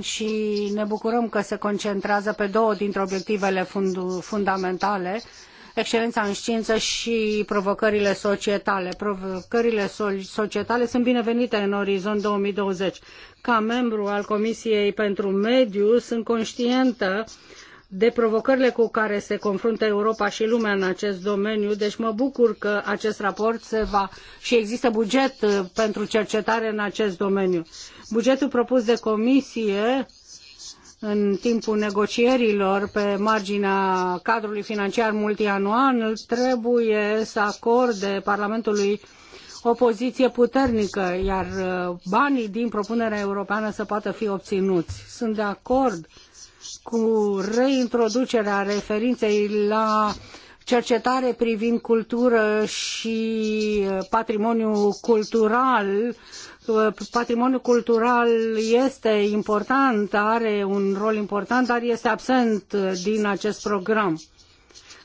și ne bucurăm că se concentrează pe două dintre obiectivele fund fundamentale, excelența în știință și provocările societale. Provocările societale sunt binevenite în Orizont 2020. Ca membru al Comisiei pentru Mediu sunt conștientă de provocările cu care se confruntă Europa și lumea în acest domeniu, deci mă bucur că acest raport se va și există buget uh, pentru cercetare în acest domeniu. Bugetul propus de comisie în timpul negocierilor pe marginea cadrului financiar multianual trebuie să acorde Parlamentului o poziție puternică, iar uh, banii din propunerea europeană să poată fi obținuți. Sunt de acord uh, cu reintroducerea referinței la cercetare privind cultură și uh, patrimoniul cultural. Uh, patrimoniul cultural este important, are un rol important, dar este absent uh, din acest program.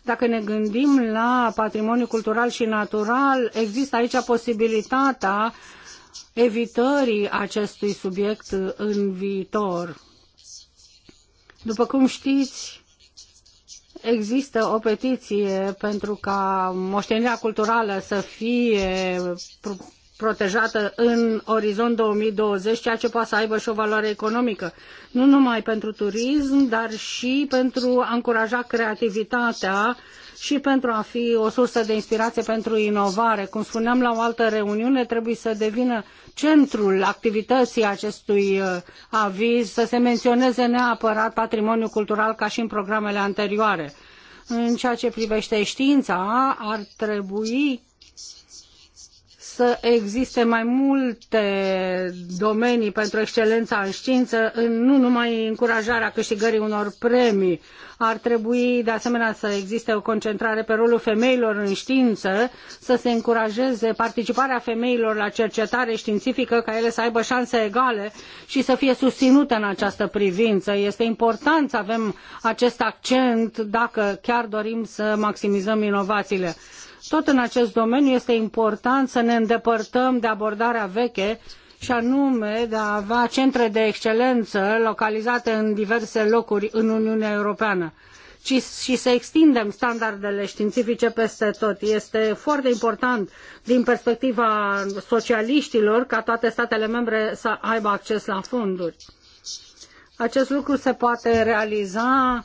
Dacă ne gândim la patrimoniul cultural și natural, există aici posibilitatea evitării acestui subiect în viitor. După cum știți, există o petiție pentru ca moștenirea culturală să fie protejată în orizont 2020, ceea ce poate să aibă și o valoare economică, nu numai pentru turism, dar și pentru a încuraja creativitatea și pentru a fi o sursă de inspirație pentru inovare. Cum spuneam la o altă reuniune, trebuie să devină centrul activității acestui uh, aviz, să se menționeze neapărat patrimoniul cultural ca și în programele anterioare. În ceea ce privește știința, ar trebui să existe mai multe domenii pentru excelența în știință, nu numai încurajarea câștigării unor premii. Ar trebui de asemenea să existe o concentrare pe rolul femeilor în știință, să se încurajeze participarea femeilor la cercetare științifică, ca ele să aibă șanse egale și să fie susținute în această privință. Este important să avem acest accent dacă chiar dorim să maximizăm inovațiile. Tot în acest domeniu este important să ne îndepărtăm de abordarea veche și anume de a avea centre de excelență localizate în diverse locuri în Uniunea Europeană ci, și să extindem standardele științifice peste tot. Este foarte important din perspectiva socialiștilor ca toate statele membre să aibă acces la fonduri. Acest lucru se poate realiza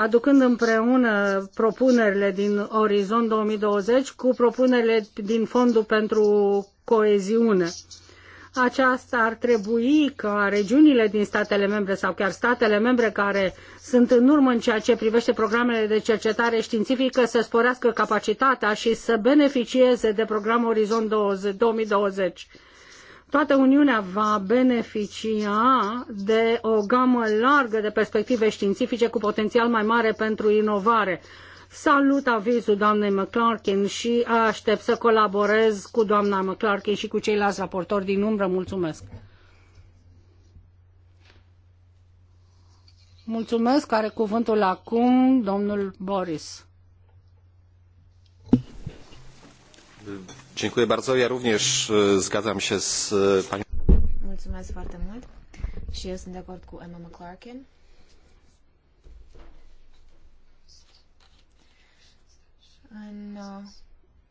aducând împreună propunerile din Orizont 2020 cu propunerile din Fondul pentru Coeziune. Aceasta ar trebui ca regiunile din statele membre sau chiar statele membre care sunt în urmă în ceea ce privește programele de cercetare științifică să sporească capacitatea și să beneficieze de programul Orizont 2020 Toată Uniunea va beneficia de o gamă largă de perspective științifice cu potențial mai mare pentru inovare. Salut avizul doamnei McClarkin și aștept să colaborez cu doamna McClarkin și cu ceilalți raportori din umbră. Mulțumesc! Mulțumesc, are cuvântul acum domnul Boris. Dziękuję bardzo. Ja również zgadzam się z panią. Mulțumesc foarte mult și eu sunt de acord cu Emma McClarkin. În,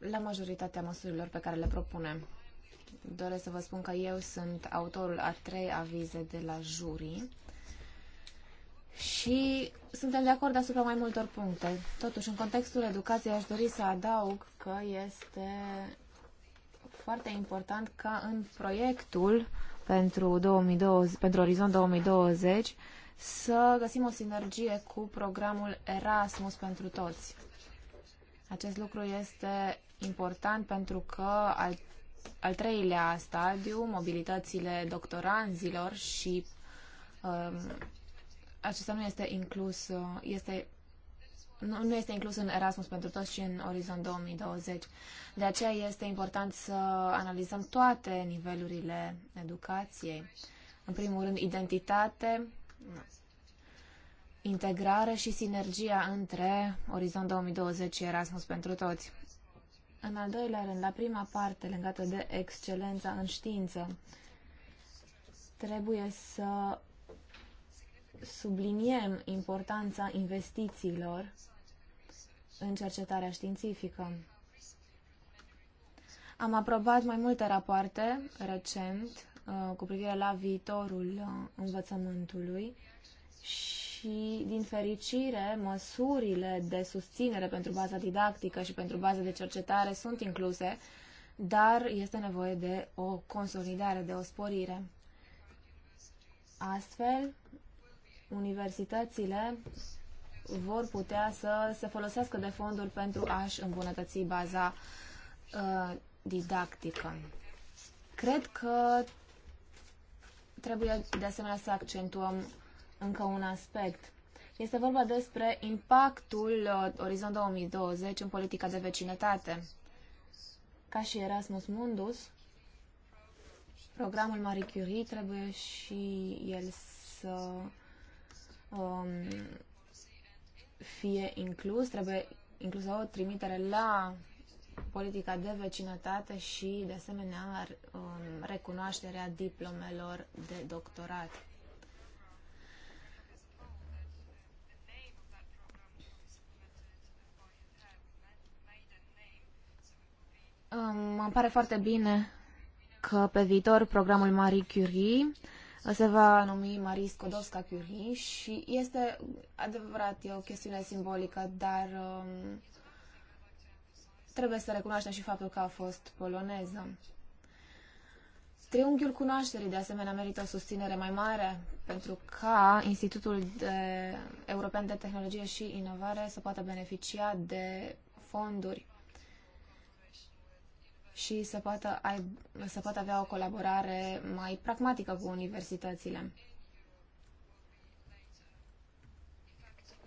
la majoritatea măsurilor pe care le propunem, doresc să vă spun că eu sunt autorul a trei avize de la jurii și suntem de acord asupra mai multor puncte. Totuși, în contextul educației, aș dori să adaug că este foarte important ca în proiectul pentru, 2020, pentru Orizont 2020 să găsim o sinergie cu programul Erasmus pentru toți. Acest lucru este important pentru că al, al treilea stadiu, mobilitățile doctoranzilor și um, acesta nu este inclus, uh, este nu, nu este inclus în Erasmus pentru toți, ci în Orizont 2020. De aceea este important să analizăm toate nivelurile educației. În primul rând, identitate, integrare și sinergia între Orizont 2020 și Erasmus pentru toți. În al doilea rând, la prima parte legată de excelența în știință, trebuie să subliniem importanța investițiilor în cercetarea științifică. Am aprobat mai multe rapoarte recent uh, cu privire la viitorul uh, învățământului și, din fericire, măsurile de susținere pentru baza didactică și pentru baza de cercetare sunt incluse, dar este nevoie de o consolidare, de o sporire. Astfel, universitățile vor putea să se folosească de fonduri pentru a-și îmbunătăți baza uh, didactică. Cred că trebuie de asemenea să accentuăm încă un aspect. Este vorba despre impactul uh, Orizont 2020 în politica de vecinătate. Ca și Erasmus Mundus, programul Marie Curie trebuie și el să um, fie inclus, trebuie inclusă o trimitere la politica de vecinătate și, de asemenea, um, recunoașterea diplomelor de doctorat. Um, mă pare foarte bine că pe viitor programul Marie Curie se va numi Marie Skodowska Curie și este adevărat, e o chestiune simbolică, dar um, trebuie să recunoaștem și faptul că a fost poloneză. Triunghiul cunoașterii, de asemenea, merită o susținere mai mare pentru ca Institutul de European de Tehnologie și Inovare să poată beneficia de fonduri și să poată, ai, să poată avea o colaborare mai pragmatică cu universitățile.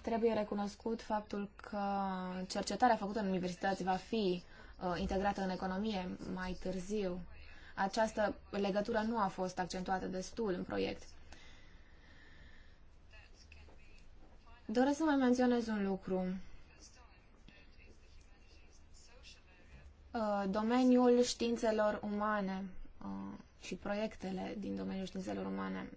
Trebuie recunoscut faptul că cercetarea făcută în universități va fi uh, integrată în economie mai târziu. Această legătură nu a fost accentuată destul în proiect. Doresc să mai menționez un lucru. Uh, domeniul științelor umane uh, și proiectele din domeniul științelor umane.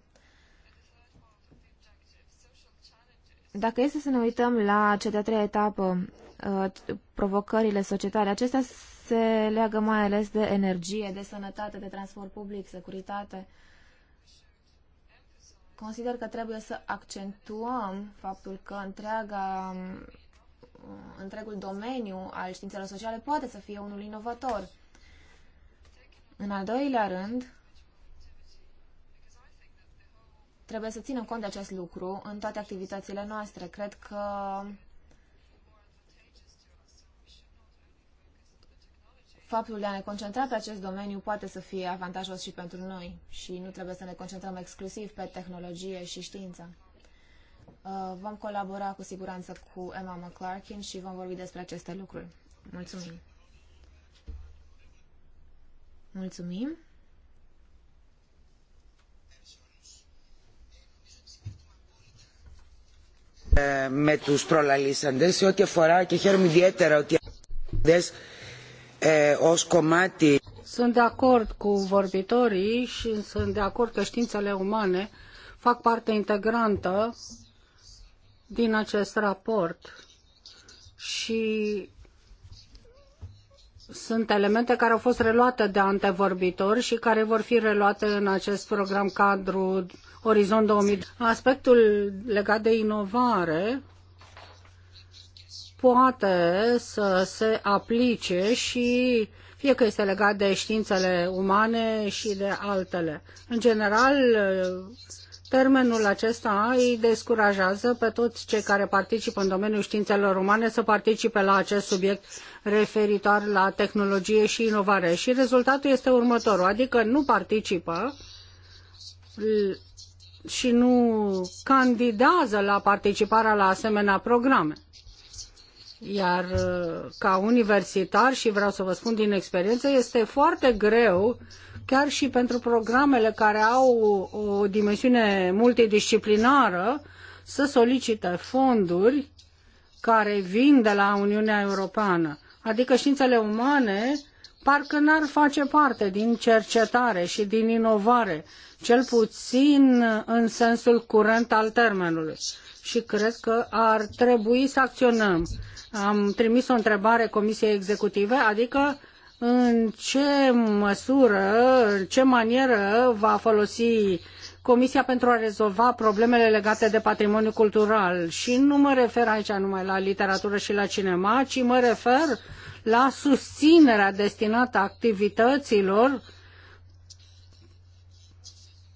Dacă este să ne uităm la cea de-a treia etapă, uh, provocările societale, acestea se leagă mai ales de energie, de sănătate, de transport public, securitate. Consider că trebuie să accentuăm faptul că întreaga întregul domeniu al științelor sociale poate să fie unul inovator. În al doilea rând, trebuie să ținem cont de acest lucru în toate activitățile noastre. Cred că faptul de a ne concentra pe acest domeniu poate să fie avantajos și pentru noi și nu trebuie să ne concentrăm exclusiv pe tehnologie și știință. Uh, vom colabora cu siguranță cu Emma McClarkin și vom vorbi despre aceste lucruri. Mulțumim! Mulțumim! Eh, με τους προλαλήσαντες σε ό,τι αφορά και χαίρομαι ιδιαίτερα ότι ε, ως κομμάτι sunt de acord cu vorbitorii și sunt de acord că științele umane fac parte integrantă din acest raport și sunt elemente care au fost reluate de antevorbitori și care vor fi reluate în acest program cadru Orizont 2000. Aspectul legat de inovare poate să se aplice și fie că este legat de științele umane și de altele. În general, Termenul acesta îi descurajează pe toți cei care participă în domeniul științelor umane să participe la acest subiect referitor la tehnologie și inovare. Și rezultatul este următorul, adică nu participă și nu candidează la participarea la asemenea programe. Iar uh, ca universitar, și vreau să vă spun din experiență, este foarte greu chiar și pentru programele care au o dimensiune multidisciplinară, să solicite fonduri care vin de la Uniunea Europeană. Adică științele umane parcă n-ar face parte din cercetare și din inovare, cel puțin în sensul curent al termenului. Și cred că ar trebui să acționăm. Am trimis o întrebare Comisiei Executive, adică în ce măsură, în ce manieră va folosi Comisia pentru a rezolva problemele legate de patrimoniu cultural. Și nu mă refer aici numai la literatură și la cinema, ci mă refer la susținerea destinată activităților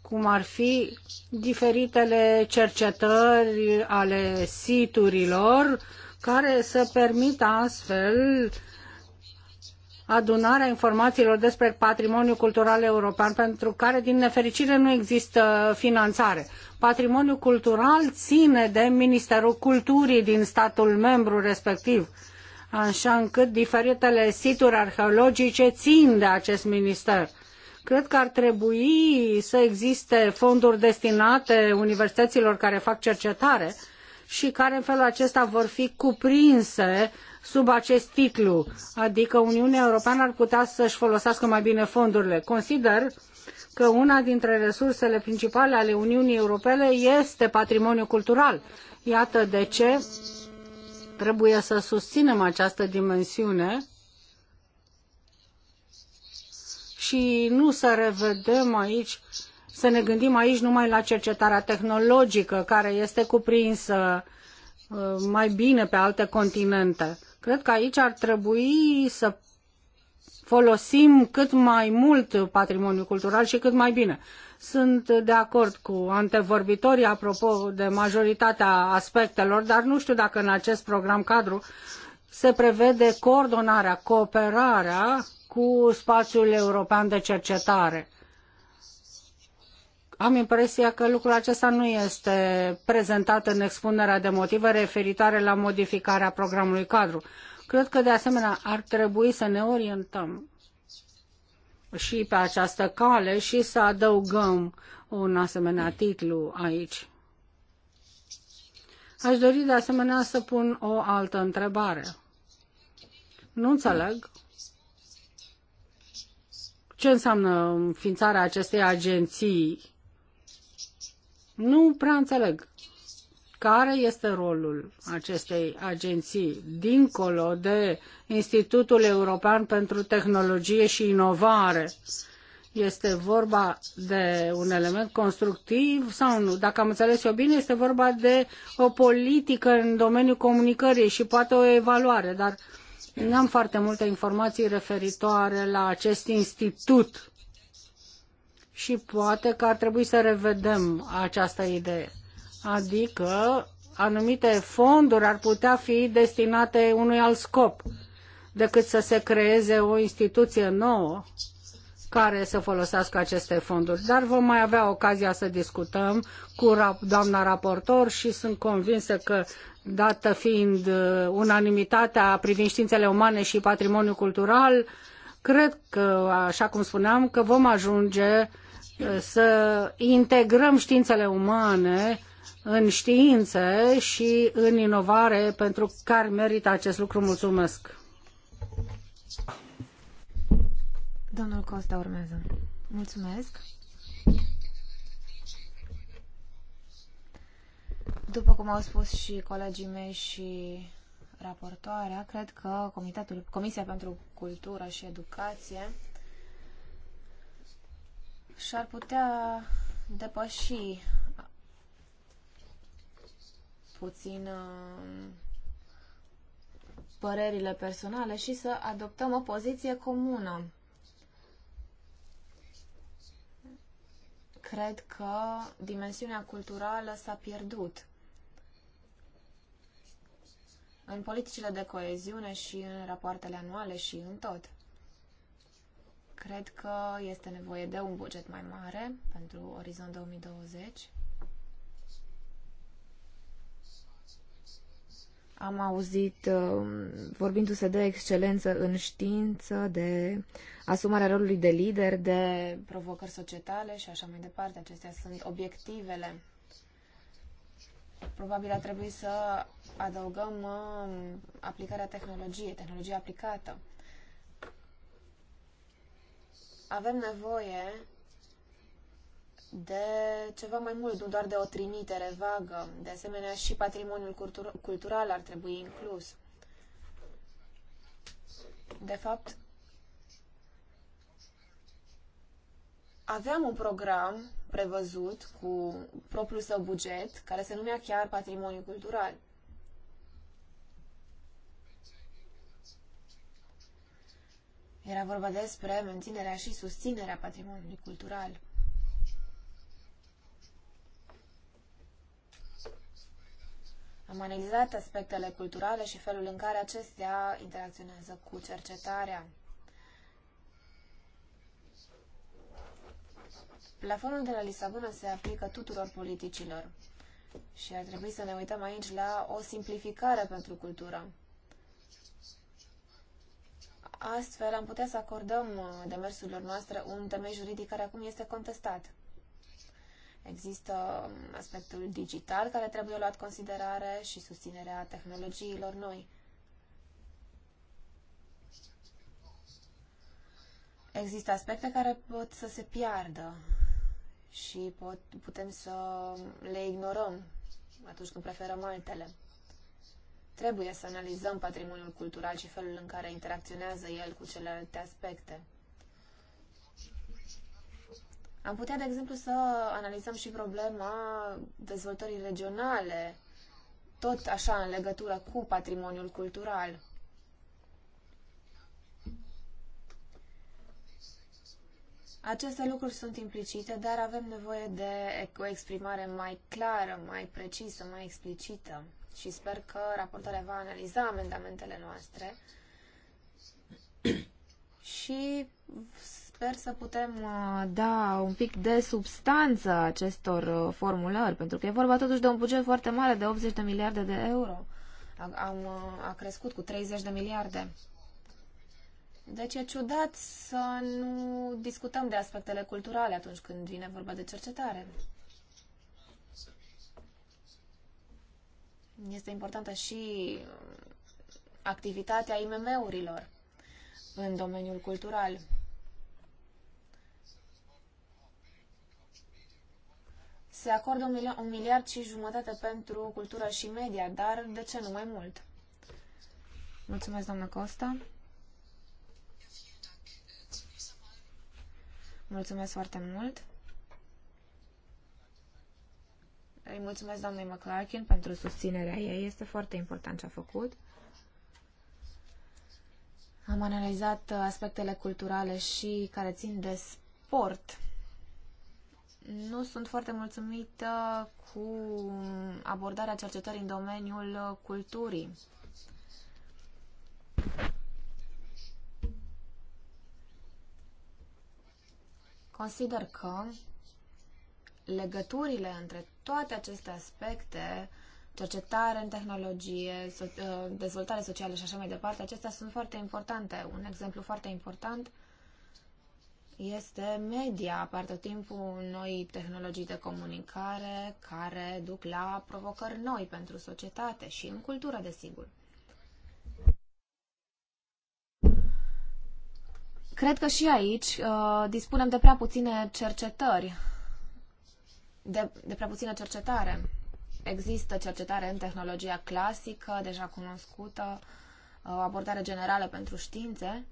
cum ar fi diferitele cercetări ale siturilor care să permită astfel uh, adunarea informațiilor despre patrimoniul cultural european, pentru care, din nefericire, nu există finanțare. Patrimoniul cultural ține de Ministerul Culturii din statul membru respectiv, așa încât diferitele situri arheologice țin de acest minister. Cred că ar trebui să existe fonduri destinate universităților care fac cercetare, și care în felul acesta vor fi cuprinse sub acest titlu, adică Uniunea Europeană ar putea să-și folosească mai bine fondurile. Consider că una dintre resursele principale ale Uniunii Europene este patrimoniul cultural. Iată de ce trebuie să susținem această dimensiune și nu să revedem aici să ne gândim aici numai la cercetarea tehnologică care este cuprinsă uh, mai bine pe alte continente. Cred că aici ar trebui să folosim cât mai mult patrimoniul cultural și cât mai bine. Sunt de acord cu antevorbitorii apropo de majoritatea aspectelor, dar nu știu dacă în acest program cadru se prevede coordonarea, cooperarea cu spațiul european de cercetare. Am impresia că lucrul acesta nu este prezentat în expunerea de motive referitoare la modificarea programului cadru. Cred că, de asemenea, ar trebui să ne orientăm și pe această cale și să adăugăm un asemenea titlu aici. Aș dori, de asemenea, să pun o altă întrebare. Nu înțeleg ce înseamnă înființarea acestei agenții nu prea înțeleg care este rolul acestei agenții dincolo de Institutul European pentru Tehnologie și Inovare. Este vorba de un element constructiv sau nu? Dacă am înțeles eu bine, este vorba de o politică în domeniul comunicării și poate o evaluare, dar nu am foarte multe informații referitoare la acest institut și poate că ar trebui să revedem această idee. Adică anumite fonduri ar putea fi destinate unui alt scop decât să se creeze o instituție nouă care să folosească aceste fonduri. Dar vom mai avea ocazia să discutăm cu doamna raportor și sunt convinsă că, dată fiind uh, unanimitatea privind științele umane și patrimoniul cultural, cred că, așa cum spuneam, că vom ajunge să integrăm științele umane în științe și în inovare pentru care merită acest lucru. Mulțumesc! Domnul Costa urmează. Mulțumesc! După cum au spus și colegii mei și raportoarea, cred că Comitetul, Comisia pentru Cultură și Educație și-ar putea depăși puțin um, părerile personale și să adoptăm o poziție comună. Cred că dimensiunea culturală s-a pierdut în politicile de coeziune și în rapoartele anuale și în tot. Cred că este nevoie de un buget mai mare pentru Orizont 2020. Am auzit um, vorbindu-se de excelență în știință, de asumarea rolului de lider, de provocări societale și așa mai departe. Acestea sunt obiectivele. Probabil ar trebui să adăugăm um, aplicarea tehnologiei, tehnologia aplicată avem nevoie de ceva mai mult, nu doar de o trimitere vagă. De asemenea, și patrimoniul cultur cultural ar trebui inclus. De fapt, aveam un program prevăzut cu propriul său buget, care se numea chiar patrimoniu cultural. Era vorba despre menținerea și susținerea patrimoniului cultural. Am analizat aspectele culturale și felul în care acestea interacționează cu cercetarea. Plafonul de la Lisabona se aplică tuturor politicilor și ar trebui să ne uităm aici la o simplificare pentru cultură. Astfel am putea să acordăm uh, demersurilor noastre un temei juridic care acum este contestat. Există um, aspectul digital care trebuie luat considerare și susținerea tehnologiilor noi. Există aspecte care pot să se piardă și pot, putem să le ignorăm atunci când preferăm altele. Trebuie să analizăm patrimoniul cultural și felul în care interacționează el cu celelalte aspecte. Am putea, de exemplu, să analizăm și problema dezvoltării regionale, tot așa în legătură cu patrimoniul cultural. Aceste lucruri sunt implicite, dar avem nevoie de o exprimare mai clară, mai precisă, mai explicită și sper că raportoarea va analiza amendamentele noastre și sper să putem uh, da un pic de substanță acestor uh, formulări, pentru că e vorba totuși de un buget foarte mare de 80 de miliarde de euro. A, am, uh, a crescut cu 30 de miliarde. Deci e ciudat să nu discutăm de aspectele culturale atunci când vine vorba de cercetare. Este importantă și activitatea IMM-urilor în domeniul cultural. Se acordă un, mili- un miliard și jumătate pentru cultură și media, dar de ce nu mai mult? Mulțumesc, doamna Costa. Mulțumesc foarte mult. Îi mulțumesc doamnei McClarkin pentru susținerea ei. Este foarte important ce a făcut. Am analizat aspectele culturale și care țin de sport. Nu sunt foarte mulțumită cu abordarea cercetării în domeniul culturii. Consider că legăturile între toate aceste aspecte, cercetare în tehnologie, uh, dezvoltare socială și așa mai departe, acestea sunt foarte importante. Un exemplu foarte important este media. Apar tot timpul noi tehnologii de comunicare care duc la provocări noi pentru societate și în cultură, desigur. Cred că și aici uh, dispunem de prea puține cercetări de, de prea puțină cercetare. Există cercetare în tehnologia clasică, deja cunoscută, o abordare generală pentru științe,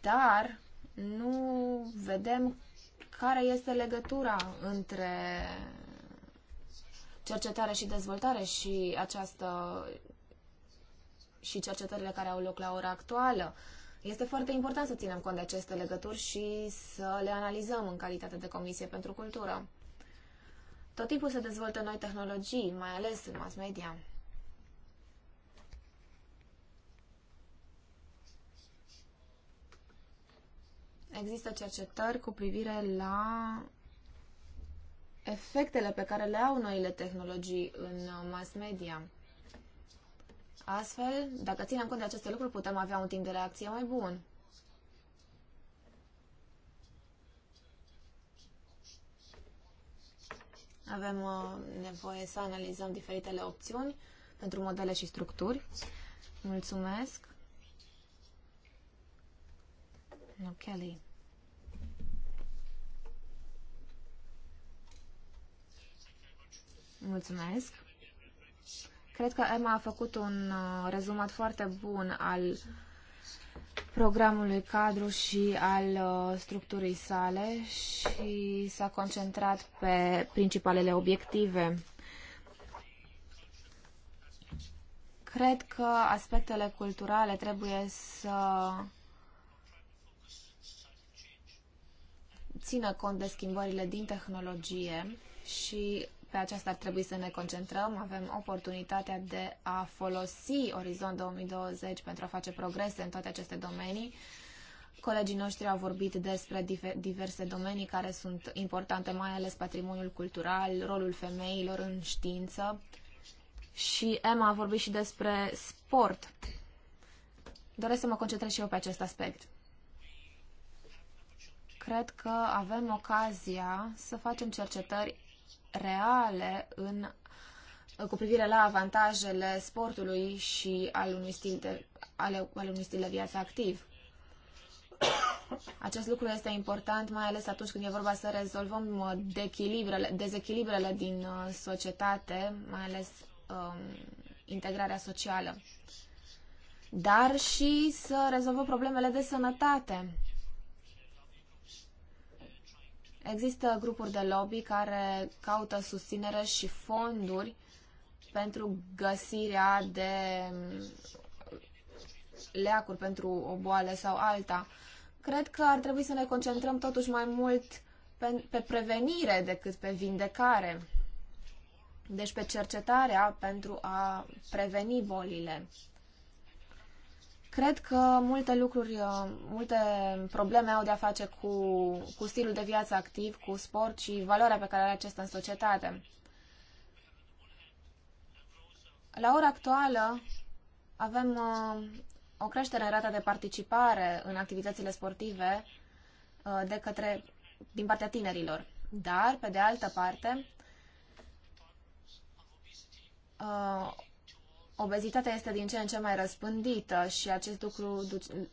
dar nu vedem care este legătura între cercetare și dezvoltare și această și cercetările care au loc la ora actuală. Este foarte important să ținem cont de aceste legături și să le analizăm în calitate de Comisie pentru Cultură. Tot timpul se dezvoltă noi tehnologii, mai ales în mass media. Există cercetări cu privire la efectele pe care le au noile tehnologii în mass media. Astfel, dacă ținem cont de aceste lucruri, putem avea un timp de reacție mai bun. Avem uh, nevoie să analizăm diferitele opțiuni pentru modele și structuri. Mulțumesc. No, Kelly. Mulțumesc. Cred că Emma a făcut un uh, rezumat foarte bun al programului cadru și al uh, structurii sale și s-a concentrat pe principalele obiective. Cred că aspectele culturale trebuie să țină cont de schimbările din tehnologie și pe aceasta ar trebui să ne concentrăm. Avem oportunitatea de a folosi Orizont 2020 pentru a face progrese în toate aceste domenii. Colegii noștri au vorbit despre diverse domenii care sunt importante, mai ales patrimoniul cultural, rolul femeilor în știință. Și Emma a vorbit și despre sport. Doresc să mă concentrez și eu pe acest aspect cred că avem ocazia să facem cercetări reale în, cu privire la avantajele sportului și al unui stil de, ale, al unui stil de viață activ. Acest lucru este important, mai ales atunci când e vorba să rezolvăm uh, dezechilibrele din uh, societate, mai ales um, integrarea socială, dar și să rezolvăm problemele de sănătate Există grupuri de lobby care caută susținere și fonduri pentru găsirea de mm, leacuri pentru o boală sau alta. Cred că ar trebui să ne concentrăm totuși mai mult pe, pe prevenire decât pe vindecare. Deci pe cercetarea pentru a preveni bolile. Cred că multe lucruri, uh, multe probleme au de-a face cu, cu stilul de viață activ, cu sport și valoarea pe care are acesta în societate. La ora actuală avem uh, o creștere în rata de participare în activitățile sportive uh, de către, din partea tinerilor. Dar, pe de altă parte, obezitatea este din ce în ce mai răspândită și acest lucru,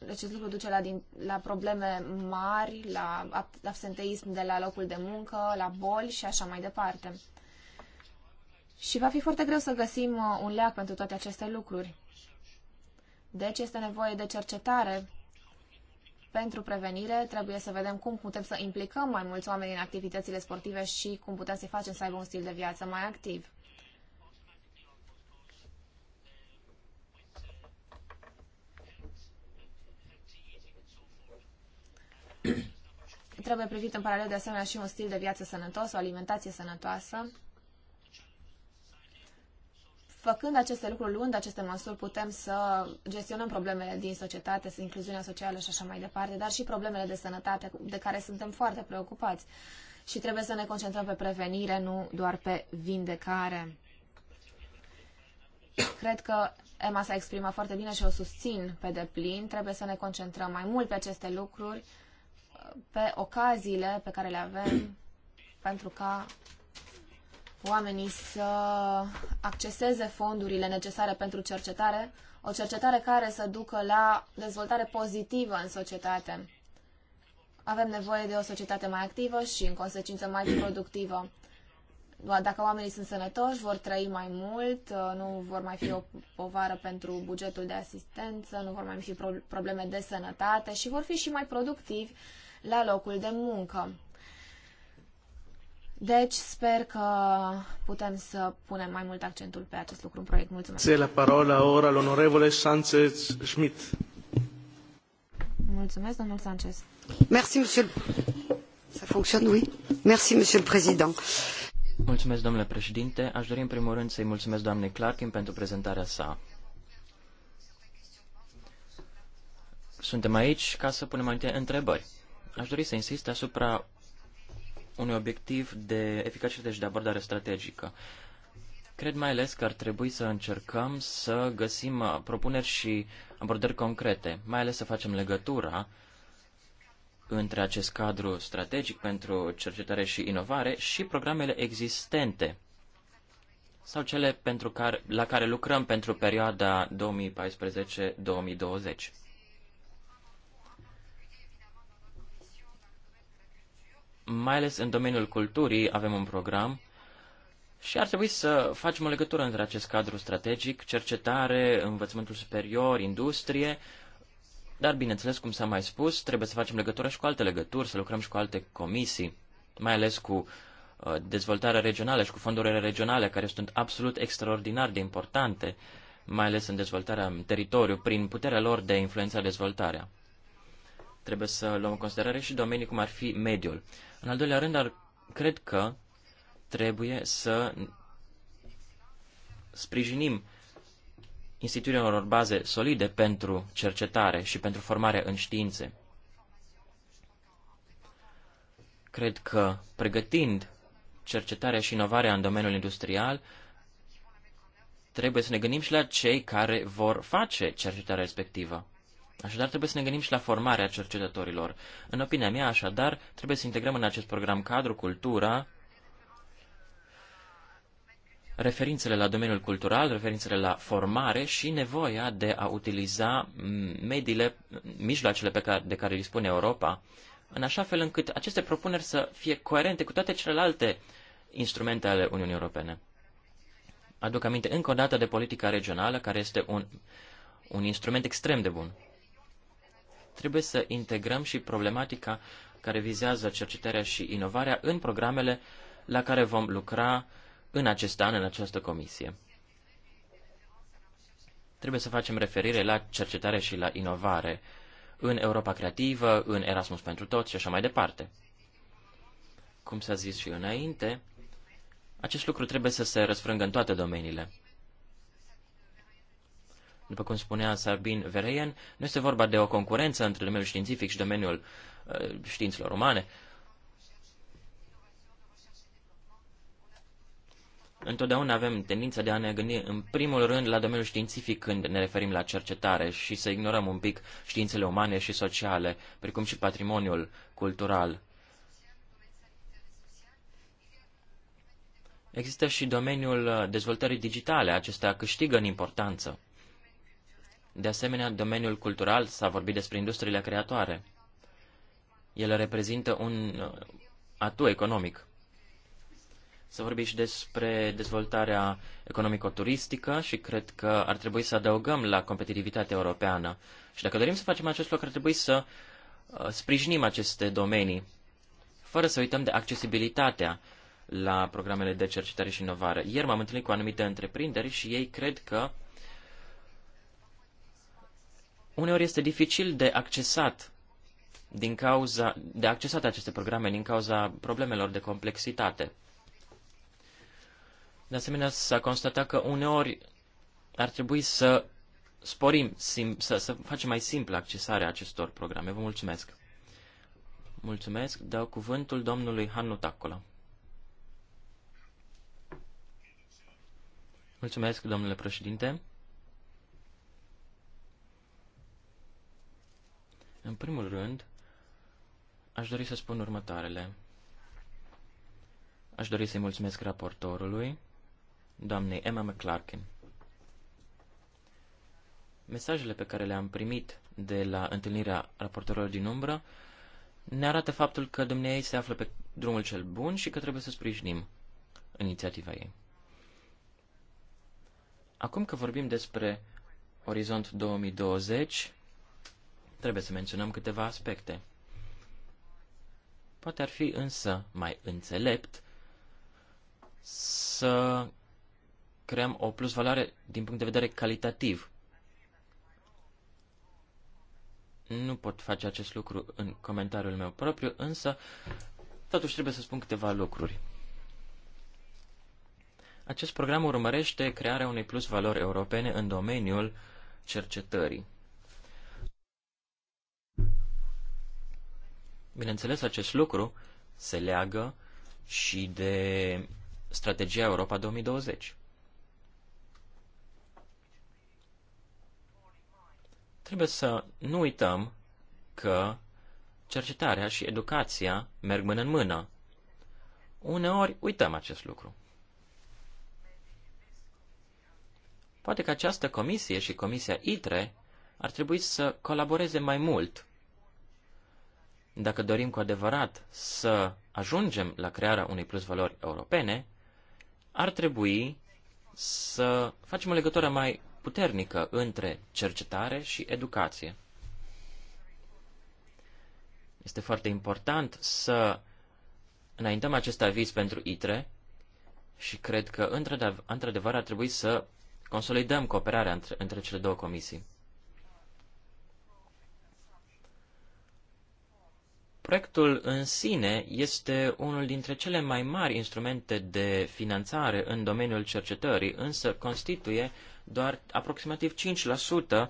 acest lucru duce la, din, la probleme mari, la absenteism de la locul de muncă, la boli și așa mai departe. Și va fi foarte greu să găsim uh, un leac pentru toate aceste lucruri. Deci este nevoie de cercetare pentru prevenire. Trebuie să vedem cum putem să implicăm mai mulți oameni în activitățile sportive și cum putem să-i facem să aibă un stil de viață mai activ. Trebuie privit în paralel de asemenea și un stil de viață sănătos, o alimentație sănătoasă. Făcând aceste lucruri, luând aceste măsuri, putem să gestionăm problemele din societate, incluziunea socială și așa mai departe, dar și problemele de sănătate de care suntem foarte preocupați. Și trebuie să ne concentrăm pe prevenire, nu doar pe vindecare. Cred că Emma s-a exprimat foarte bine și o susțin pe deplin. Trebuie să ne concentrăm mai mult pe aceste lucruri pe ocaziile pe care le avem pentru ca oamenii să acceseze fondurile necesare pentru cercetare, o cercetare care să ducă la dezvoltare pozitivă în societate. Avem nevoie de o societate mai activă și, în consecință, mai productivă. Dacă oamenii sunt sănătoși, vor trăi mai mult, nu vor mai fi o povară pentru bugetul de asistență, nu vor mai fi probleme de sănătate și vor fi și mai productivi la locul de muncă. Deci sper că putem să punem mai mult accentul pe acest lucru în proiect. Mulțumesc. Se la parola ora onorevole Sanchez Schmidt. Mulțumesc, domnul Sanchez. Merci, monsieur. Ça fonctionne, oui. Merci, monsieur le président. Mulțumesc, domnule președinte. Aș dori în primul rând să-i mulțumesc doamnei Clarkin pentru prezentarea sa. Suntem aici ca să punem anumite întrebări. Aș dori să insist asupra unui obiectiv de eficacitate și de abordare strategică. Cred mai ales că ar trebui să încercăm să găsim propuneri și abordări concrete, mai ales să facem legătura între acest cadru strategic pentru cercetare și inovare și programele existente sau cele pentru care, la care lucrăm pentru perioada 2014-2020. mai ales în domeniul culturii avem un program și ar trebui să facem o legătură între acest cadru strategic, cercetare, învățământul superior, industrie, dar bineînțeles, cum s-a mai spus, trebuie să facem legătură și cu alte legături, să lucrăm și cu alte comisii, mai ales cu uh, dezvoltarea regională și cu fondurile regionale, care sunt absolut extraordinar de importante, mai ales în dezvoltarea în teritoriu, prin puterea lor de a influența dezvoltarea trebuie să luăm în considerare și domenii cum ar fi mediul. În al doilea rând, ar, cred că trebuie să sprijinim instituțiile unor baze solide pentru cercetare și pentru formare în științe. Cred că pregătind cercetarea și inovarea în domeniul industrial, trebuie să ne gândim și la cei care vor face cercetarea respectivă. Așadar, trebuie să ne gândim și la formarea cercetătorilor. În opinia mea, așadar, trebuie să integrăm în acest program cadru cultura, referințele la domeniul cultural, referințele la formare și nevoia de a utiliza mm, mediile, mijloacele pe care, de care dispune Europa, în așa fel încât aceste propuneri să fie coerente cu toate celelalte instrumente ale Uniunii Europene. Aduc aminte încă o dată de politica regională, care este un, un instrument extrem de bun trebuie să integrăm și problematica care vizează cercetarea și inovarea în programele la care vom lucra în acest an, în această comisie. Trebuie să facem referire la cercetare și la inovare în Europa Creativă, în Erasmus pentru toți și așa mai departe. Cum s-a zis și înainte, acest lucru trebuie să se răsfrângă în toate domeniile. După cum spunea Sabin Vereien, nu este vorba de o concurență între domeniul științific și domeniul uh, științelor umane. Întotdeauna avem tendința de a ne gândi în primul rând la domeniul științific când ne referim la cercetare și să ignorăm un pic științele umane și sociale, precum și patrimoniul cultural. Există și domeniul uh, dezvoltării digitale, acestea câștigă în importanță. De asemenea, domeniul cultural s-a vorbit despre industriile creatoare. Ele reprezintă un uh, atu economic. Să vorbim și despre dezvoltarea economico-turistică și cred că ar trebui să adăugăm la competitivitatea europeană. Și dacă dorim să facem acest lucru, ar trebui să uh, sprijinim aceste domenii, fără să uităm de accesibilitatea la programele de cercetare și inovare. Ieri m-am întâlnit cu anumite întreprinderi și ei cred că uh, uneori este dificil de accesat din cauza, de accesat aceste programe din cauza problemelor de complexitate. De asemenea, s-a constatat că uneori ar trebui să sporim, sim, să, să facem mai simplă accesarea acestor programe. Vă mulțumesc. Mulțumesc. Dau cuvântul domnului Hannu Tacola. Mulțumesc, domnule președinte. În primul rând, aș dori să spun următoarele. Aș dori să-i mulțumesc raportorului, doamnei Emma McClarkin. Mesajele pe care le-am primit de la întâlnirea raportorilor din umbră ne arată faptul că dumneai se află pe drumul cel bun și că trebuie să sprijinim inițiativa ei. Acum că vorbim despre Orizont 2020, trebuie să menționăm câteva aspecte. Poate ar fi însă mai înțelept să creăm o plusvaloare din punct de vedere calitativ. Nu pot face acest lucru în comentariul meu propriu, însă totuși trebuie să spun câteva lucruri. Acest program urmărește crearea unei plusvalori europene în domeniul cercetării. Bineînțeles, acest lucru se leagă și de strategia Europa 2020. Trebuie să nu uităm că cercetarea și educația merg mână în mână. Uneori uităm acest lucru. Poate că această comisie și comisia ITRE ar trebui să colaboreze mai mult dacă dorim cu adevărat să ajungem la crearea unei plusvalori europene, ar trebui să facem o legătură mai puternică între cercetare și educație. Este foarte important să înaintăm acest aviz pentru ITRE și cred că, într-adevăr, ar trebui să consolidăm cooperarea între, între cele două comisii. Proiectul în sine este unul dintre cele mai mari instrumente de finanțare în domeniul cercetării, însă constituie doar aproximativ 5%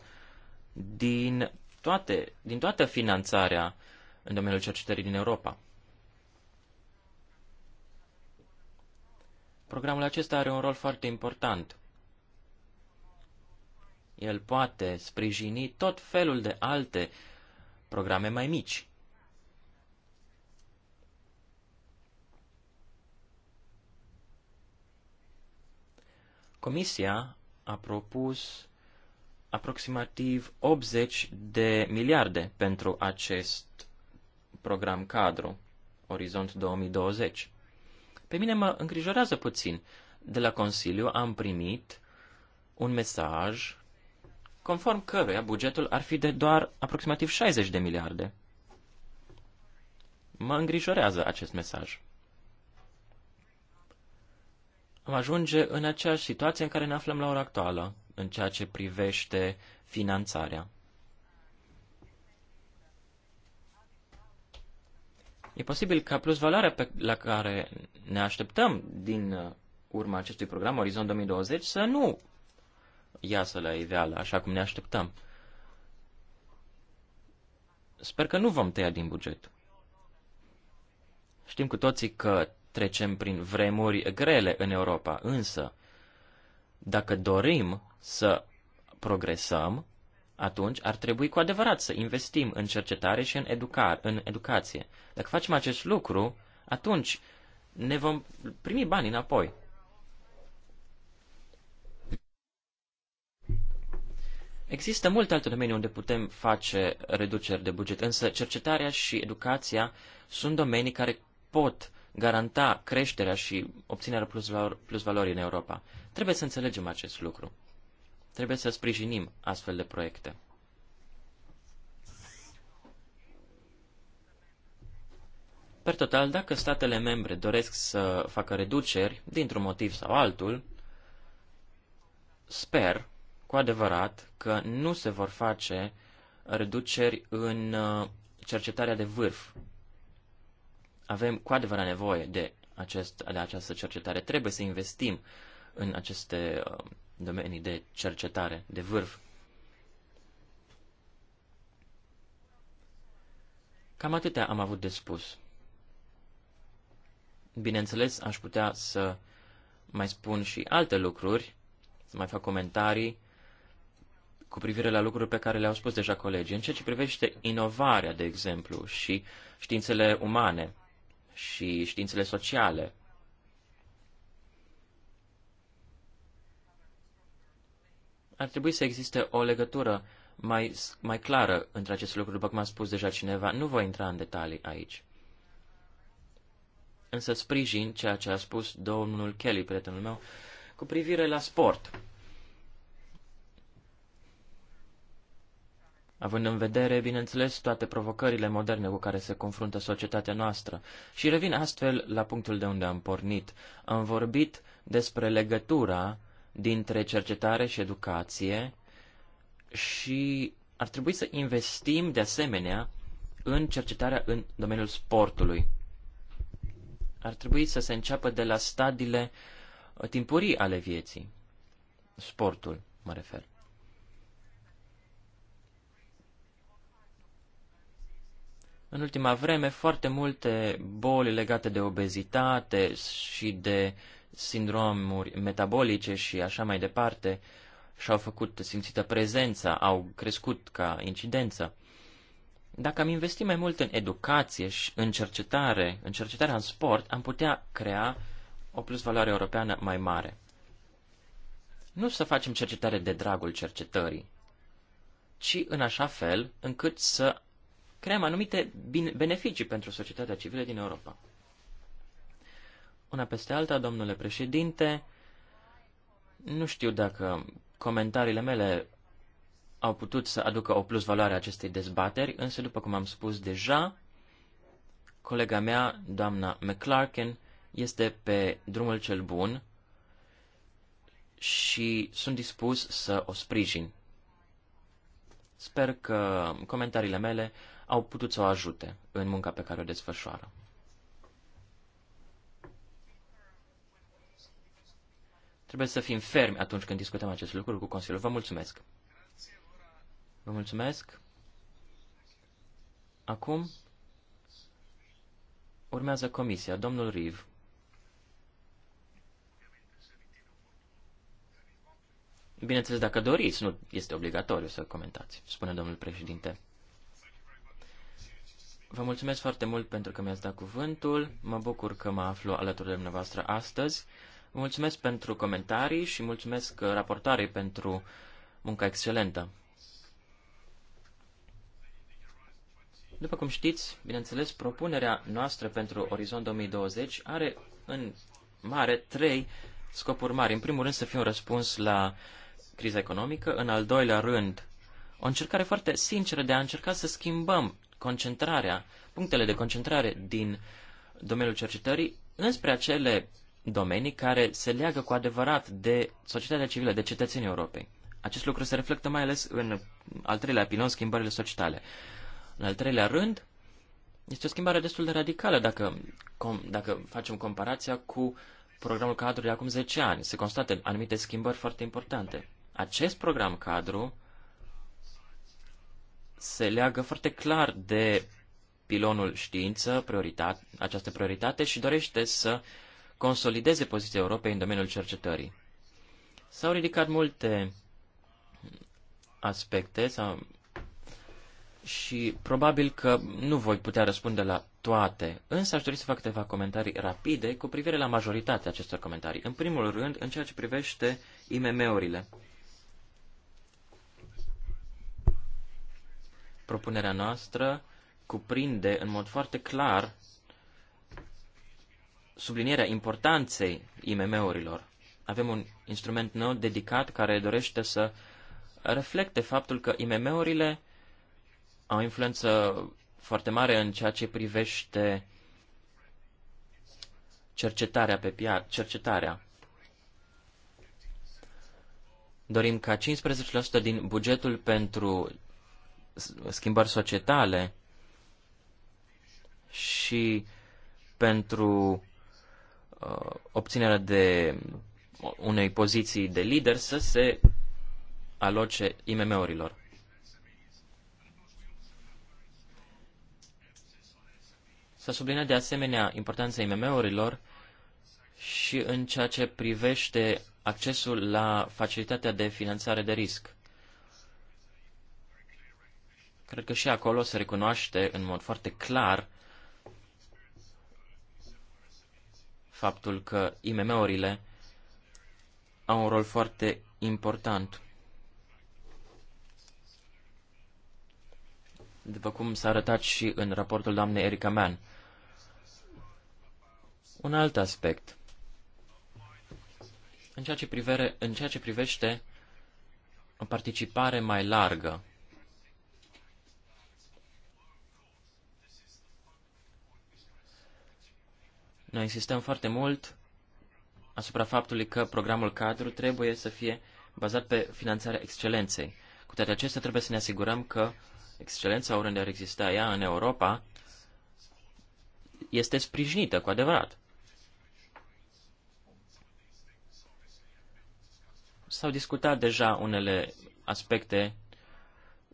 din, toate, din toată finanțarea în domeniul cercetării din Europa. Programul acesta are un rol foarte important. El poate sprijini tot felul de alte programe mai mici. Comisia a propus aproximativ 80 de miliarde pentru acest program cadru, Orizont 2020. Pe mine mă îngrijorează puțin. De la Consiliu am primit un mesaj conform căruia bugetul ar fi de doar aproximativ 60 de miliarde. Mă îngrijorează acest mesaj am ajunge în aceeași situație în care ne aflăm la ora actuală, în ceea ce privește finanțarea. E posibil ca plus valoarea pe, la care ne așteptăm din uh, urma acestui program Orizont 2020 să nu iasă la iveală așa cum ne așteptăm. Sper că nu vom tăia din buget. Știm cu toții că trecem prin vremuri grele în Europa, însă dacă dorim să progresăm, atunci ar trebui cu adevărat să investim în cercetare și în, educa- în educație. Dacă facem acest lucru, atunci ne vom primi bani înapoi. Există multe alte domenii unde putem face reduceri de buget, însă cercetarea și educația sunt domenii care pot garanta creșterea și obținerea plus valori în Europa. Trebuie să înțelegem acest lucru. Trebuie să sprijinim astfel de proiecte. Per total, dacă statele membre doresc să facă reduceri, dintr-un motiv sau altul, sper cu adevărat că nu se vor face reduceri în uh, cercetarea de vârf avem cu adevărat nevoie de, acest, de această cercetare. Trebuie să investim în aceste uh, domenii de cercetare, de vârf. Cam atâtea am avut de spus. Bineînțeles, aș putea să mai spun și alte lucruri, să mai fac comentarii cu privire la lucruri pe care le-au spus deja colegii. În ceea ce privește inovarea, de exemplu, și științele umane, și științele sociale. Ar trebui să existe o legătură mai, mai clară între aceste lucruri, după cum a spus deja cineva. Nu voi intra în detalii aici. Însă sprijin ceea ce a spus domnul Kelly, prietenul meu, cu privire la sport. având în vedere, bineînțeles, toate provocările moderne cu care se confruntă societatea noastră. Și revin astfel la punctul de unde am pornit. Am vorbit despre legătura dintre cercetare și educație și ar trebui să investim, de asemenea, în cercetarea în domeniul sportului. Ar trebui să se înceapă de la stadiile timpurii ale vieții. Sportul, mă refer. În ultima vreme, foarte multe boli legate de obezitate și de sindromuri metabolice și așa mai departe și-au făcut simțită prezența, au crescut ca incidență. Dacă am investi mai mult în educație și în cercetare, în cercetarea în sport, am putea crea o plusvaloare europeană mai mare. Nu să facem cercetare de dragul cercetării, ci în așa fel încât să creăm anumite beneficii pentru societatea civilă din Europa. Una peste alta, domnule președinte, nu știu dacă comentariile mele au putut să aducă o plus valoare acestei dezbateri, însă, după cum am spus deja, colega mea, doamna McClarkin, este pe drumul cel bun și sunt dispus să o sprijin. Sper că comentariile mele au putut să o ajute în munca pe care o desfășoară. Trebuie să fim fermi atunci când discutăm acest lucru cu Consiliul. Vă mulțumesc! Vă mulțumesc! Acum urmează comisia. Domnul Riv. Bineînțeles, dacă doriți, nu este obligatoriu să comentați, spune domnul președinte. Vă mulțumesc foarte mult pentru că mi-ați dat cuvântul. Mă bucur că mă aflu alături de dumneavoastră astăzi. Vă mulțumesc pentru comentarii și mulțumesc uh, raportarei pentru munca excelentă. După cum știți, bineînțeles, propunerea noastră pentru Orizont 2020 are în mare trei scopuri mari. În primul rând să fie un răspuns la criza economică, în al doilea rând o încercare foarte sinceră de a încerca să schimbăm concentrarea, punctele de concentrare din domeniul cercetării înspre acele domenii care se leagă cu adevărat de societatea civilă, de cetățenii Europei. Acest lucru se reflectă mai ales în al treilea pilon, schimbările societale. În al treilea rând, este o schimbare destul de radicală dacă, com, dacă facem comparația cu programul cadru de acum 10 ani. Se constată anumite schimbări foarte importante. Acest program cadru se leagă foarte clar de pilonul știință, prioritate, această prioritate și dorește să consolideze poziția Europei în domeniul cercetării. S-au ridicat multe aspecte sau și probabil că nu voi putea răspunde la toate, însă aș dori să fac câteva comentarii rapide cu privire la majoritatea acestor comentarii. În primul rând, în ceea ce privește IMM-urile. Propunerea noastră cuprinde în mod foarte clar sublinierea importanței IMM-urilor. Avem un instrument nou dedicat care dorește să reflecte faptul că IMM-urile au o influență foarte mare în ceea ce privește cercetarea pe piață, cercetarea. Dorim ca 15% din bugetul pentru schimbări societale și pentru uh, obținerea de unei poziții de lider să se aloce IMM-urilor. S-a subliniat de asemenea importanța IMM-urilor și în ceea ce privește accesul la facilitatea de finanțare de risc. Cred că și acolo se recunoaște în mod foarte clar faptul că IMM-urile au un rol foarte important. După cum s-a arătat și în raportul doamnei Erica Mann. Un alt aspect. În ceea ce, privere, în ceea ce privește o participare mai largă Noi insistăm foarte mult asupra faptului că programul cadru trebuie să fie bazat pe finanțarea excelenței. Cu toate acestea, trebuie să ne asigurăm că excelența, oriunde ar exista ea în Europa, este sprijinită cu adevărat. S-au discutat deja unele aspecte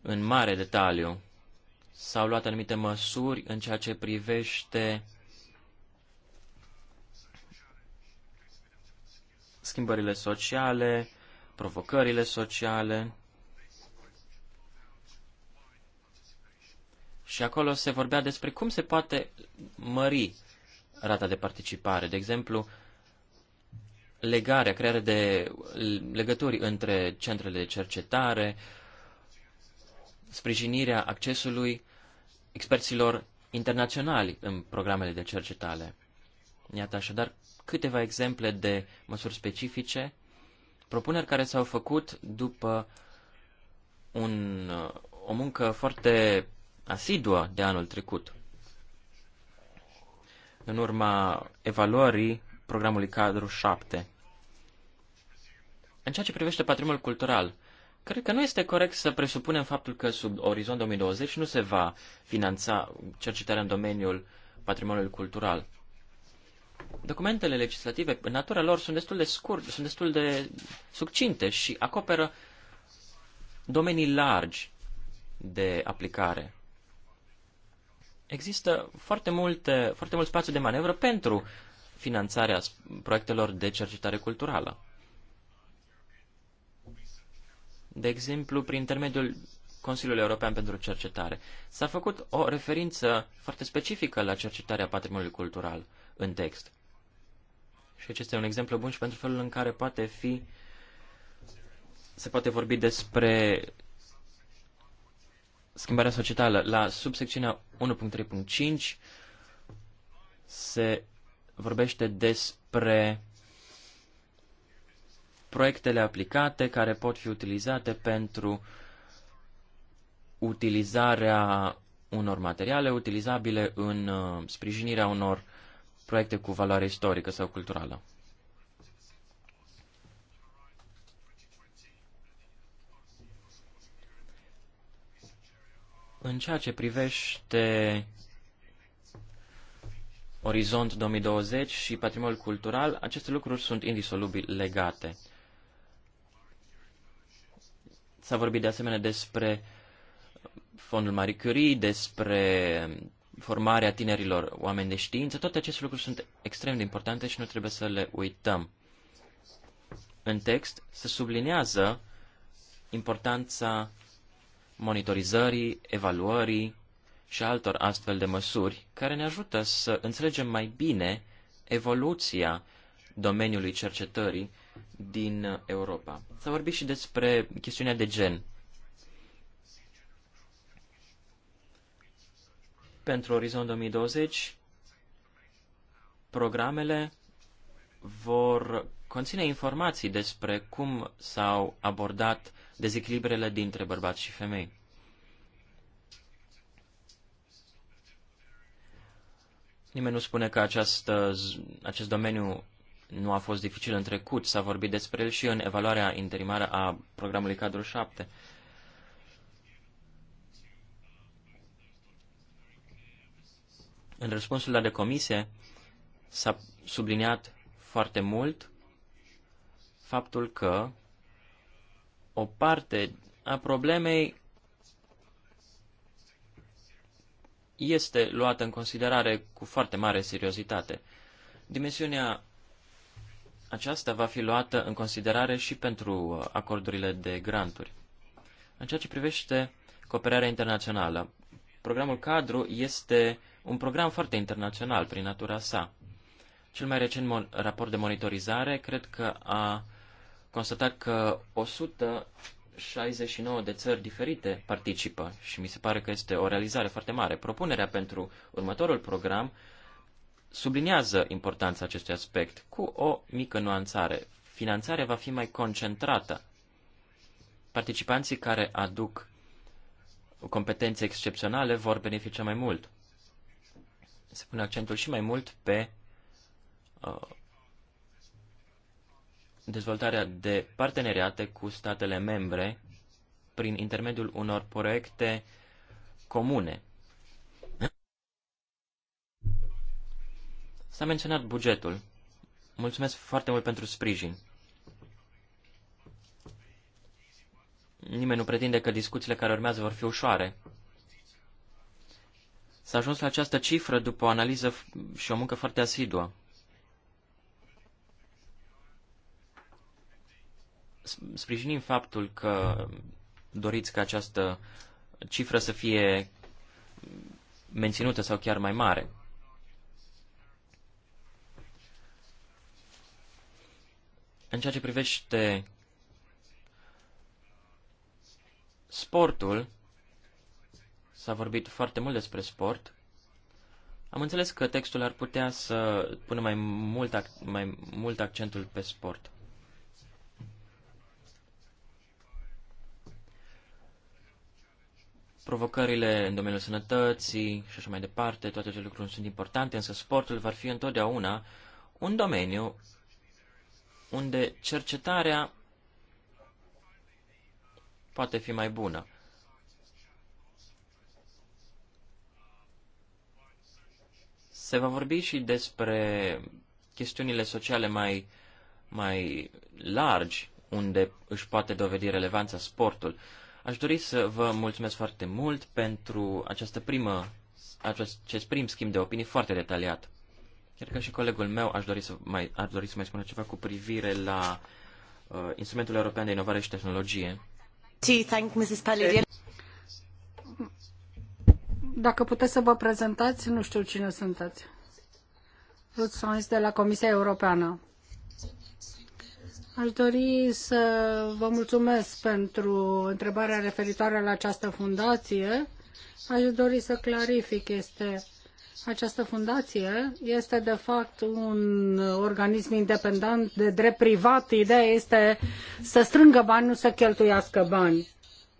în mare detaliu. S-au luat anumite măsuri în ceea ce privește schimbările sociale, provocările sociale. Și acolo se vorbea despre cum se poate mări rata de participare. De exemplu, legarea, crearea de legături între centrele de cercetare, sprijinirea accesului experților internaționali în programele de cercetare. Iată așadar câteva exemple de măsuri specifice, propuneri care s-au făcut după un, o muncă foarte asiduă de anul trecut. În urma evaluării programului cadru 7. În ceea ce privește patrimoniul cultural, cred că nu este corect să presupunem faptul că sub Orizont 2020 nu se va finanța cercetarea în domeniul patrimoniului cultural. Documentele legislative, în natura lor, sunt destul de scurte, sunt destul de succinte și acoperă domenii largi de aplicare. Există foarte, multe, foarte mult spațiu de manevră pentru finanțarea proiectelor de cercetare culturală. De exemplu, prin intermediul Consiliului European pentru Cercetare. S-a făcut o referință foarte specifică la cercetarea patrimoniului cultural în text. Și acesta este un exemplu bun și pentru felul în care poate fi se poate vorbi despre schimbarea societală. La subsecțiunea 1.3.5 se vorbește despre proiectele aplicate care pot fi utilizate pentru utilizarea unor materiale utilizabile în uh, sprijinirea unor proiecte cu valoare istorică sau culturală. În ceea ce privește Orizont 2020 și patrimoniul cultural, aceste lucruri sunt indisolubil legate. S-a vorbit de asemenea despre fondul Marie Curie, despre formarea tinerilor oameni de știință, toate aceste lucruri sunt extrem de importante și nu trebuie să le uităm. În text se sublinează importanța monitorizării, evaluării și altor astfel de măsuri care ne ajută să înțelegem mai bine evoluția domeniului cercetării din Europa. S-a vorbit și despre chestiunea de gen. pentru Orizont 2020, programele vor conține informații despre cum s-au abordat dezechilibrele dintre bărbați și femei. Nimeni nu spune că această, acest domeniu nu a fost dificil în trecut, s-a vorbit despre el și în evaluarea interimară a programului cadru 7. În răspunsul la de comisie s-a subliniat foarte mult faptul că o parte a problemei este luată în considerare cu foarte mare seriozitate. Dimensiunea aceasta va fi luată în considerare și pentru uh, acordurile de granturi. În ceea ce privește cooperarea internațională, programul cadru este un program foarte internațional prin natura sa. Cel mai recent raport de monitorizare cred că a constatat că 169 de țări diferite participă și mi se pare că este o realizare foarte mare. Propunerea pentru următorul program subliniază importanța acestui aspect cu o mică nuanțare. Finanțarea va fi mai concentrată. Participanții care aduc competențe excepționale vor beneficia mai mult se pune accentul și mai mult pe uh, dezvoltarea de parteneriate cu statele membre prin intermediul unor proiecte comune. S-a menționat bugetul. Mulțumesc foarte mult pentru sprijin. Nimeni nu pretinde că discuțiile care urmează vor fi ușoare. S-a ajuns la această cifră după o analiză și o muncă foarte asiduă. Sprijinim faptul că doriți ca această cifră să fie menținută sau chiar mai mare. În ceea ce privește sportul, S-a vorbit foarte mult despre sport. Am înțeles că textul ar putea să pună mai mult, ac mai mult accentul pe sport. provocările în domeniul sănătății și așa mai departe, toate aceste lucruri sunt importante, însă sportul va fi întotdeauna un domeniu unde cercetarea poate fi mai bună. Se va vorbi și despre chestiunile sociale mai, mai largi, unde își poate dovedi relevanța sportul. Aș dori să vă mulțumesc foarte mult pentru această primă, acest prim schimb de opinii foarte detaliat. Chiar că și colegul meu aș dori să mai, ar dori să mai spună ceva cu privire la uh, Instrumentul European de Inovare și Tehnologie. thank Mrs. Dacă puteți să vă prezentați, nu știu cine sunteți. Ruth Sons de la Comisia Europeană. Aș dori să vă mulțumesc pentru întrebarea referitoare la această fundație. Aș dori să clarific, este această fundație este de fapt un organism independent de drept privat. Ideea este să strângă bani, nu să cheltuiască bani.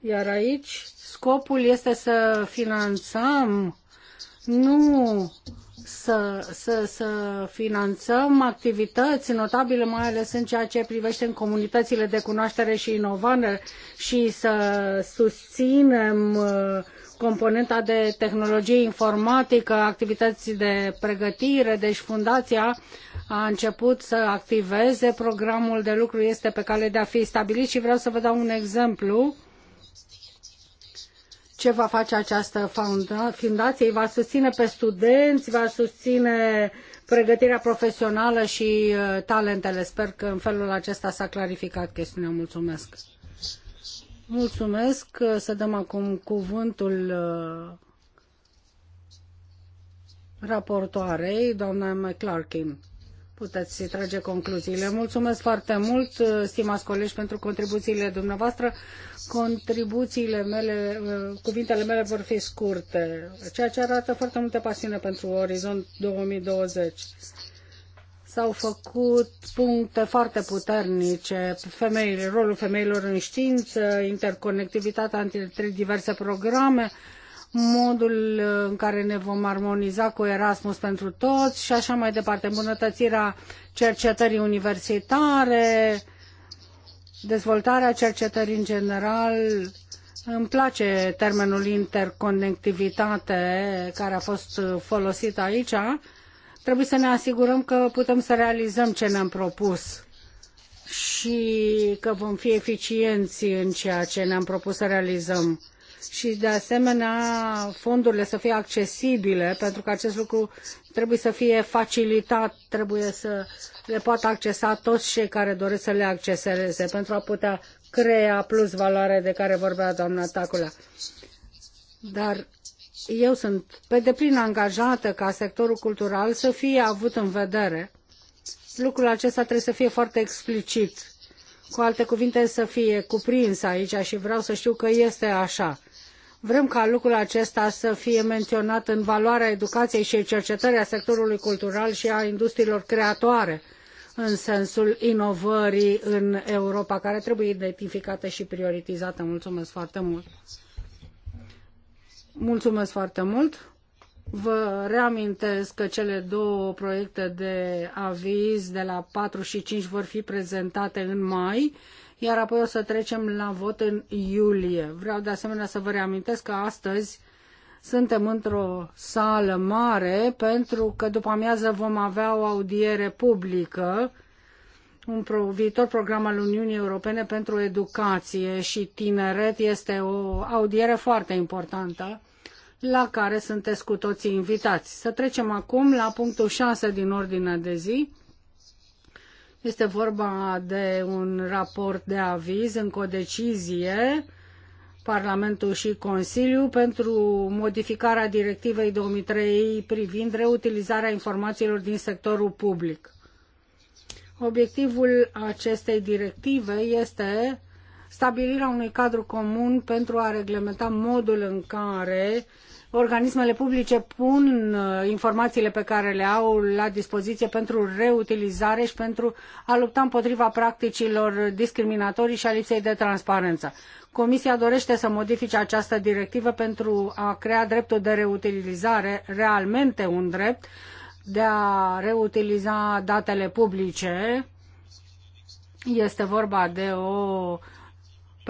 Iar aici Scopul este să finanțăm, nu să, să, să finanțăm activități notabile, mai ales în ceea ce privește în comunitățile de cunoaștere și inovare și să susținem uh, componenta de tehnologie informatică, activități de pregătire, deci fundația a început să activeze, programul de lucru este pe cale de a fi stabilit și vreau să vă dau un exemplu ce va face această fundație. Îi va susține pe studenți, va susține pregătirea profesională și uh, talentele. Sper că în felul acesta s-a clarificat chestiunea. Mulțumesc. Mulțumesc. Uh, să dăm acum cuvântul uh, raportoarei, doamna McClarkin. Puteți trage concluziile. Mulțumesc foarte mult, stimați colegi, pentru contribuțiile dumneavoastră. Contribuțiile mele, uh, cuvintele mele vor fi scurte, ceea ce arată foarte multă pasiune pentru Orizont 2020. S-au făcut puncte foarte puternice, femeile, rolul femeilor în știință, interconectivitatea între diverse programe, modul uh, în care ne vom armoniza cu Erasmus pentru toți și așa mai departe, îmbunătățirea cercetării universitare, uh, dezvoltarea cercetării în general. Îmi place termenul interconectivitate care a fost folosit aici. Trebuie să ne asigurăm că putem să realizăm ce ne-am propus și că vom fi eficienți în ceea ce ne-am propus să realizăm și de asemenea fondurile să fie accesibile, pentru că acest lucru trebuie să fie facilitat, trebuie să le poată accesa toți cei care doresc să le acceseze pentru a putea crea plus valoare de care vorbea doamna Tacula. Dar eu sunt pe deplin angajată ca sectorul cultural să fie avut în vedere. Lucrul acesta trebuie să fie foarte explicit. Cu alte cuvinte, să fie cuprins aici și vreau să știu că este așa. Vrem ca lucrul acesta să fie menționat în valoarea educației și cercetării a sectorului cultural și a industriilor creatoare în sensul inovării în Europa, care trebuie identificată și prioritizată. Mulțumesc foarte mult! Mulțumesc foarte mult! Vă reamintesc că cele două proiecte de aviz de la patru și cinci vor fi prezentate în mai iar apoi o să trecem la vot în iulie. Vreau de asemenea să vă reamintesc că astăzi suntem într-o sală mare pentru că după amiază vom avea o audiere publică un pro, viitor program al Uniunii Europene pentru educație și tineret este o audiere foarte importantă la care sunteți cu toții invitați. Să trecem acum la punctul 6 din ordinea de zi, este vorba de un raport de aviz în codecizie, Parlamentul și Consiliu pentru modificarea directivei 2003 privind reutilizarea informațiilor din sectorul public. Obiectivul acestei directive este stabilirea unui cadru comun pentru a reglementa modul în care uh, organismele publice pun uh, informațiile pe care le au la dispoziție pentru reutilizare și pentru a lupta împotriva practicilor discriminatorii și a lipsei de transparență. Comisia dorește să modifice această directivă pentru a crea dreptul de reutilizare, realmente un drept de a reutiliza datele publice. Este vorba de o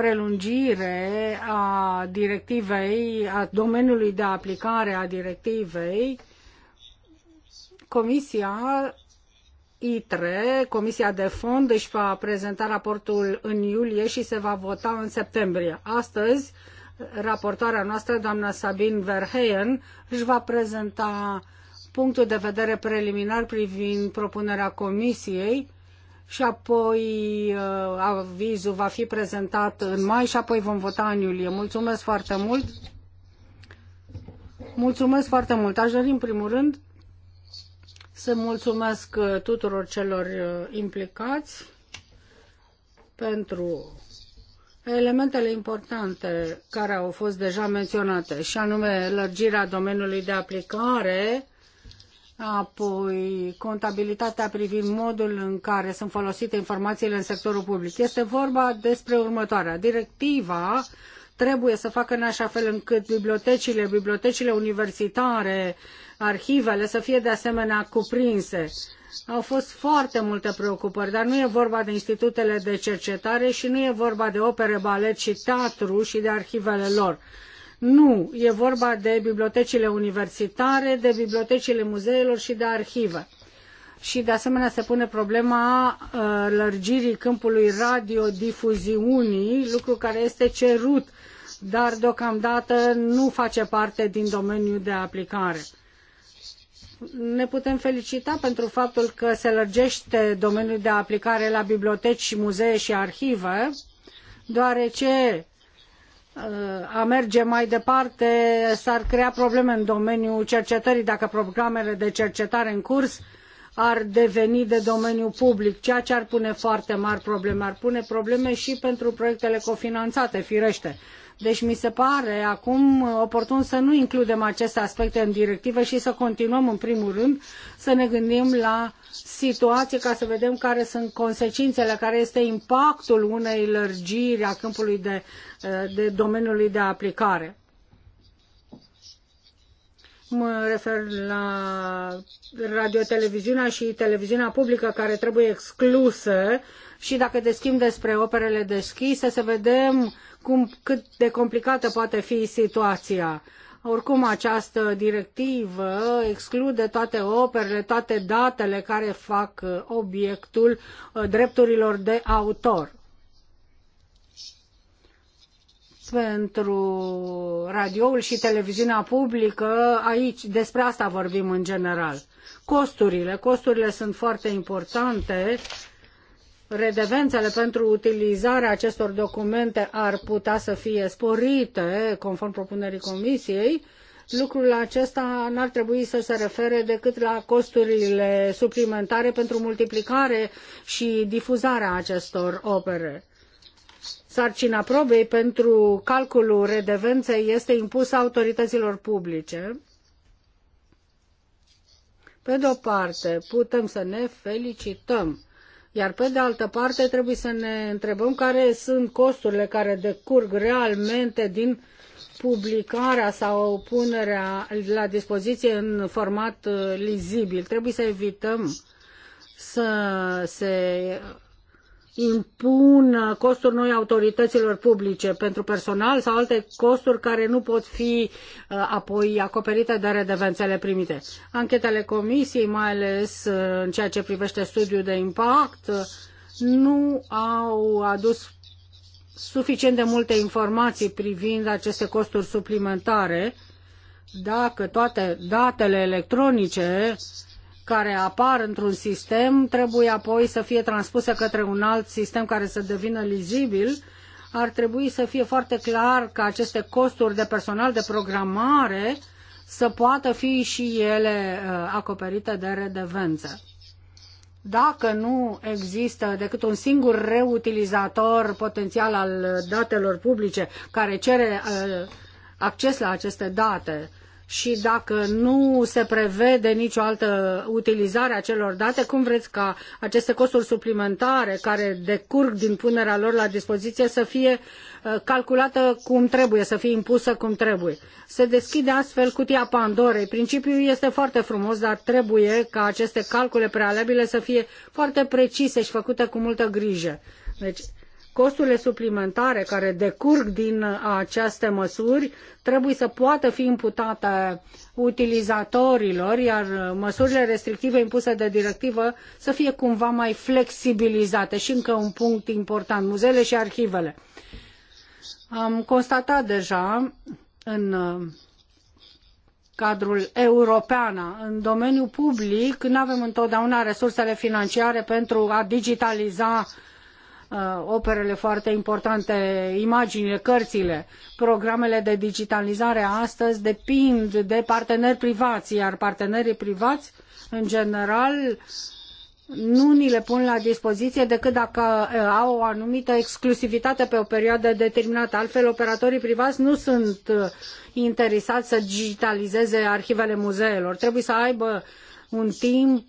prelungire a directivei, a domeniului de aplicare a directivei, Comisia ITRE, Comisia de Fond, își va prezenta raportul în iulie și se va vota în septembrie. Astăzi, raportoarea noastră, doamna Sabine Verheyen, își va prezenta punctul de vedere preliminar privind propunerea Comisiei și apoi uh, avizul va fi prezentat în mai și apoi vom vota în iulie. Mulțumesc foarte mult! Mulțumesc foarte mult! Aș dori în primul rând să mulțumesc uh, tuturor celor uh, implicați pentru elementele importante care au fost deja menționate, și anume lărgirea domeniului de aplicare apoi contabilitatea privind modul în care sunt folosite informațiile în sectorul public. Este vorba despre următoarea. Directiva trebuie să facă în așa fel încât bibliotecile, bibliotecile universitare, arhivele să fie de asemenea cuprinse. Au fost foarte multe preocupări, dar nu e vorba de institutele de cercetare și nu e vorba de opere, balet și teatru și de arhivele lor nu, e vorba de bibliotecile universitare, de bibliotecile muzeelor și de arhivă. Și de asemenea se pune problema uh, lărgirii câmpului radiodifuziunii, lucru care este cerut, dar deocamdată nu face parte din domeniul de aplicare ne putem felicita pentru faptul că se lărgește domeniul de aplicare la biblioteci, muzee și arhivă, deoarece a merge mai departe, s-ar crea probleme în domeniul cercetării dacă programele de cercetare în curs ar deveni de domeniu public, ceea ce ar pune foarte mari probleme. Ar pune probleme și pentru proiectele cofinanțate, firește deci mi se pare acum oportun să nu includem aceste aspecte în directivă și să continuăm în primul rând să ne gândim la situație ca să vedem care sunt consecințele, care este impactul unei lărgiri a câmpului de, de domeniului de aplicare. Mă refer la radioteleviziunea și televiziunea publică care trebuie excluse și dacă deschim despre operele deschise, să vedem cum, cât de complicată poate fi situația. Oricum, această directivă exclude toate operele, toate datele care fac uh, obiectul uh, drepturilor de autor. pentru radioul și televiziunea publică, aici despre asta vorbim în general. Costurile, costurile sunt foarte importante redevențele pentru utilizarea acestor documente ar putea să fie sporite, conform propunerii Comisiei, lucrul acesta n-ar trebui să se refere decât la costurile suplimentare pentru multiplicare și difuzarea acestor opere. Sarcina probei pentru calculul redevenței este impusă autorităților publice. Pe de o parte, putem să ne felicităm iar pe de altă parte trebuie să ne întrebăm care sunt costurile care decurg realmente din publicarea sau punerea la dispoziție în format uh, lizibil. Trebuie să evităm să se impun uh, costuri noi autorităților publice pentru personal sau alte costuri care nu pot fi uh, apoi acoperite de redevențele primite. Anchetele comisiei, mai ales uh, în ceea ce privește studiul de impact, nu au adus suficient de multe informații privind aceste costuri suplimentare dacă toate datele electronice uh, care apar într-un sistem trebuie apoi să fie transpuse către un alt sistem care să devină lizibil, ar trebui să fie foarte clar că aceste costuri de personal de programare să poată fi și ele uh, acoperite de redevență. Dacă nu există decât un singur reutilizator potențial al datelor publice care cere uh, acces la aceste date, și dacă nu se prevede nicio altă utilizare a celor date, cum vreți ca aceste costuri suplimentare care decurg din punerea lor la dispoziție să fie uh, calculată cum trebuie, să fie impusă cum trebuie. Se deschide astfel cutia Pandorei. Principiul este foarte frumos, dar trebuie ca aceste calcule prealabile să fie foarte precise și făcute cu multă grijă. Deci Costurile suplimentare care decurg din aceste măsuri trebuie să poată fi imputate utilizatorilor, iar măsurile restrictive impuse de directivă să fie cumva mai flexibilizate. Și încă un punct important, muzeele și arhivele. Am constatat deja în uh, cadrul european. În domeniul public nu avem întotdeauna resursele financiare pentru a digitaliza Uh, operele foarte importante, imaginile, cărțile. Programele de digitalizare astăzi depind de parteneri privați, iar partenerii privați, în general, nu ni le pun la dispoziție decât dacă uh, au o anumită exclusivitate pe o perioadă determinată. Altfel, operatorii privați nu sunt uh, interesați să digitalizeze arhivele muzeelor. Trebuie să aibă un timp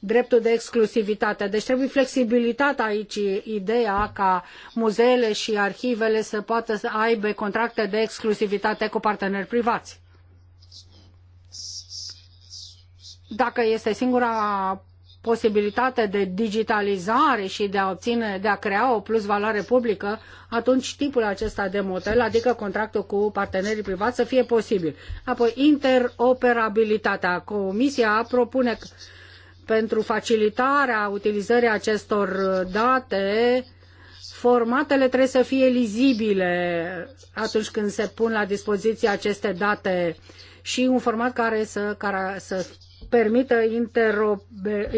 dreptul de exclusivitate. Deci trebuie flexibilitatea aici, ideea ca muzeele și arhivele să poată să aibă contracte de exclusivitate cu parteneri privați. Dacă este singura posibilitate de digitalizare și de a obține, de a crea o plus valoare publică, atunci tipul acesta de model, adică contractul cu partenerii privați, să fie posibil. Apoi, interoperabilitatea. Comisia propune pentru facilitarea utilizării acestor date, formatele trebuie să fie lizibile atunci când se pun la dispoziție aceste date și un format care să, care să permită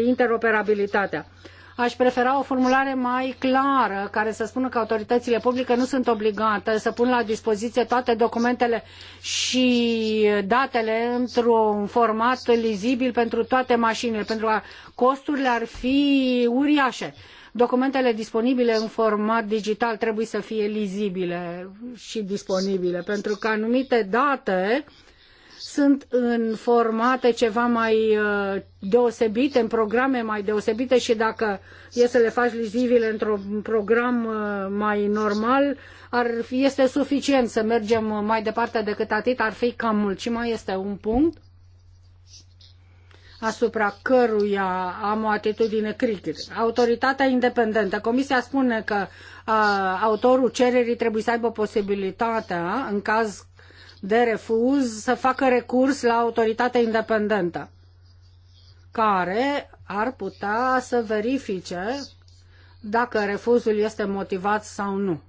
interoperabilitatea. Aș prefera o formulare mai clară care să spună că autoritățile publice nu sunt obligate să pună la dispoziție toate documentele și datele într-un format lizibil pentru toate mașinile, pentru că costurile ar fi uriașe. Documentele disponibile în format digital trebuie să fie lizibile și disponibile, pentru că anumite date sunt în formate ceva mai uh, deosebite, în programe mai deosebite și dacă e să le faci lizivile într-un program uh, mai normal, ar fi, este suficient să mergem mai departe decât atât, ar fi cam mult. Și mai este un punct asupra căruia am o atitudine critică. Autoritatea independentă. Comisia spune că a, uh, autorul cererii trebuie să aibă posibilitatea, în caz de refuz să facă recurs la autoritatea independentă, care ar putea să verifice dacă refuzul este motivat sau nu.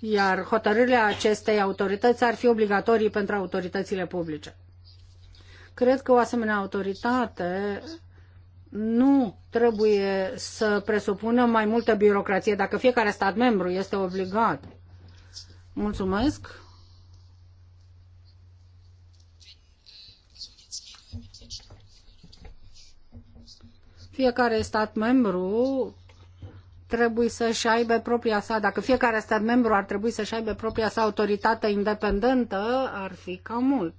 Iar hotărârile acestei autorități ar fi obligatorii pentru autoritățile publice. Cred că o asemenea autoritate nu trebuie să presupună mai multă birocrație dacă fiecare stat membru este obligat Mulțumesc. Fiecare stat membru trebuie să-și aibă propria sa, dacă fiecare stat membru ar trebui să-și aibă propria sa autoritate independentă, ar fi cam mult.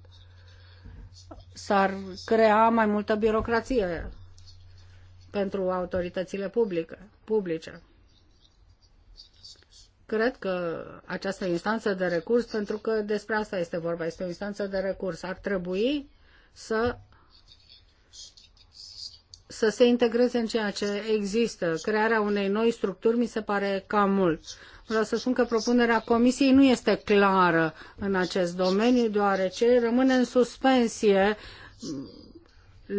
S-ar crea mai multă birocrație pentru autoritățile publice. publice. Cred că această instanță de recurs, pentru că despre asta este vorba, este o instanță de recurs, ar trebui să să se integreze în ceea ce există. Crearea unei noi structuri mi se pare cam mult. Vreau să spun că propunerea Comisiei nu este clară în acest domeniu, deoarece rămâne în suspensie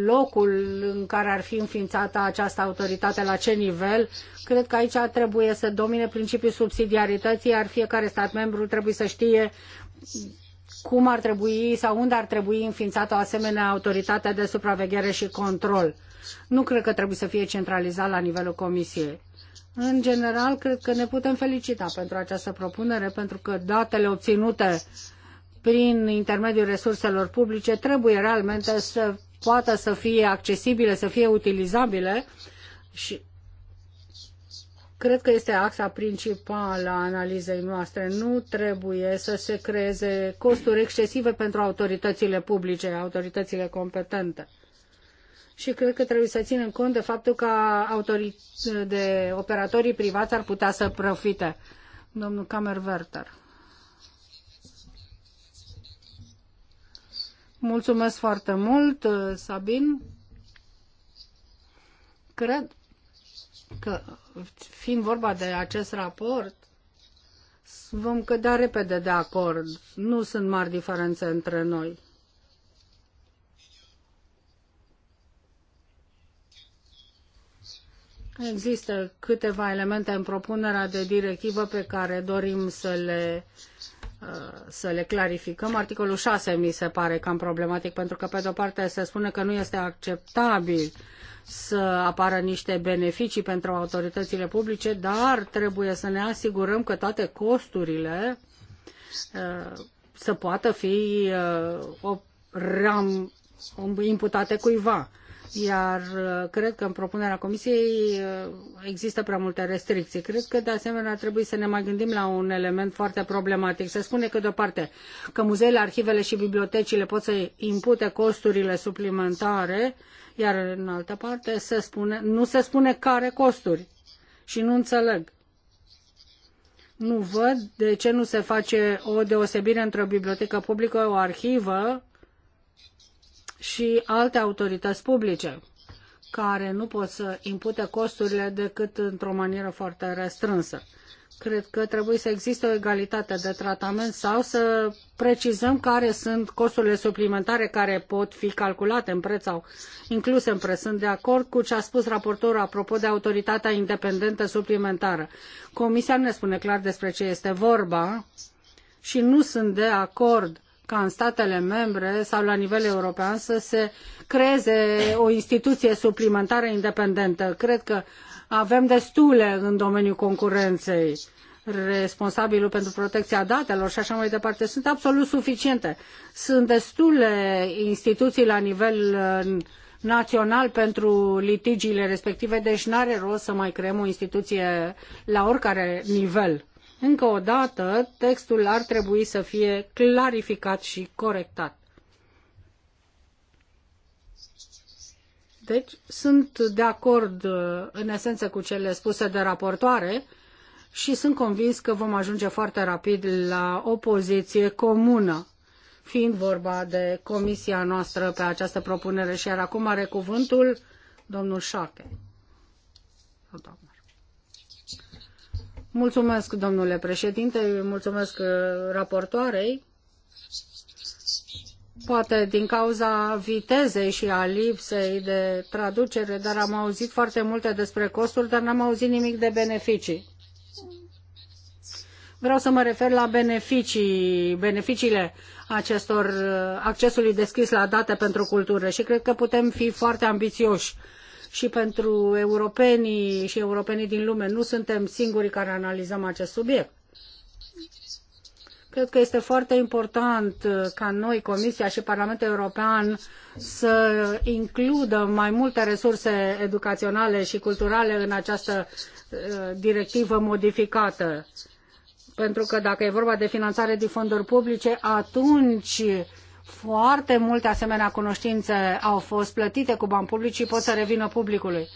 locul în care ar fi înființată această autoritate, la ce nivel. Cred că aici trebuie să domine principiul subsidiarității, iar fiecare stat membru trebuie să știe cum ar trebui sau unde ar trebui înființată o asemenea autoritate de supraveghere și control. Nu cred că trebuie să fie centralizat la nivelul Comisiei. În general, cred că ne putem felicita pentru această propunere, pentru că datele obținute prin intermediul resurselor publice trebuie realmente să poată să fie accesibile, să fie utilizabile și cred că este axa principală a analizei noastre. Nu trebuie să se creeze costuri excesive pentru autoritățile publice, autoritățile competente. Și cred că trebuie să ținem cont de faptul că de operatorii privați ar putea să profite. Domnul Camerverter. Mulțumesc foarte mult, uh, Sabin. Cred că, fiind vorba de acest raport, vom cădea repede de acord. Nu sunt mari diferențe între noi. Există câteva elemente în propunerea de directivă pe care dorim să le uh, să le clarificăm. Articolul 6 mi se pare cam problematic, pentru că, pe de-o parte, se spune că nu este acceptabil să apară niște beneficii pentru autoritățile publice, dar trebuie să ne asigurăm că toate costurile uh, să poată fi uh, imputate cuiva iar uh, cred că în propunerea Comisiei uh, există prea multe restricții. Cred că de asemenea ar trebui să ne mai gândim la un element foarte problematic. Se spune că de o parte că muzeele, arhivele și bibliotecile pot să impute costurile suplimentare, iar în altă parte se spune, nu se spune care costuri și nu înțeleg. Nu văd de ce nu se face o deosebire între o bibliotecă publică, o arhivă și alte autorități publice care nu pot să impute costurile decât într-o manieră foarte restrânsă. Cred că trebuie să existe o egalitate de tratament sau să precizăm care sunt costurile suplimentare care pot fi calculate în preț sau incluse în preț. Sunt de acord cu ce a spus raportorul apropo de autoritatea independentă suplimentară. Comisia nu ne spune clar despre ce este vorba și nu sunt de acord ca în statele membre sau la nivel european să se creeze o instituție suplimentară independentă. Cred că avem destule în domeniul concurenței responsabilul pentru protecția datelor și așa mai departe, sunt absolut suficiente. Sunt destule instituții la nivel uh, național pentru litigiile respective, deci nu are rost să mai creăm o instituție la oricare nivel. Încă o dată, textul ar trebui să fie clarificat și corectat. Deci, sunt de acord uh, în esență cu cele spuse de raportoare și sunt convins că vom ajunge foarte rapid la o poziție comună, fiind vorba de comisia noastră pe această propunere. Și iar acum are cuvântul domnul Șache. doamne. Mulțumesc, domnule președinte, mulțumesc uh, raportoarei. Poate din cauza vitezei și a lipsei de traducere, dar am auzit foarte multe despre costuri, dar n-am auzit nimic de beneficii. Vreau să mă refer la beneficii, beneficiile acestor uh, accesului deschis la date pentru cultură și cred că putem fi foarte ambițioși și pentru europenii și europenii din lume. Nu suntem singurii care analizăm acest subiect. Cred că este foarte important uh, ca noi, Comisia și Parlamentul European, să includă mai multe resurse educaționale și culturale în această uh, directivă modificată. Pentru că dacă e vorba de finanțare din fonduri publice, atunci foarte multe asemenea cunoștințe au fost plătite cu bani publici și pot să revină publicului.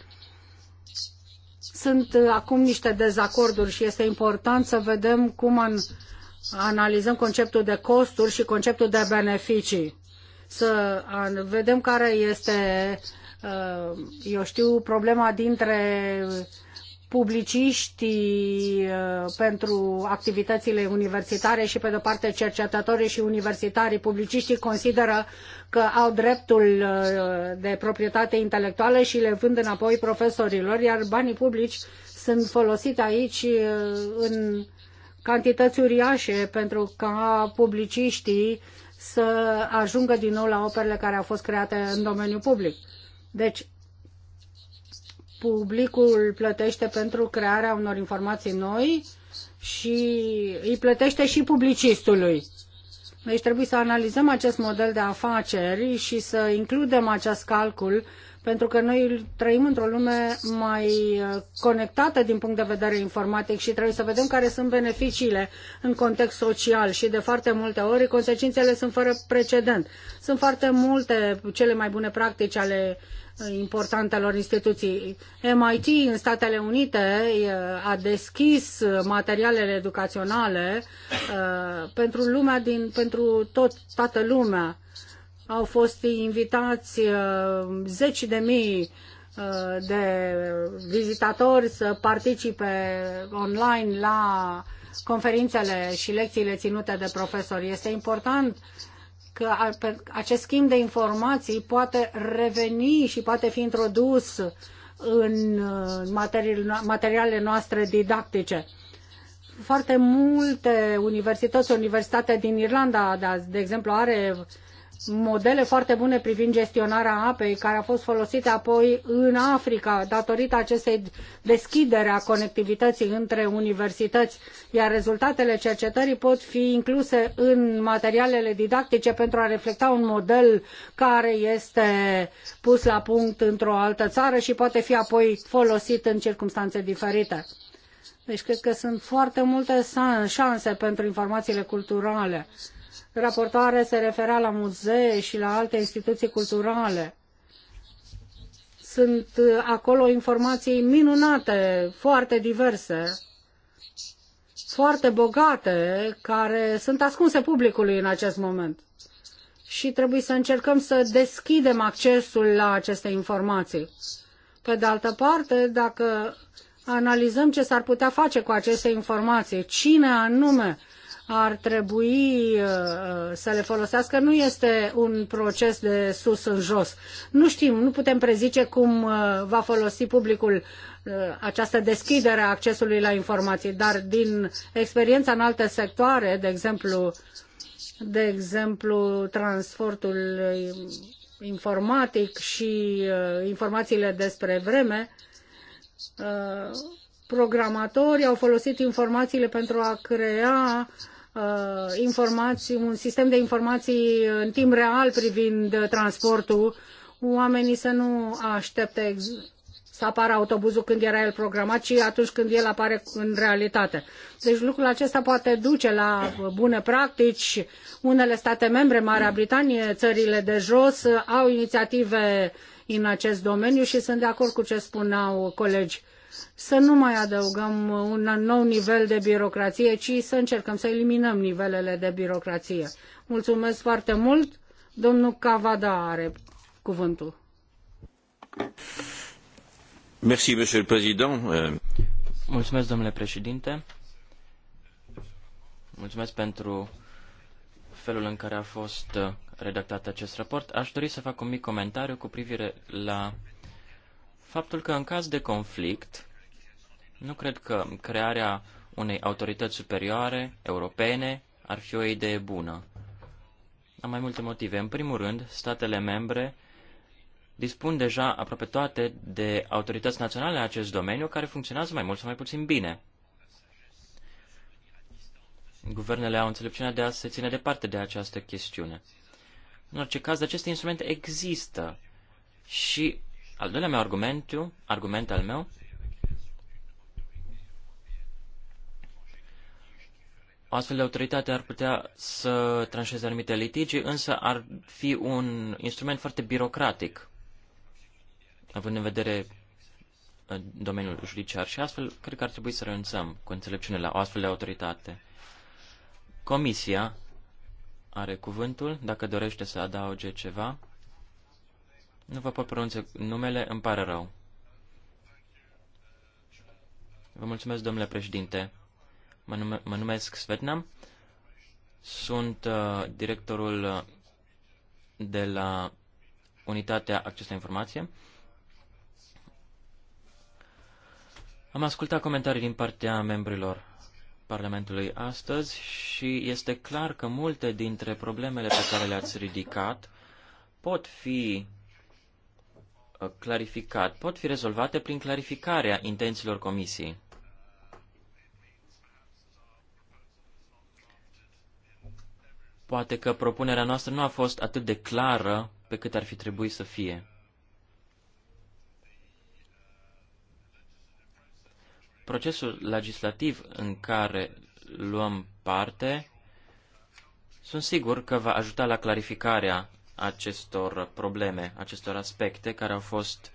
Sunt acum niște dezacorduri și este important să vedem cum an analizăm conceptul de costuri și conceptul de beneficii. Să vedem care este, uh, eu știu, problema dintre publiciștii uh, pentru activitățile universitare și, pe de-o parte, cercetătorii și universitarii publiciștii consideră că au dreptul uh, de proprietate intelectuală și le vând înapoi profesorilor, iar banii publici sunt folosiți aici uh, în cantități uriașe pentru ca publiciștii să ajungă din nou la operele care au fost create în domeniul public. Deci, publicul plătește pentru crearea unor informații noi și îi plătește și publicistului. Deci trebuie să analizăm acest model de afaceri și să includem acest calcul pentru că noi trăim într-o lume mai uh, conectată din punct de vedere informatic și trebuie să vedem care sunt beneficiile în context social și de foarte multe ori consecințele sunt fără precedent. Sunt foarte multe cele mai bune practici ale uh, importantelor instituții. MIT în Statele Unite uh, a deschis materialele educaționale pentru lumea din, pentru tot, toată lumea au fost invitați uh, zeci de mii uh, de vizitatori să participe online la conferințele și lecțiile ținute de profesori. Este important că acest schimb de informații poate reveni și poate fi introdus în uh, materialele noastre didactice. Foarte multe universități, o universitate din Irlanda, de exemplu, are modele foarte bune privind gestionarea apei, care a fost folosite apoi în Africa, datorită acestei deschidere a conectivității între universități, iar rezultatele cercetării pot fi incluse în materialele didactice pentru a reflecta un model care este pus la punct într-o altă țară și poate fi apoi folosit în circunstanțe diferite. Deci cred că sunt foarte multe șanse pentru informațiile culturale raportoare se referea la muzee și la alte instituții culturale. Sunt uh, acolo informații minunate, foarte diverse, foarte bogate, care sunt ascunse publicului în acest moment. Și trebuie să încercăm să deschidem accesul la aceste informații. Pe de altă parte, dacă analizăm ce s-ar putea face cu aceste informații, cine anume ar trebui uh, uh, să le folosească nu este un proces de sus în jos. Nu știm, nu putem prezice cum uh, va folosi publicul această deschidere a accesului la informații, dar din experiența în alte sectoare, de exemplu, de exemplu transportul informatic și informațiile despre vreme, programatorii au folosit informațiile pentru a crea Uh, informații, un sistem de informații în timp real privind transportul, oamenii să nu aștepte să apară autobuzul când era el programat, ci atunci când el apare în realitate. Deci lucrul acesta poate duce la bune practici. Unele state membre, Marea Britanie, țările de jos, au inițiative în acest domeniu și sunt de acord cu ce spuneau colegi să nu mai adăugăm un nou nivel de birocrație, ci să încercăm să eliminăm nivelele de birocrație. Mulțumesc foarte mult. Domnul Cavada are cuvântul. Merci, monsieur le président. Euh, Mulțumesc, domnule președinte. Mulțumesc pentru felul în care a fost redactat acest raport. Aș dori să fac un mic comentariu cu privire la faptul că în caz de conflict, nu cred că crearea unei autorități superioare europene ar fi o idee bună. Am mai multe motive. În primul rând, statele membre dispun deja aproape toate de autorități naționale în acest domeniu care funcționează mai mult sau mai puțin bine. Guvernele au înțelepciunea de a se ține departe de această chestiune. În orice caz, aceste instrumente există și al doilea meu argument, argument al meu O astfel de autoritate ar putea să tranșeze anumite litigi, însă ar fi un instrument foarte birocratic, având în vedere uh, domeniul judiciar și astfel cred că ar trebui să renunțăm cu înțelepciune la o astfel de autoritate. Comisia are cuvântul, dacă dorește să adauge ceva. Nu vă pot pronunța numele, îmi pare rău. Vă mulțumesc, domnule președinte. Mă, nume, mă numesc Svetnam. Sunt uh, directorul uh, de la Unitatea Acces la Informație. Am ascultat comentarii din partea membrilor Parlamentului astăzi și este clar că multe dintre problemele pe care le-ați ridicat pot fi Uh, clarificat pot fi rezolvate prin clarificarea intențiilor comisiei. Poate că propunerea noastră nu a fost atât de clară pe cât ar fi trebuit să fie. Procesul legislativ în care luăm parte, sunt sigur că va ajuta la clarificarea acestor probleme, acestor aspecte care au fost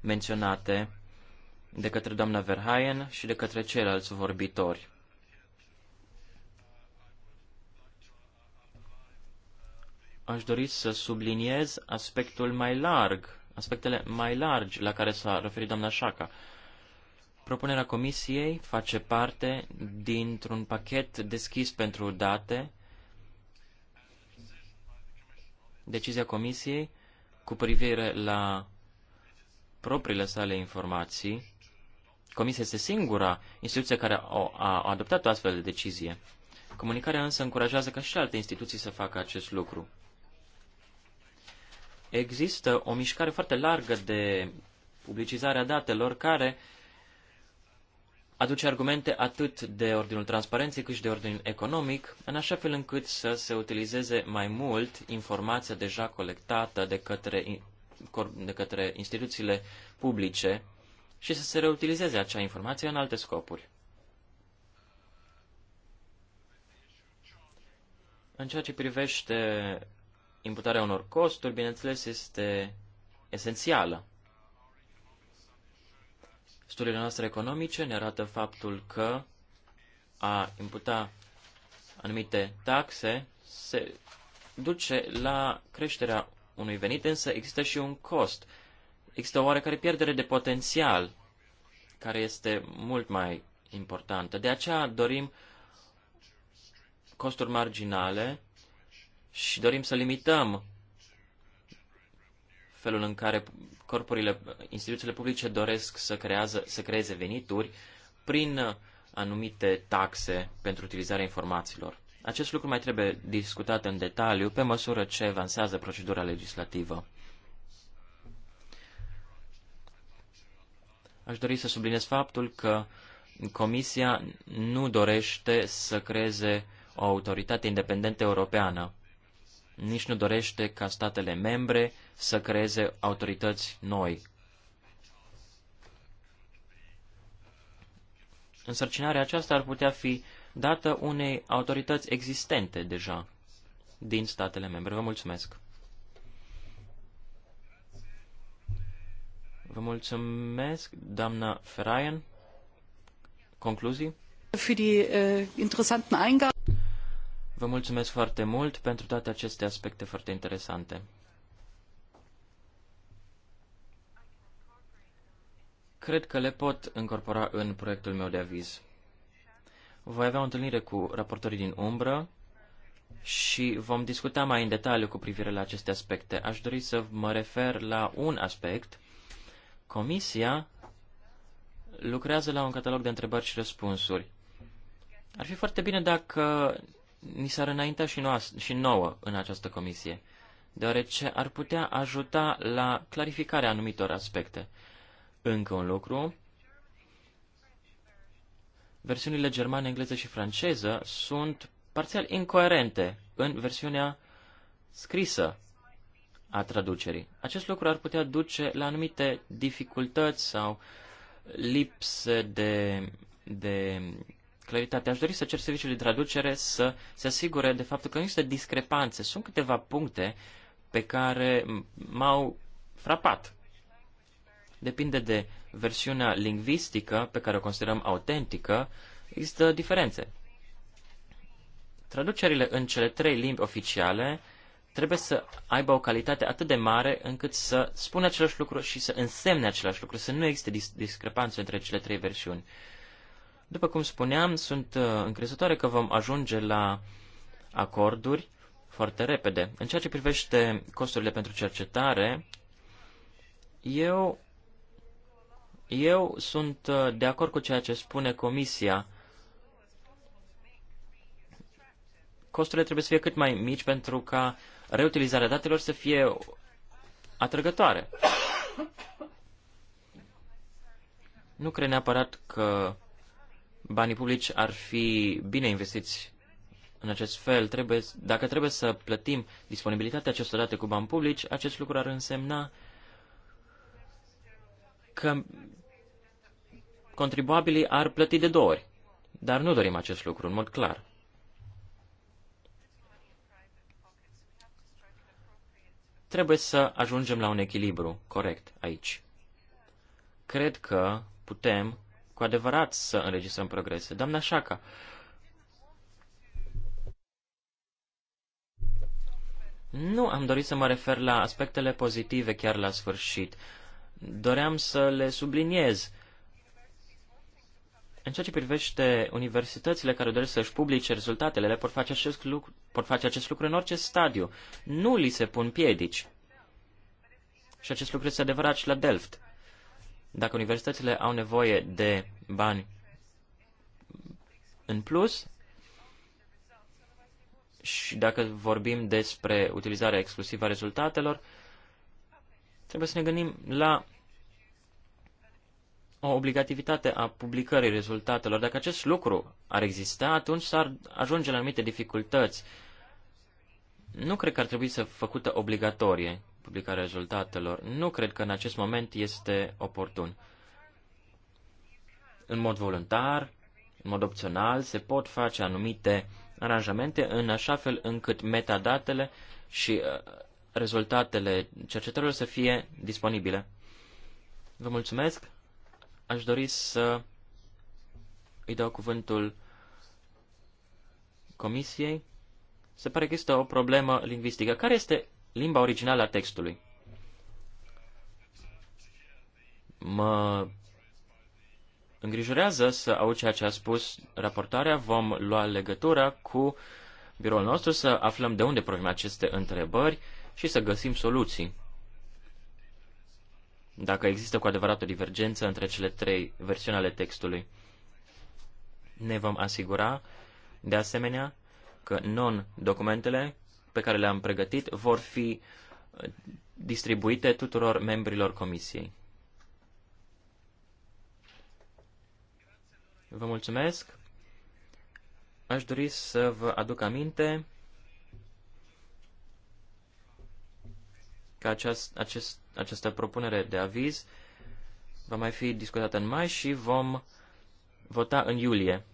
menționate de către doamna Verhaien și de către ceilalți vorbitori. Aș dori să subliniez aspectul mai larg, aspectele mai largi la care s-a referit doamna Șaca. Propunerea Comisiei face parte dintr-un pachet deschis pentru date decizia Comisiei cu privire la propriile sale informații. Comisia este singura instituție care a, adoptat o astfel de decizie. Comunicarea însă încurajează ca și alte instituții să facă acest lucru. Există o mișcare foarte largă de publicizare a datelor care uh, aduce argumente atât de ordinul transparenței cât și de ordinul economic, în așa fel încât să se utilizeze mai mult informația deja colectată de către, de către instituțiile publice și să se reutilizeze acea informație în alte scopuri. În ceea ce privește imputarea unor costuri, bineînțeles, este esențială. Studiile noastre economice ne arată faptul că a imputa anumite taxe se duce la creșterea unui venit, însă există și un cost. Există o oarecare pierdere de potențial care este mult mai importantă. De aceea dorim costuri marginale și dorim să limităm felul în care corpurile, instituțiile publice doresc să, creează, să creeze venituri prin anumite taxe pentru utilizarea informațiilor. Acest lucru mai trebuie discutat în detaliu pe măsură ce avansează procedura legislativă. Aș dori să subliniez faptul că Comisia nu dorește să creeze o autoritate independentă europeană nici nu dorește ca statele membre să creeze autorități noi. Însărcinarea aceasta ar putea fi dată unei autorități existente deja din statele membre. Vă mulțumesc! Vă mulțumesc, doamna Ferayen. Concluzii? Für die uh, interessanten Vă mulțumesc foarte mult pentru toate aceste aspecte foarte interesante. Cred că le pot incorpora în proiectul meu de aviz. Voi avea o întâlnire cu raportorii din umbră și vom discuta mai în detaliu cu privire la aceste aspecte. Aș dori să mă refer la un aspect. Comisia lucrează la un catalog de întrebări și răspunsuri. Ar fi foarte bine dacă ni s-ar înainta și, noua și nouă în această comisie, deoarece ar putea ajuta la clarificarea anumitor aspecte. Încă un lucru, versiunile germane, engleză și franceză sunt parțial incoerente în versiunea scrisă a traducerii. Acest lucru ar putea duce la anumite dificultăți sau lipse de, de claritate. Aș dori să cer serviciul de traducere să se asigure de faptul că nu există discrepanțe. Sunt câteva puncte pe care m-au frapat. Depinde de versiunea lingvistică pe care o considerăm autentică, există diferențe. Traducerile în cele trei limbi oficiale trebuie să aibă o calitate atât de mare încât să spună același lucru și să însemne același lucru, să nu existe dis- discrepanțe între cele trei versiuni. Uh, după cum spuneam, sunt uh, încrezătoare că vom ajunge la acorduri foarte repede. În ceea ce privește costurile pentru cercetare, eu, eu sunt uh, de acord cu ceea ce spune Comisia. Costurile trebuie să fie cât mai mici pentru ca reutilizarea datelor să fie atrăgătoare. Nu cred neapărat că banii publici ar fi bine investiți în acest fel. Trebuie, dacă trebuie să plătim disponibilitatea acestor date cu bani publici, acest lucru ar însemna că contribuabilii ar plăti de două ori. Dar nu dorim acest lucru, în mod clar. Trebuie să ajungem la un echilibru corect aici. Cred că putem cu adevărat să înregistrăm progrese. Doamna Șaca, nu am dorit să mă refer la aspectele pozitive chiar la sfârșit. Doream să le subliniez. În ceea ce privește universitățile care doresc să-și publice rezultatele, le pot face, acest lucru, pot face acest lucru în orice stadiu. Nu li se pun piedici. Și acest lucru este adevărat și la Delft. Dacă universitățile au nevoie de bani în plus, și dacă vorbim despre utilizarea exclusivă a rezultatelor, trebuie să ne gândim la o obligativitate a publicării rezultatelor. Dacă acest lucru ar exista, atunci s-ar ajunge la anumite dificultăți. Nu cred că ar trebui să făcută obligatorie publicarea rezultatelor. Nu cred că în acest moment este oportun. În mod voluntar, în mod opțional, se pot face anumite aranjamente în așa fel încât metadatele și uh, rezultatele cercetărilor să fie disponibile. Vă mulțumesc. Aș dori să îi dau cuvântul Comisiei. Se pare că este o problemă lingvistică. Care este limba originală a textului. Mă îngrijorează să aud ceea ce a spus raportarea. Vom lua legătura cu biroul nostru să aflăm de unde provin aceste întrebări și să găsim soluții. Dacă există cu adevărat o divergență între cele trei versiuni ale textului, ne vom asigura, de asemenea, că non-documentele pe care le-am pregătit vor fi uh, distribuite tuturor membrilor comisiei. Vă mulțumesc. Aș dori să vă aduc aminte că aceast, acest, această propunere de aviz va mai fi discutată în mai și vom vota în iulie.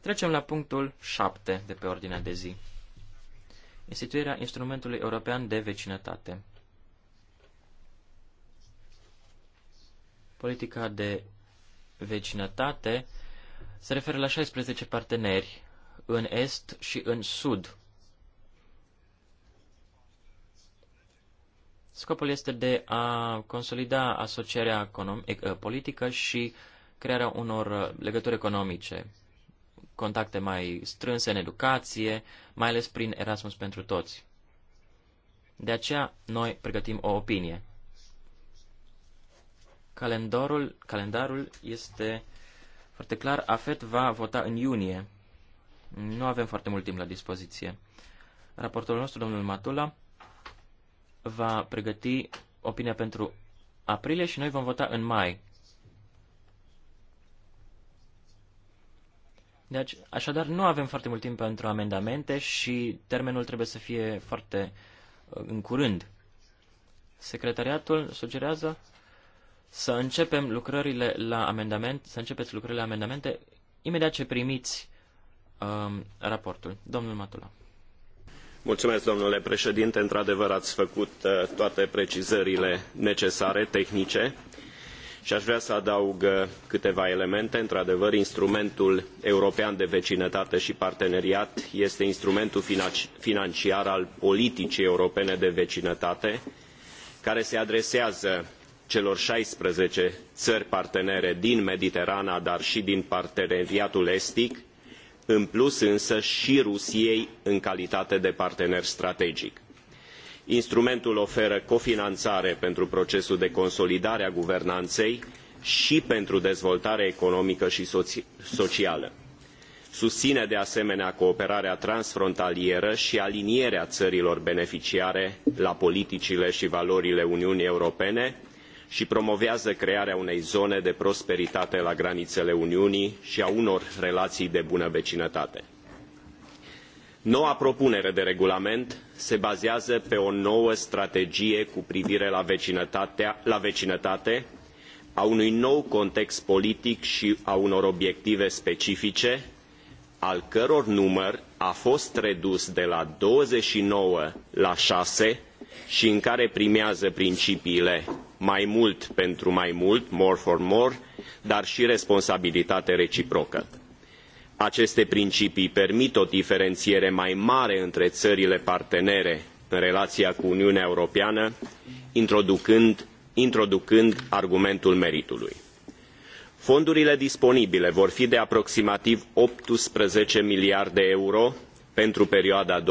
Trecem la punctul 7 de pe ordinea de zi instituirea instrumentului european de vecinătate. Politica de vecinătate se referă la 16 parteneri în est și în sud. Scopul este de a consolida asocierea politică și crearea unor legături economice contacte mai strânse în educație, mai ales prin Erasmus pentru toți. De aceea, noi pregătim o opinie. Calendarul, calendarul este foarte clar. AFET va vota în iunie. Nu avem foarte mult timp la dispoziție. Raportorul nostru, domnul Matula, va pregăti opinia pentru aprilie și noi vom vota în mai. Deci, așadar, nu avem foarte mult timp pentru amendamente și termenul trebuie să fie foarte uh, în curând. Secretariatul sugerează să începem lucrările la amendament, să începeți lucrările la amendamente imediat ce primiți uh, raportul. Domnul Matula. Mulțumesc, domnule președinte. Într-adevăr, ați făcut uh, toate precizările necesare, tehnice. Uh, și aș vrea să adaug uh, câteva elemente. Într-adevăr, instrumentul european de vecinătate și parteneriat este instrumentul financiar al politicii europene de vecinătate, care se adresează celor 16 țări partenere din Mediterana, dar și din parteneriatul estic, în plus însă și Rusiei în calitate de partener strategic Instrumentul oferă cofinanțare pentru procesul de consolidare a guvernanei și pentru dezvoltare economică și socială. Susține de asemenea cooperarea transfrontalieră și alinierea țărilor beneficiare la politicile și valorile Uniunii Europene și promovează crearea unei zone de prosperitate la granițele Uniunii și a unor relații de bună vecinătate Noua propunere de regulament se bazează pe o nouă strategie cu privire la, vecinătate, a unui nou context politic și a unor obiective specifice, al căror număr a fost redus de la și nouă la 6 și în care primează principiile mai mult pentru mai mult, more for more, dar și responsabilitate reciprocă. Aceste principii permit o diferențiere mai mare între țările partenere în relația cu Uniunea Europeană, introducând, introducând argumentul meritului. Fondurile disponibile vor fi de aproximativ optsprezece miliarde euro pentru perioada 2014-2020,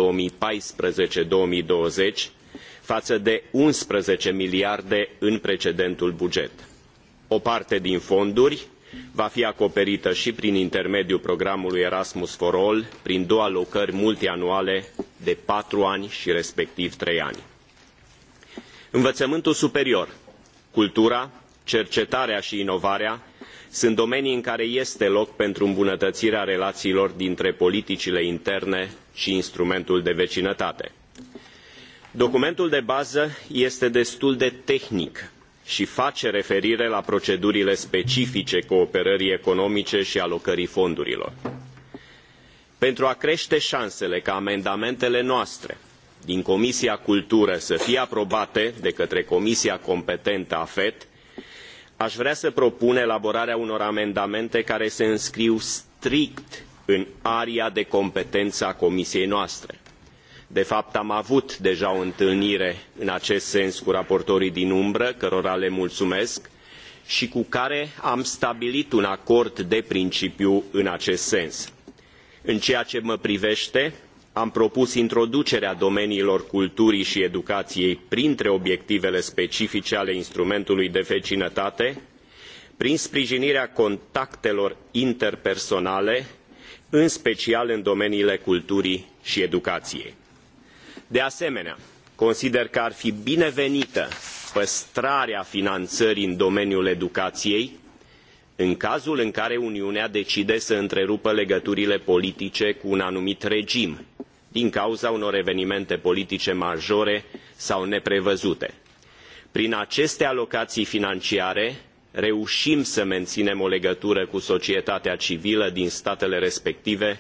față de unsprezece miliarde în precedentul buget. O parte din fonduri, va fi acoperită și prin intermediul programului Erasmus for All, prin două alocări multianuale de patru ani și respectiv trei ani. Învățământul superior, cultura, cercetarea și inovarea sunt domenii în care este loc pentru îmbunătățirea relațiilor dintre politicile interne și instrumentul de vecinătate. Documentul de bază este destul de tehnic și face referire la procedurile specifice cooperării economice și alocării fondurilor. Pentru a crește șansele ca amendamentele noastre din Comisia Cultură să fie aprobate de către Comisia competentă AFET, aș vrea să propun elaborarea unor amendamente care se înscriu strict în aria de competență a Comisiei noastre de fapt am avut deja o întâlnire în acest sens cu raportorii din umbră cărora le mulumesc i cu care am stabilit un acord de principiu în acest sens. în ceea ce mă privete am propus introducerea domeniilor culturii i educaiei printre obiectivele specifice ale instrumentului de vecinătate prin sprijinirea contactelor interpersonale în special în domeniile culturii i educaiei. De asemenea, consider că ar fi binevenită păstrarea finanțării în domeniul educației în cazul în care Uniunea decide să întrerupă legăturile politice cu un anumit regim din cauza unor evenimente politice majore sau neprevăzute. Prin aceste alocații financiare reușim să menținem o legătură cu societatea civilă din statele respective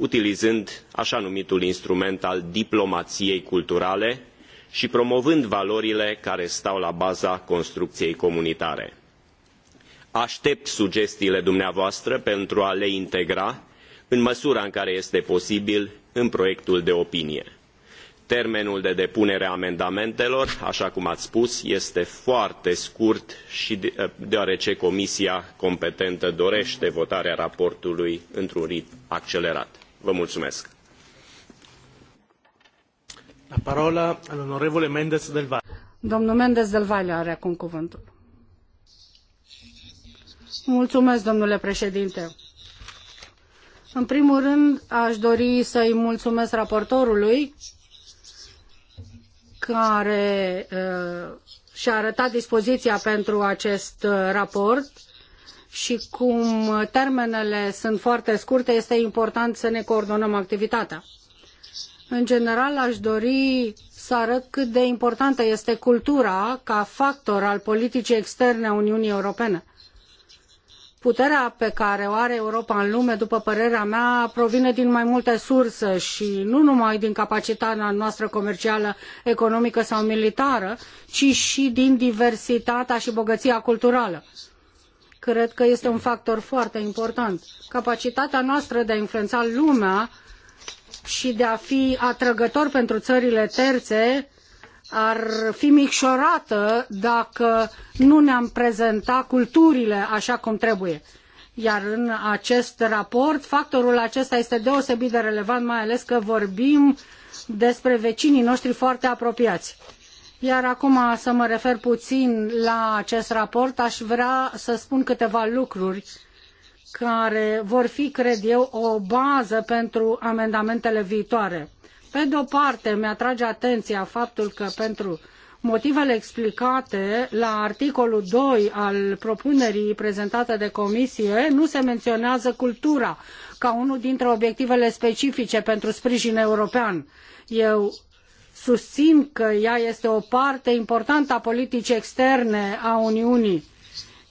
utilizând așa numitul instrument al diplomaiei culturale și promovând valorile care stau la baza construcției comunitare. Aștept sugestiile dumneavoastră pentru a le integra în măsura în care este posibil în proiectul de opinie. Termenul de depunere a amendamentelor, așa cum ați spus, este foarte scurt și eh, deoarece comisia competentă dorește votarea raportului într-un ritm accelerat. Vă mulțumesc. La parola al onorevole Mendes del Valle. Domnul Mendes del Valle are acum cuvântul. Mulțumesc, domnule președinte. În primul rând, aș dori să-i mulțumesc raportorului care uh, și-a arătat dispoziția pentru acest uh, raport și cum termenele sunt foarte scurte, este important să ne coordonăm activitatea. În general, aș dori să arăt cât de importantă este cultura ca factor al politicii externe a Uniunii Europene. Puterea pe care o are Europa în lume, după părerea mea, provine din mai multe surse și nu numai din capacitatea noastră comercială, economică sau militară, ci și din diversitatea și bogăția culturală cred că este un factor foarte important. Capacitatea noastră de a influența lumea și de a fi atrăgător pentru țările terțe ar fi micșorată dacă nu ne-am prezenta culturile așa cum trebuie. Iar în acest raport, factorul acesta este deosebit de relevant, mai ales că vorbim despre vecinii noștri foarte apropiați. Iar acum să mă refer puțin la acest raport, aș vrea să spun câteva lucruri care vor fi, cred eu, o bază pentru amendamentele viitoare. Pe de o parte, mi-atrage atenția faptul că pentru motivele explicate la articolul 2 al propunerii prezentate de comisie nu se menționează cultura ca unul dintre obiectivele specifice pentru sprijin european. Eu susțin că ea este o parte importantă a politicii externe a Uniunii.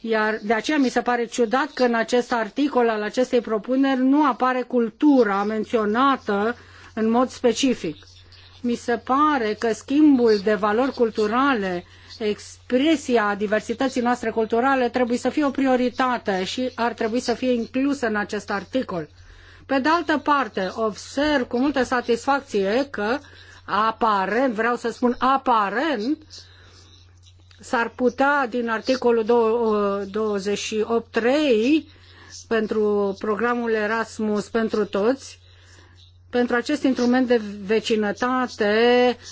Iar de aceea mi se pare ciudat că în acest articol al acestei propuneri nu apare cultura menționată în mod specific. Mi se pare că schimbul de valori culturale, expresia diversității noastre culturale trebuie să fie o prioritate și ar trebui să fie inclusă în acest articol. Pe de altă parte, observ cu multă satisfacție că uh, aparent, vreau să spun aparent, s-ar putea din articolul 28.3 pentru programul Erasmus pentru toți pentru acest instrument de vecinătate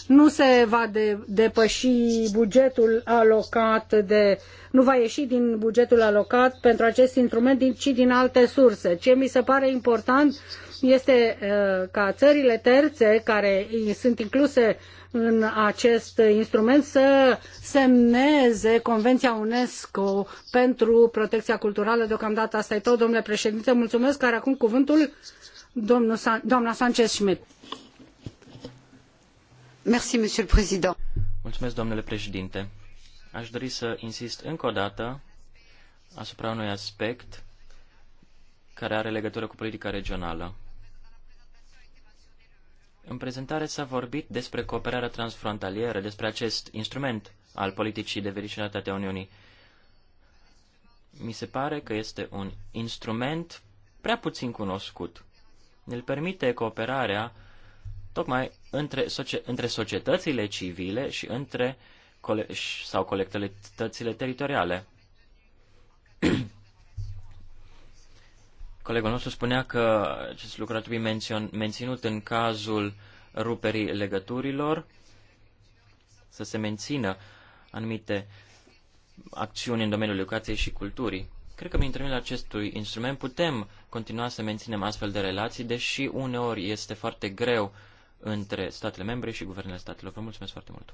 nu se va de, depăși bugetul alocat de nu va ieși din bugetul alocat pentru acest instrument, din, ci din alte surse. Ce mi se pare important este uh, ca țările terțe care sunt incluse în acest instrument să semneze Convenția UNESCO pentru protecția culturală. Deocamdată asta e tot, domnule președinte. Mulțumesc, care acum cuvântul Domnul Sanchez Mulțumesc, domnule președinte. Aș dori să insist încă o dată asupra unui aspect care are legătură cu politica regională. În prezentare s-a vorbit despre cooperarea transfrontalieră, despre acest instrument al politicii de vecinătate a Uniunii. Mi se pare că este un instrument prea puțin cunoscut îl permite cooperarea tocmai între, între societățile civile și între cole- sau colectivitățile teritoriale. Colegul nostru spunea că acest lucru ar trebui mențion, menținut în cazul ruperii legăturilor, să se mențină anumite acțiuni în domeniul educației și culturii. Cred că prin intermediul acestui instrument putem continua să menținem astfel de relații, deși uneori este foarte greu între statele membre și guvernele statelor. Vă mulțumesc foarte mult!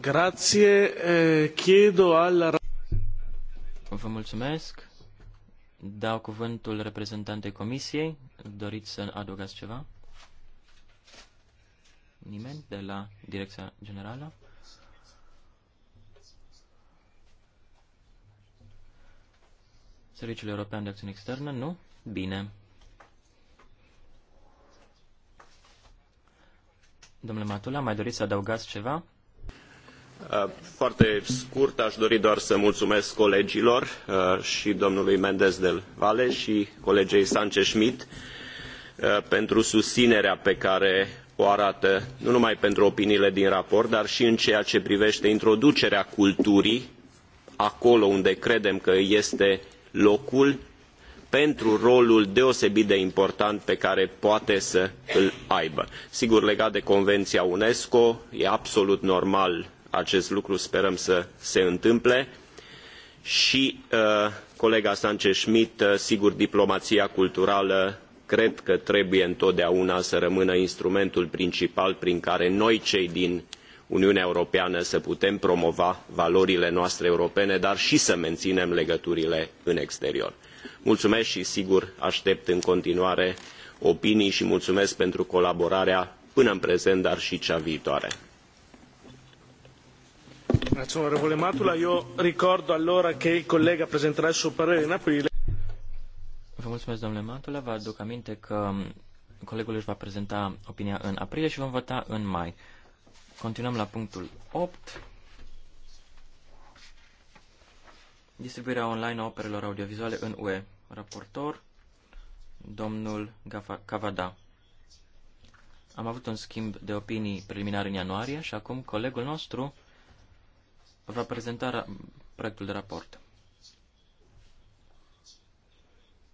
Grazie, eh, chiedo alla... Vă mulțumesc. Dau cuvântul reprezentantei comisiei. Doriți să adăugați ceva? Nimeni de la Direcția Generală? Serviciul European de Acțiune Externă? Nu? Bine. Domnule Matula, mai doriți să adăugați ceva? Uh, foarte scurt, aș dori doar să mulțumesc colegilor uh, și domnului Mendez del Vale și colegei Sanchez Schmidt uh, pentru susținerea pe care o arată nu numai pentru opiniile din raport, dar și în ceea ce privește introducerea culturii acolo unde credem că este locul pentru rolul deosebit de important pe care poate să îl aibă. Sigur, legat de Convenția UNESCO, e absolut normal acest lucru, sperăm să se întâmple. Și uh, colega Sanchez Schmidt, uh, sigur, diplomația culturală cred că trebuie întotdeauna să rămână instrumentul principal prin care noi cei din Uniunea Europeană să putem promova valorile noastre europene, dar și să menținem legăturile în exterior. Mulțumesc și sigur aștept în continuare opinii și mulțumesc pentru colaborarea până în prezent, dar și cea viitoare. onorevole Matula, eu ricordo allora che il collega presenterà il suo parere in aprile. Vă mulțumesc, domnule Matula. Vă aduc aminte că colegul își va prezenta opinia în aprilie și vom vota în mai. Continuăm la punctul 8. Distribuirea online a operelor audiovizuale în UE. Raportor, domnul Cavada. Am avut un schimb de opinii preliminar în ianuarie și acum colegul nostru va prezenta proiectul de raport.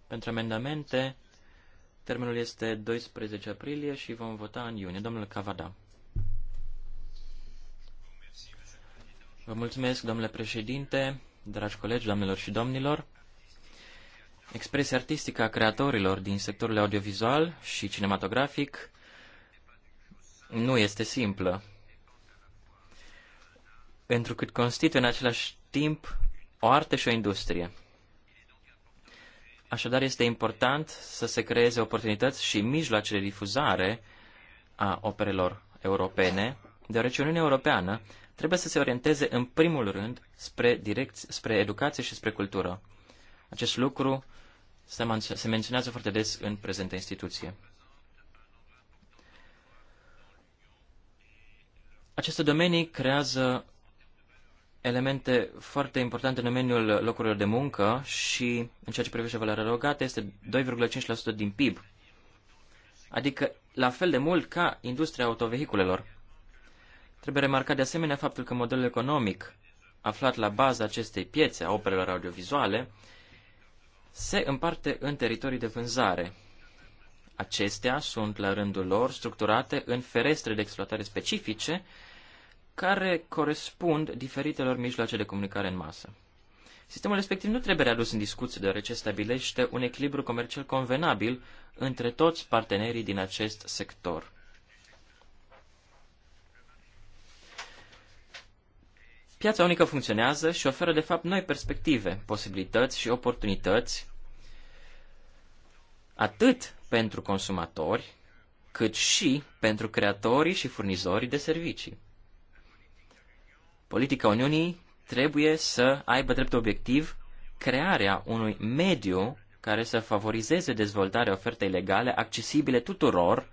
Pentru amendamente, termenul este 12 aprilie și vom vota în iunie. Domnul Cavada. Vă mulțumesc, domnule președinte, dragi colegi, doamnelor și domnilor. Expresia artistică a creatorilor din sectorul audiovizual și cinematografic nu este simplă, pentru că constituie în același timp o artă și o industrie. Așadar, este important să se creeze oportunități și mijloace de difuzare a operelor europene, deoarece Uniunea Europeană trebuie să se orienteze în primul rând spre, direct, spre educație și spre cultură. Acest lucru se, men se menționează foarte des în prezentă instituție. Aceste domenii creează elemente foarte importante în domeniul locurilor de muncă și în ceea ce privește valoarea rogată, este 2,5% din PIB, adică la fel de mult ca industria autovehiculelor. Trebuie remarcat de asemenea faptul că modelul economic aflat la baza acestei piețe a operelor audiovizuale se împarte în teritorii de vânzare. Acestea sunt, la rândul lor, structurate în ferestre de exploatare specifice care corespund diferitelor mijloace de comunicare în masă. Sistemul respectiv nu trebuie readus în discuție, deoarece stabilește un echilibru comercial convenabil între toți partenerii din acest sector. Piața unică funcționează și oferă, de fapt, noi perspective, posibilități și oportunități, atât pentru consumatori, cât și pentru creatorii și furnizorii de servicii. Politica Uniunii trebuie să aibă drept obiectiv crearea unui mediu care să favorizeze dezvoltarea ofertei legale accesibile tuturor,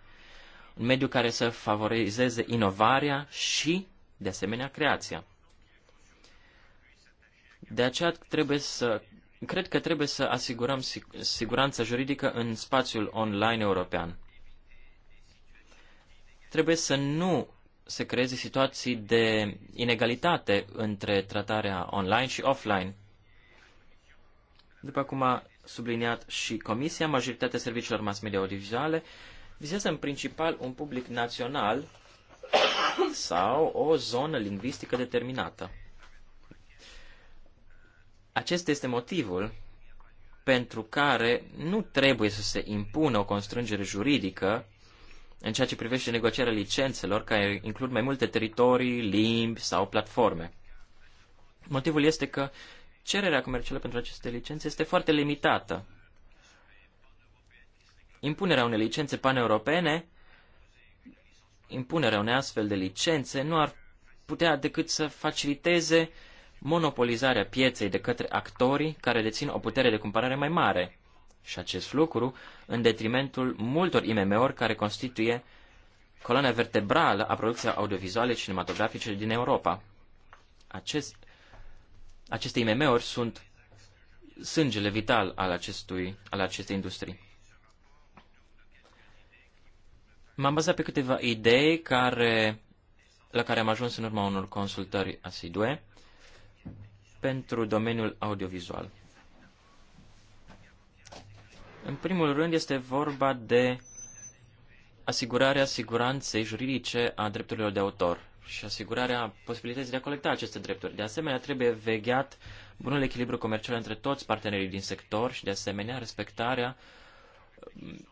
un mediu care să favorizeze inovarea și, de asemenea, creația. De aceea trebuie să, cred că trebuie să asigurăm siguranța juridică în spațiul online european. Trebuie să nu se creeze situații de inegalitate între tratarea online și offline. După cum a subliniat și Comisia, majoritatea serviciilor mass media audiovizuale vizează în principal un public național sau o zonă lingvistică determinată. Acesta este motivul pentru care nu trebuie să se impună o constrângere juridică în ceea ce privește negocierea licențelor care includ mai multe teritorii, limbi sau platforme. Motivul este că cererea comercială pentru aceste licențe este foarte limitată. Impunerea unei licențe paneuropene, impunerea unei astfel de licențe nu ar putea decât să faciliteze monopolizarea pieței de către actorii care dețin o putere de cumpărare mai mare. Și acest lucru în detrimentul multor IMM-uri care constituie coloana vertebrală a producției audiovizuale cinematografice din Europa. Acest, aceste IMM-uri sunt sângele vital al, acestui, al acestei industrii. M-am bazat pe câteva idei care, la care am ajuns în urma unor consultări asidue pentru domeniul audiovizual. În primul rând este vorba de asigurarea siguranței juridice a drepturilor de autor și asigurarea posibilității de a colecta aceste drepturi. De asemenea, trebuie vegheat bunul echilibru comercial între toți partenerii din sector și, de asemenea, respectarea mm,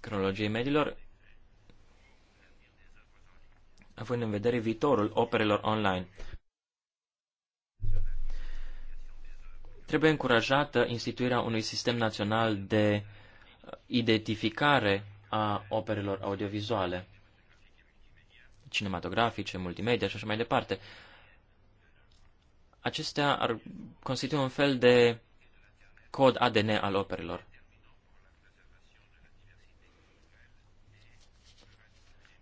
cronologiei mediilor, având în vedere viitorul operelor online. Trebuie încurajată instituirea unui sistem național de uh, identificare a operelor audiovizuale, cinematografice, multimedia și așa mai departe. Acestea ar constitui un fel de cod ADN al operelor.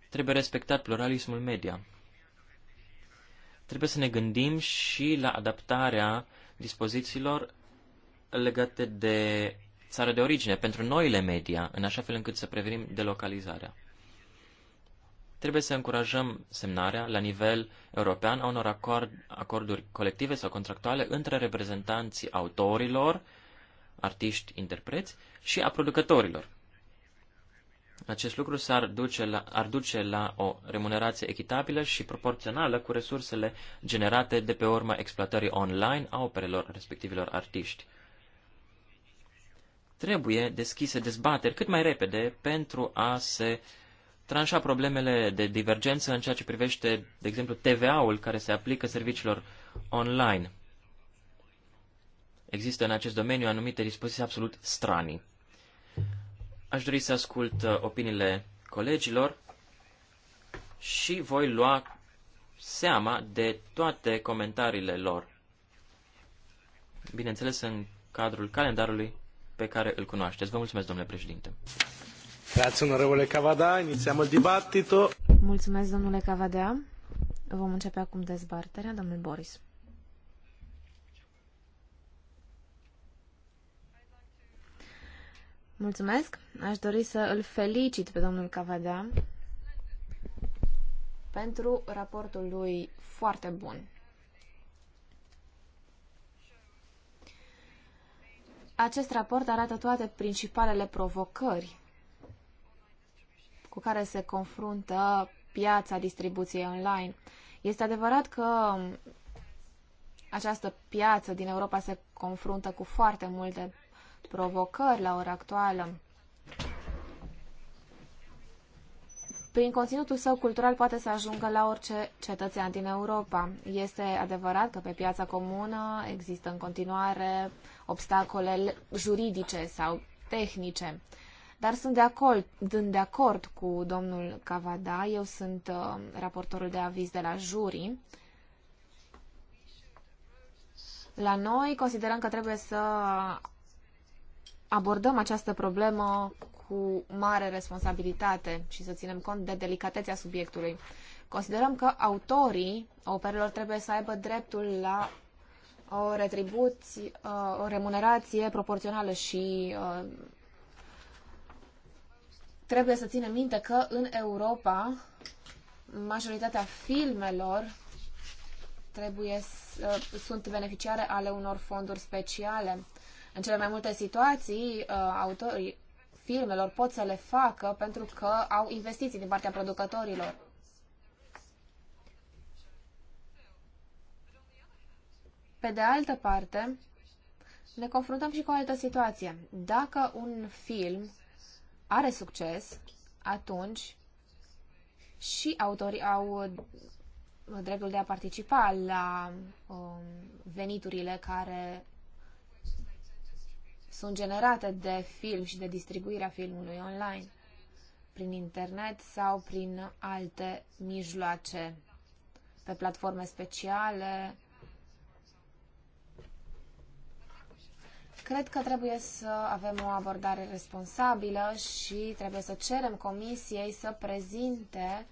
Trebuie respectat pluralismul media. Trebuie să ne gândim și la adaptarea dispozițiilor legate de țară de origine pentru noile media, în așa fel încât să prevenim delocalizarea. Trebuie să încurajăm semnarea la nivel european a unor acord, acorduri colective sau contractuale între reprezentanții autorilor, artiști, interpreți și a producătorilor. Acest lucru s-ar duce la, ar duce la o remunerație echitabilă și proporțională cu resursele generate de pe urma exploatării online a operelor respectivilor artiști. Trebuie deschise dezbateri cât mai repede pentru a se tranșa problemele de divergență în ceea ce privește, de exemplu, TVA-ul care se aplică serviciilor online. Există în acest domeniu anumite dispoziții absolut stranii. Aș dori să ascult uh, opiniile colegilor și voi lua seama de toate comentariile lor. Bineînțeles, în cadrul calendarului pe care îl cunoașteți. Vă mulțumesc, domnule președinte. Grazie, onorevole Cavada. Iniziamo dibattito. Mulțumesc, domnule Cavada. Vom începe acum dezbaterea, domnul Boris. Mulțumesc. Aș dori să îl felicit pe domnul Cavada pentru raportul lui foarte bun. Acest raport arată toate principalele provocări cu care se confruntă piața distribuției online. Este adevărat că această piață din Europa se confruntă cu foarte multe provocări la ora actuală. Prin conținutul său cultural poate să ajungă la orice cetățean din Europa. Este adevărat că pe piața comună există în continuare obstacole juridice sau tehnice. Dar sunt de acord, sunt de acord cu domnul Cavada, eu sunt uh, raportorul de aviz de la juri. La noi considerăm că trebuie să abordăm această problemă cu mare responsabilitate și să ținem cont de delicatețea subiectului. Considerăm că autorii operelor trebuie să aibă dreptul la o retribuție, uh, o remunerație proporțională și uh, trebuie să ținem minte că în Europa majoritatea filmelor trebuie să, sunt beneficiare ale unor fonduri speciale în cele mai multe situații, uh, autorii filmelor pot să le facă pentru că au investiții din partea producătorilor. Pe de altă parte, ne confruntăm și cu o altă situație. Dacă un film are succes, atunci și autorii au dreptul de a participa la um, veniturile care sunt generate de film și de distribuirea filmului online, prin internet sau prin alte mijloace, pe platforme speciale. Cred că trebuie să avem o abordare responsabilă și trebuie să cerem comisiei să prezinte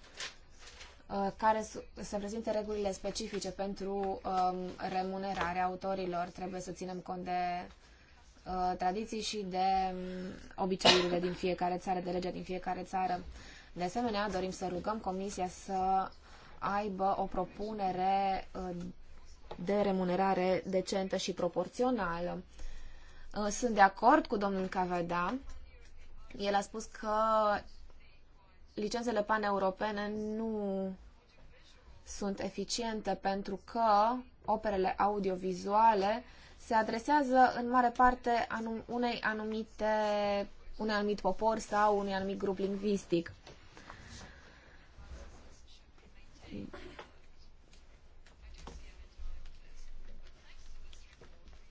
uh, care să prezinte regulile specifice pentru um, remunerarea autorilor. Trebuie să ținem cont de uh, tradiții și de um, obiceiurile din fiecare țară, de legea din fiecare țară. De asemenea, dorim să rugăm Comisia să aibă o propunere uh, de remunerare decentă și proporțională. Uh, sunt de acord cu domnul Cavada. El a spus că licențele paneuropene nu sunt eficiente pentru că operele audiovizuale se adresează în mare parte anum, unei anumite, unui anumit popor sau unui anumit grup lingvistic.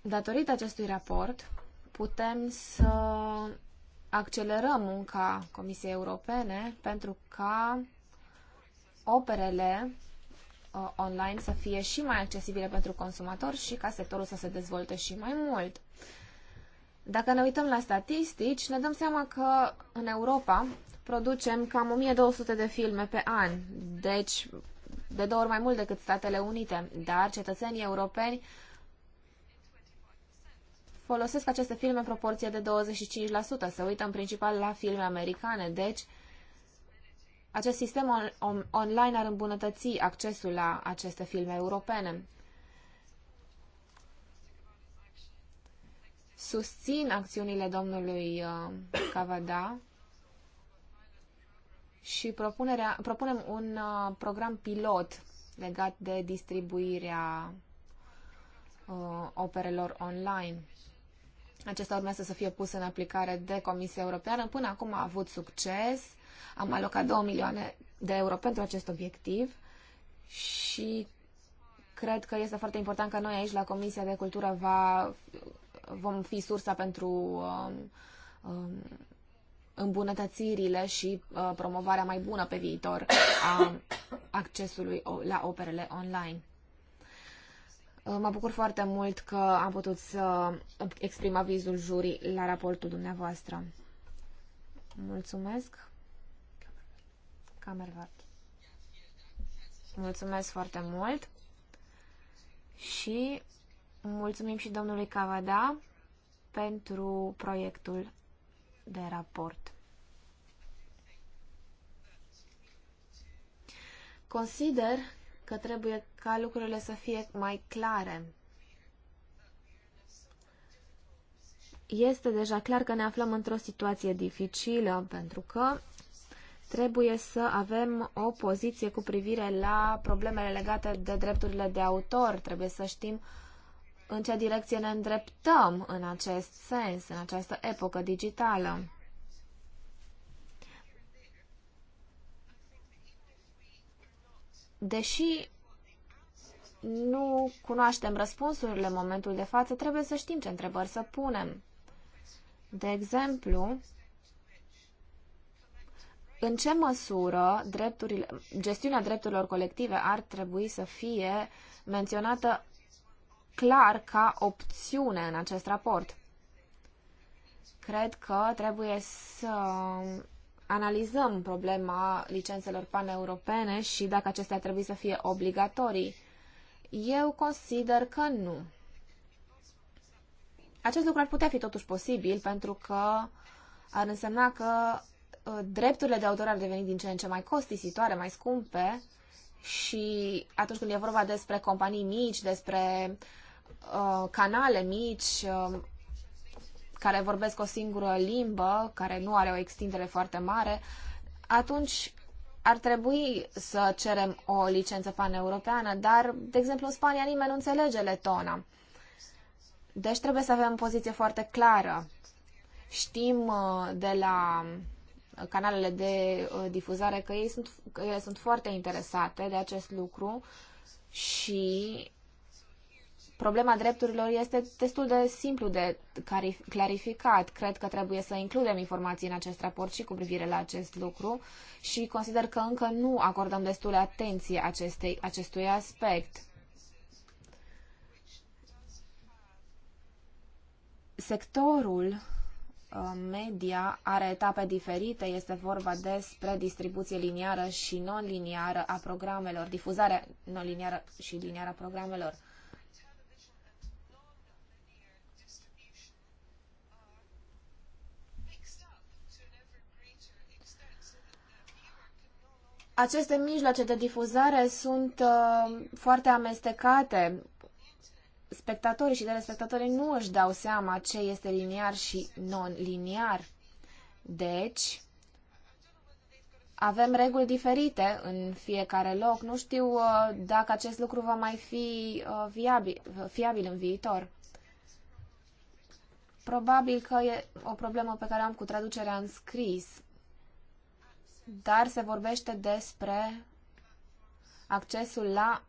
Datorită acestui raport, putem să accelerăm munca Comisiei Europene pentru ca operele online să fie și mai accesibile pentru consumatori și ca sectorul să se dezvolte și mai mult. Dacă ne uităm la statistici, ne dăm seama că în Europa producem cam 1200 de filme pe an, deci de două ori mai mult decât Statele Unite, dar cetățenii europeni folosesc aceste filme în proporție de 25%, se uită în principal la filme americane, deci acest sistem on, on, online ar îmbunătăți accesul la aceste filme europene. Susțin acțiunile domnului uh, Cavada și propunerea, propunem un uh, program pilot legat de distribuirea uh, operelor online. Acesta urmează să fie pus în aplicare de Comisia Europeană. Până acum a avut succes. Uh, am alocat 2 milioane de euro pentru acest obiectiv și cred că este foarte important că noi aici la Comisia de Cultură va, vom fi sursa pentru um, um, îmbunătățirile și uh, promovarea mai bună pe viitor a accesului la operele online. Uh, mă bucur foarte mult că am putut să exprim avizul jurii la raportul dumneavoastră. Mulțumesc! Camervat. Mulțumesc foarte mult și mulțumim și domnului Cavada pentru proiectul de raport. Consider că trebuie ca lucrurile să fie mai clare. Este deja clar că ne aflăm într-o situație dificilă pentru că trebuie să avem o poziție cu privire la problemele legate de drepturile de autor. Trebuie să știm în ce direcție ne îndreptăm în acest sens, în această epocă digitală. Deși nu cunoaștem răspunsurile în momentul de față, trebuie să știm ce întrebări să punem. De exemplu, în ce măsură drepturile, gestiunea drepturilor colective ar trebui să fie menționată clar ca opțiune în acest raport? Cred că trebuie să analizăm problema licențelor paneuropene și dacă acestea trebuie să fie obligatorii. Eu consider că nu. Acest lucru ar putea fi totuși posibil pentru că ar însemna că Uh, drepturile de autor ar deveni din ce în ce mai costisitoare, mai scumpe și atunci când e vorba despre companii mici, despre uh, canale mici uh, care vorbesc o singură limbă, care nu are o extindere foarte mare, atunci ar trebui să cerem o licență paneuropeană, dar, de exemplu, în Spania nimeni nu înțelege letona. Deci trebuie să avem o poziție foarte clară. Știm uh, de la canalele de uh, difuzare că, ei sunt, că ele sunt foarte interesate de acest lucru și problema drepturilor este destul de simplu de clarificat. Cred că trebuie să includem informații în acest raport și cu privire la acest lucru și consider că încă nu acordăm de atenție acestei, acestui aspect. Sectorul media are etape diferite, este vorba despre distribuție liniară și non-liniară a programelor, difuzarea non-liniară și liniară a programelor. Aceste mijloace de difuzare sunt uh, foarte amestecate spectatorii și telespectatorii nu își dau seama ce este liniar și non-liniar. Deci, avem reguli diferite în fiecare loc. Nu știu uh, dacă acest lucru va mai fi uh, viabil, fiabil în viitor. Probabil că e o problemă pe care am cu traducerea în scris, dar se vorbește despre accesul la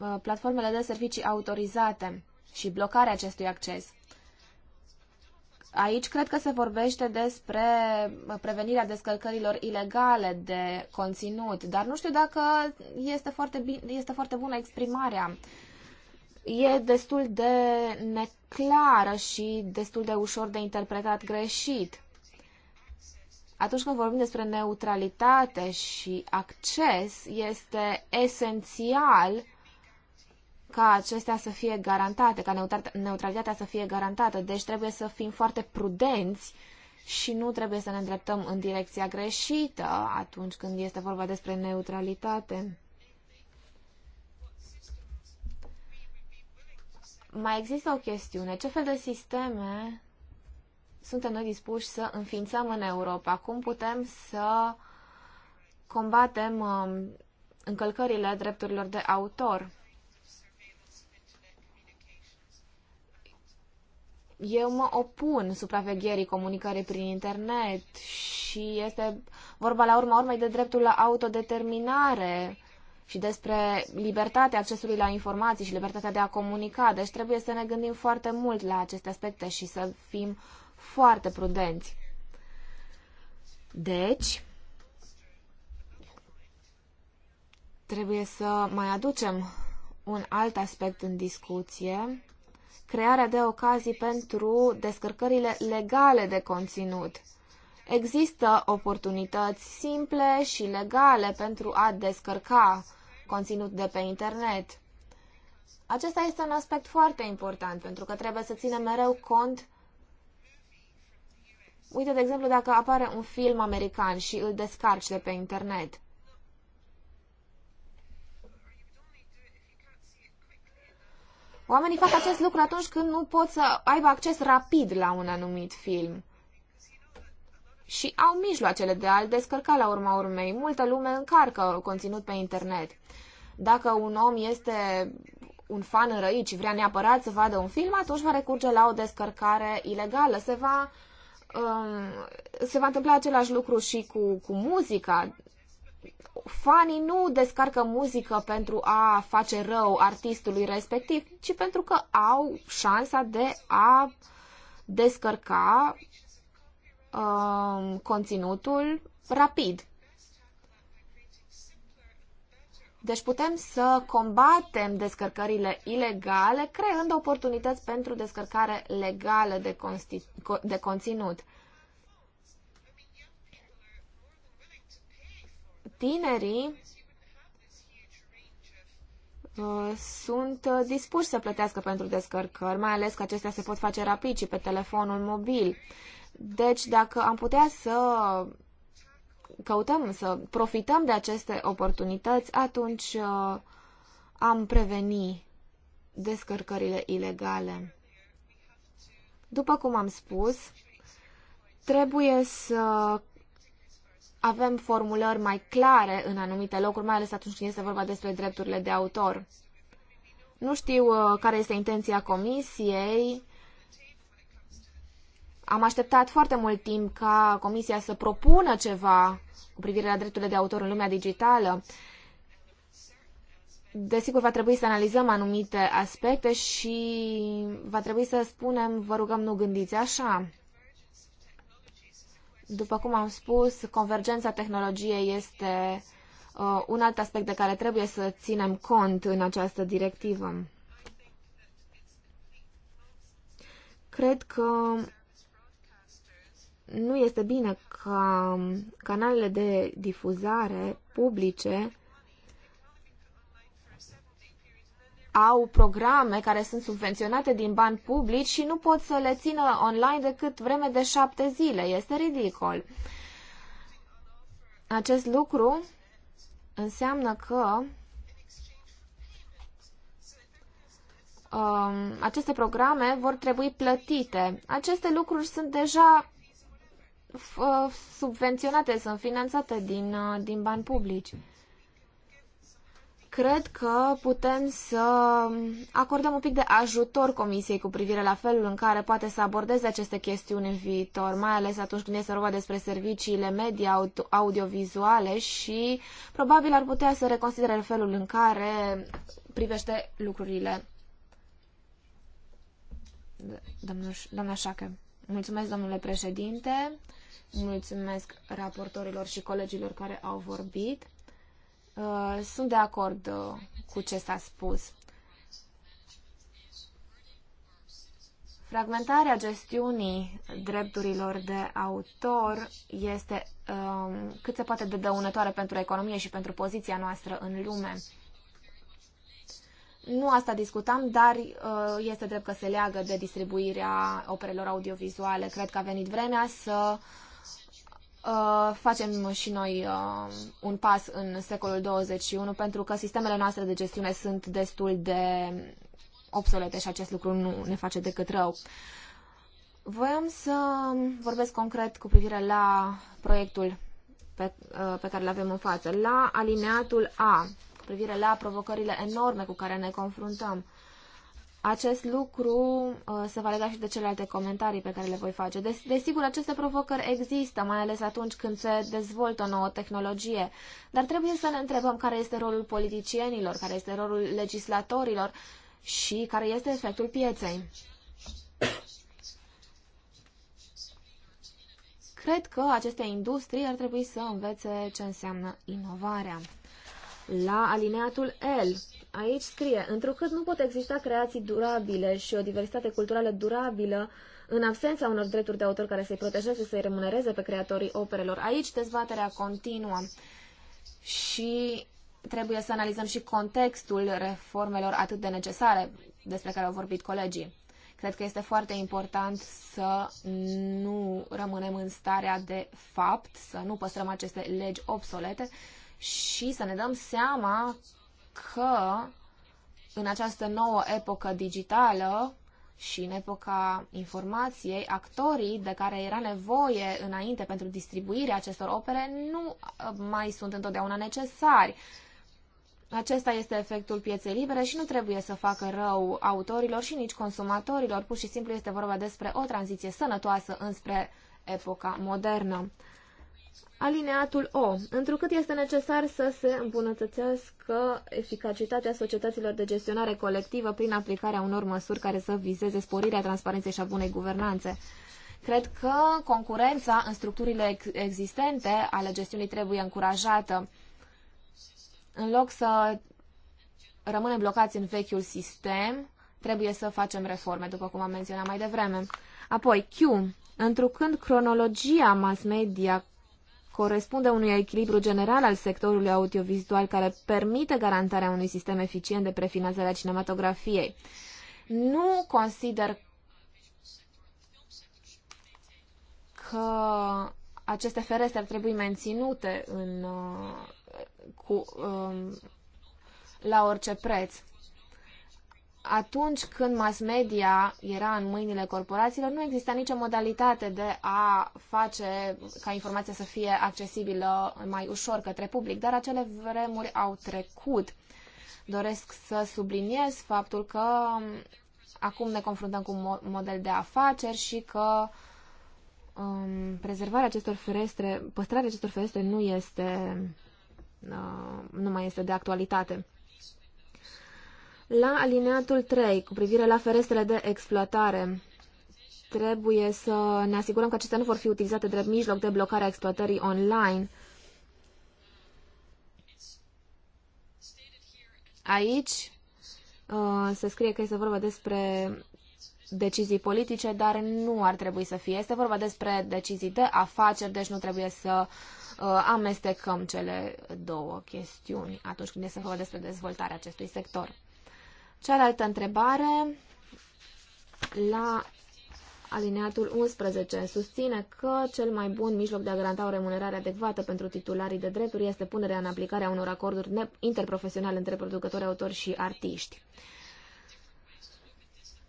Uh, platformele de servicii autorizate și blocarea acestui acces. Aici cred că se vorbește despre prevenirea descărcărilor ilegale de conținut, dar nu știu dacă este foarte, bine, este foarte bună exprimarea. E destul de neclară și destul de ușor de interpretat greșit. Atunci când vorbim despre neutralitate și acces, este esențial ca acestea să fie garantate, ca neutralitatea să fie garantată. Deci trebuie să fim foarte prudenți și nu trebuie să ne îndreptăm în direcția greșită atunci când este vorba despre neutralitate. Mai există o chestiune. Ce fel de sisteme suntem noi dispuși să înființăm în Europa? Cum putem să combatem um, încălcările drepturilor de autor? eu mă opun supravegherii comunicării prin internet și este vorba la urma urmei de dreptul la autodeterminare și despre libertatea accesului la informații și libertatea de a comunica. Deci trebuie să ne gândim foarte mult la aceste aspecte și să fim foarte prudenți. Deci, trebuie să mai aducem un alt aspect în discuție crearea de ocazii pentru descărcările legale de conținut. Există oportunități simple și legale pentru a descărca conținut de pe internet. Acesta este un aspect foarte important pentru că trebuie să ținem mereu cont. Uite, de exemplu, dacă apare un film american și îl descarci de pe internet, Oamenii fac acest lucru atunci când nu pot să aibă acces rapid la un anumit film. Și au mijloacele de a-l descărca la urma urmei. Multă lume încarcă conținut pe internet. Dacă un om este un fan înrăit și vrea neapărat să vadă un film, atunci va recurge la o descărcare ilegală. Se va, um, se va întâmpla același lucru și cu, cu muzica fanii nu descarcă muzică pentru a face rău artistului respectiv, ci pentru că au șansa de a descărca uh, conținutul rapid. Deci putem să combatem descărcările ilegale, creând oportunități pentru descărcare legală de, de conținut. tinerii uh, sunt uh, dispuși să plătească pentru descărcări, mai ales că acestea se pot face rapid și pe telefonul mobil. Deci, dacă am putea să căutăm, să profităm de aceste oportunități, atunci uh, am preveni descărcările ilegale. După cum am spus, trebuie să avem formulări mai clare în anumite locuri, mai ales atunci când este vorba despre drepturile de autor. Nu știu uh, care este intenția comisiei. Am așteptat foarte mult timp ca comisia să propună ceva cu privire la drepturile de autor în lumea digitală. Desigur, va trebui să analizăm anumite aspecte și va trebui să spunem, vă rugăm, nu gândiți așa. După cum am spus, convergența tehnologiei este uh, un alt aspect de care trebuie să ținem cont în această directivă. Cred că nu este bine ca canalele de difuzare publice au programe care sunt subvenționate din bani publici și nu pot să le țină online decât vreme de șapte zile. Este ridicol. Acest lucru înseamnă că um, aceste programe vor trebui plătite. Aceste lucruri sunt deja uh, subvenționate, sunt finanțate din, uh, din bani publici. Cred că putem să acordăm un pic de ajutor Comisiei cu privire la felul în care poate să abordeze aceste chestiuni în viitor, mai ales atunci când este vorba despre serviciile media audiovizuale și probabil ar putea să reconsidere felul în care privește lucrurile. doamna Șache, mulțumesc domnule președinte, mulțumesc raportorilor și colegilor care au vorbit. Uh, sunt de acord uh, cu ce s-a spus. Fragmentarea gestiunii drepturilor de autor este um, cât se poate de dăunătoare pentru economie și pentru poziția noastră în lume. Nu asta discutam, dar uh, este drept că se leagă de distribuirea operelor audiovizuale. Cred că a venit vremea să uh, uh, facem și noi uh, un pas în secolul 21 pentru că sistemele noastre de gestiune sunt destul de obsolete și acest lucru nu ne face decât rău. Voiam să vorbesc concret cu privire la proiectul pe, uh, pe care îl avem în față, la alineatul A, cu privire la provocările enorme cu care ne confruntăm. Uh, acest lucru uh, se va lega și de celelalte comentarii pe care le voi face. Des, desigur, aceste provocări există, mai ales atunci când se dezvoltă o nouă tehnologie, dar trebuie să ne întrebăm care este rolul politicienilor, care este rolul legislatorilor și care este efectul pieței. Cred că aceste industrii ar trebui să învețe ce înseamnă inovarea. La alineatul L Aici scrie, întrucât nu pot exista creații durabile și o diversitate culturală durabilă în absența unor drepturi de autor care să-i protejeze, să-i remunereze pe creatorii operelor. Aici dezbaterea continuă și trebuie să analizăm și contextul reformelor atât de necesare despre care au vorbit colegii. Cred că este foarte important să nu rămânem în starea de fapt, să nu păstrăm aceste legi obsolete și să ne dăm seama că în această nouă epocă digitală și în epoca informației, actorii de care era nevoie înainte pentru distribuirea acestor opere nu uh, mai sunt întotdeauna necesari. Acesta este efectul pieței libere și nu trebuie să facă rău autorilor și nici consumatorilor. Pur și simplu este vorba despre o tranziție sănătoasă înspre epoca modernă alineatul O, întrucât este necesar să se îmbunătățească eficacitatea societăților de gestionare colectivă prin aplicarea unor măsuri care să vizeze sporirea transparenței și a bunei guvernanțe. Cred că concurența în structurile existente ale gestiunii trebuie încurajată. În loc să rămânem blocați în vechiul sistem, trebuie să facem reforme, după cum am menționat mai devreme. Apoi, Q. Întrucând cronologia mass media corespunde unui echilibru general al sectorului audiovizual care permite garantarea unui sistem eficient de prefinanțare a cinematografiei. Nu consider că aceste ferestre ar trebui menținute în, uh, cu, um, la orice preț atunci când mass media era în mâinile corporațiilor, nu exista nicio modalitate de a face ca informația să fie accesibilă mai ușor către public, dar acele vremuri au trecut. Doresc să subliniez faptul că acum ne confruntăm cu un model de afaceri și că um, prezervarea acestor ferestre, păstrarea acestor ferestre nu este uh, nu mai este de actualitate. La alineatul 3, cu privire la ferestrele de exploatare, trebuie să ne asigurăm că acestea nu vor fi utilizate drept mijloc de blocare a exploatării online. Aici uh, se scrie că este vorba despre decizii politice, dar nu ar trebui să fie. Este vorba despre decizii de afaceri, deci nu trebuie să uh, amestecăm cele două chestiuni atunci când este vorba despre dezvoltarea acestui sector. Cealaltă întrebare la alineatul 11 susține că cel mai bun mijloc de a garanta o remunerare adecvată pentru titularii de drepturi este punerea în aplicare a unor acorduri interprofesionale între producători, autori și artiști.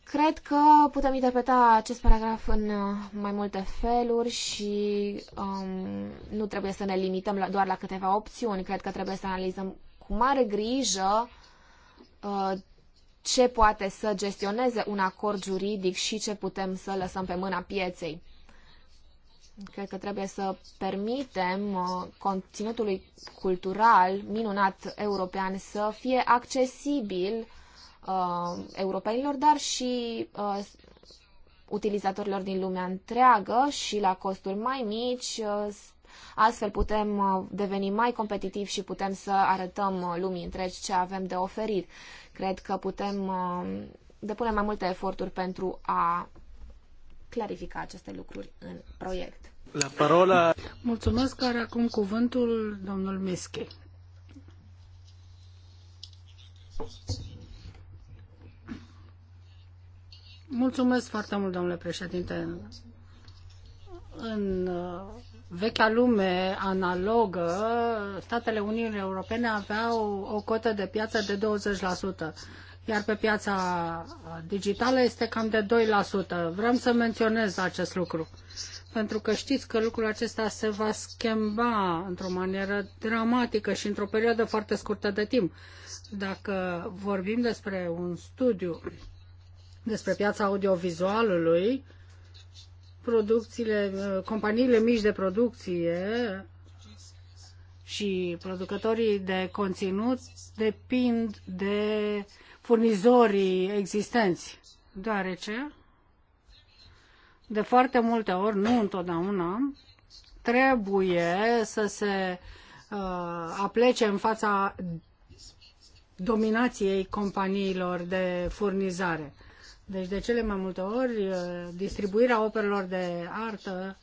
Cred că putem interpreta acest paragraf în uh, mai multe feluri și um, nu trebuie să ne limităm la, doar la câteva opțiuni. Cred că trebuie să analizăm cu mare grijă uh, ce poate să gestioneze un acord juridic și ce putem să lăsăm pe mâna pieței. Cred că trebuie să permitem uh, conținutului cultural minunat european să fie accesibil uh, europenilor, dar și uh, utilizatorilor din lumea întreagă și la costuri mai mici. Uh, astfel putem uh, deveni mai competitivi și putem să arătăm uh, lumii întregi ce avem de oferit. Uh, Cred că putem uh, depune mai multe eforturi pentru a clarifica aceste lucruri în proiect. La parola... Mulțumesc, care acum cuvântul domnul Mischi. Mulțumesc foarte mult, domnule președinte. În uh, vechea lume analogă, Statele Unii Europene aveau o cotă de piață de 20%, iar pe piața digitală este cam de 2%. Vreau să menționez acest lucru, pentru că știți că lucrul acesta se va schimba într-o manieră dramatică și într-o perioadă foarte scurtă de timp. Dacă vorbim despre un studiu despre piața audiovizualului, uh, producțiile, uh, companiile mici de producție și producătorii de conținut depind de furnizorii existenți, deoarece de foarte multe ori, nu întotdeauna, trebuie să se uh, aplece în fața dominației companiilor de furnizare. Deci de cele mai multe ori uh, distribuirea operelor de artă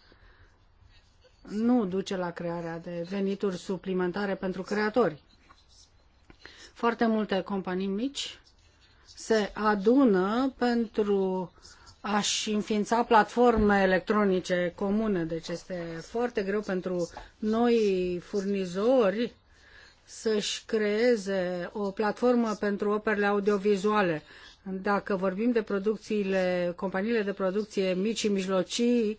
nu duce la crearea de venituri suplimentare pentru creatori. Foarte multe companii mici se adună pentru a-și înființa platforme electronice comune, deci este foarte greu pentru noi furnizori să-și creeze o platformă pentru operele audiovizuale. Dacă vorbim de producțiile, companiile de producție mici și mijlocii,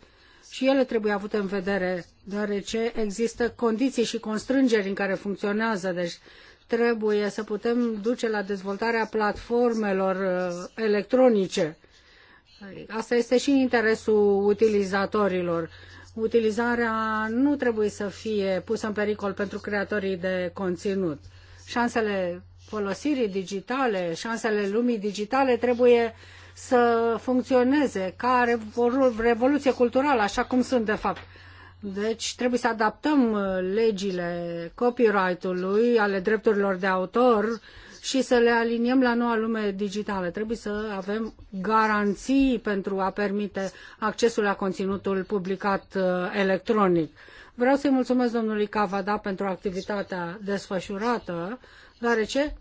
și ele trebuie avute în vedere, deoarece există condiții și constrângeri în care funcționează, deci trebuie să putem duce la dezvoltarea platformelor uh, electronice. Asta este și interesul utilizatorilor. Utilizarea nu trebuie să fie pusă în pericol pentru creatorii de conținut. Șansele folosirii digitale, șansele lumii digitale trebuie să funcționeze ca o revoluție culturală, așa cum sunt de fapt. Deci trebuie să adaptăm uh, legile copyright-ului, ale drepturilor de autor și să le aliniem la noua lume digitală. Trebuie să avem garanții pentru a permite accesul la conținutul publicat uh, electronic. Vreau să-i mulțumesc domnului Cavada pentru activitatea desfășurată deoarece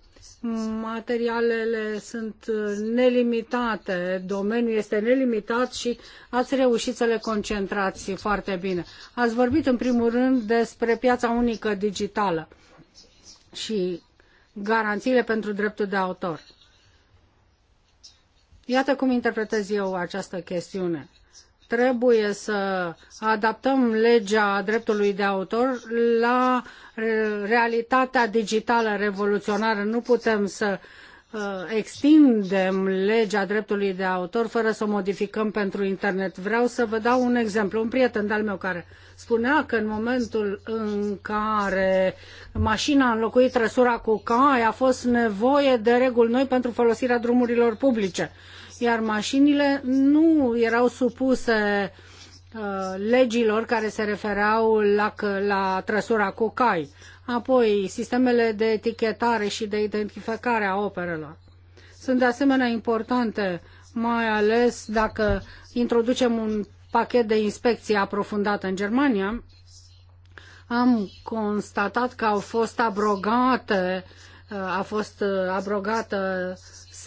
materialele sunt nelimitate, domeniul este nelimitat și ați reușit să le concentrați foarte bine. Ați vorbit în primul rând despre piața unică digitală și garanțiile pentru dreptul de autor. Iată cum interpretez eu această chestiune trebuie să adaptăm legea dreptului de autor la realitatea digitală revoluționară. Nu putem să uh, extindem legea dreptului de autor fără să o modificăm pentru internet. Vreau să vă dau un exemplu. Un prieten de-al meu care spunea că în momentul în care mașina a înlocuit trăsura cu cai, a fost nevoie de reguli noi pentru folosirea drumurilor publice iar mașinile nu erau supuse uh, legilor care se refereau la, la trăsura cu cai, apoi sistemele de etichetare și de identificare a operelor. Sunt de asemenea importante, mai ales dacă introducem un pachet de inspecție aprofundată în Germania, am constatat că au fost abrogate uh, a fost uh, abrogată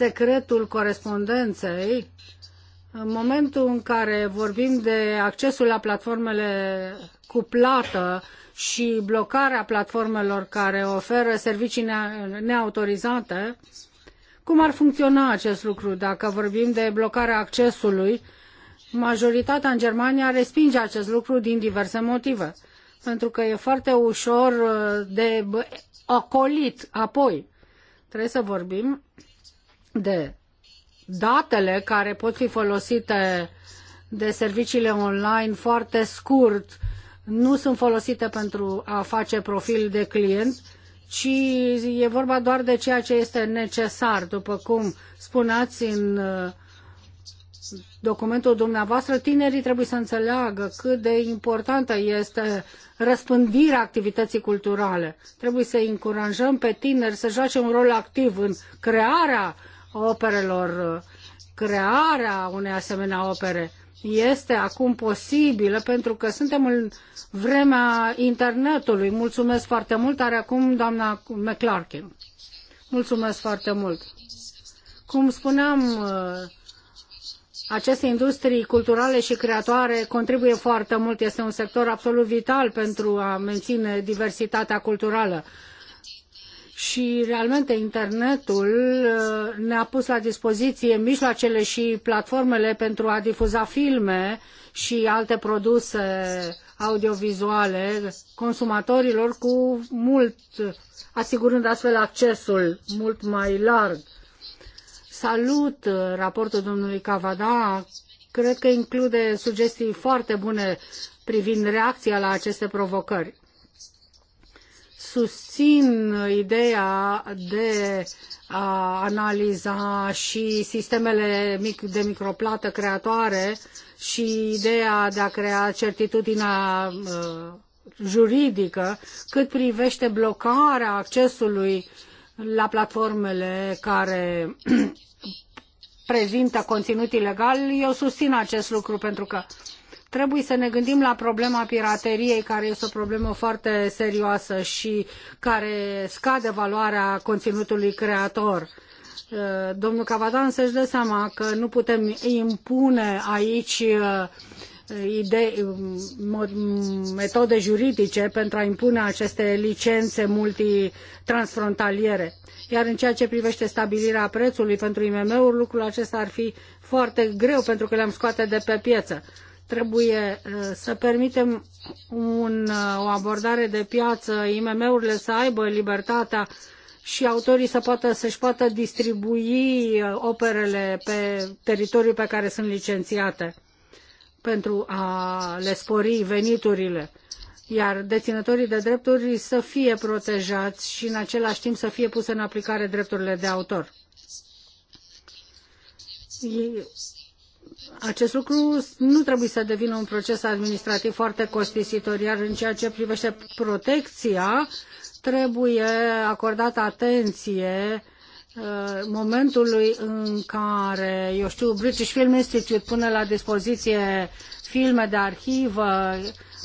secretul corespondenței, în momentul în care vorbim de accesul la platformele cu plată și blocarea platformelor care oferă servicii neautorizate, cum ar funcționa acest lucru dacă vorbim de blocarea accesului? Majoritatea în Germania respinge acest lucru din diverse motive, pentru că e foarte ușor uh, de ocolit apoi. Trebuie să vorbim de datele care pot fi folosite de serviciile online foarte scurt nu sunt folosite pentru a face profil de client, ci e vorba doar de ceea ce este necesar. După cum spuneați în uh, documentul dumneavoastră, tinerii trebuie să înțeleagă cât de importantă este răspândirea activității culturale. Trebuie să încurajăm pe tineri să joace un rol activ în crearea operelor, crearea unei asemenea opere este acum posibilă pentru că suntem în vremea internetului. Mulțumesc foarte mult. Are acum doamna McClarkin. Mulțumesc foarte mult. Cum spuneam, aceste industrii culturale și creatoare contribuie foarte mult. Este un sector absolut vital pentru a menține diversitatea culturală și realmente internetul uh, ne-a pus la dispoziție mijloacele și platformele pentru a difuza filme și alte produse audiovizuale consumatorilor cu mult, asigurând astfel accesul mult mai larg. Salut uh, raportul domnului Cavada, cred că include sugestii foarte bune privind reacția la aceste provocări susțin ideea de a analiza și sistemele de microplată creatoare și ideea de a crea certitudinea uh, juridică cât privește blocarea accesului la platformele care prezintă conținut ilegal. Eu susțin acest lucru pentru că Trebuie să ne gândim la problema pirateriei, care este o problemă foarte serioasă și care scade valoarea conținutului creator. Uh, domnul Cavadan să-și dă seama că nu putem impune aici uh, idei, um, um, metode juridice pentru a impune aceste licențe multitransfrontaliere. Iar în ceea ce privește stabilirea prețului pentru IMM-uri, lucrul acesta ar fi foarte greu pentru că le-am scoate de pe piață. Trebuie uh, să permitem un, uh, o abordare de piață, IMM-urile să aibă libertatea și autorii să poată să-și poată distribui uh, operele pe teritoriul pe care sunt licențiate pentru a le spori veniturile iar deținătorii de drepturi să fie protejați și în același timp să fie puse în aplicare drepturile de autor acest lucru nu trebuie să devină un proces administrativ foarte costisitor, iar în ceea ce privește protecția, trebuie acordată atenție uh, momentului în care, eu știu, British Film Institute pune la dispoziție filme de arhivă,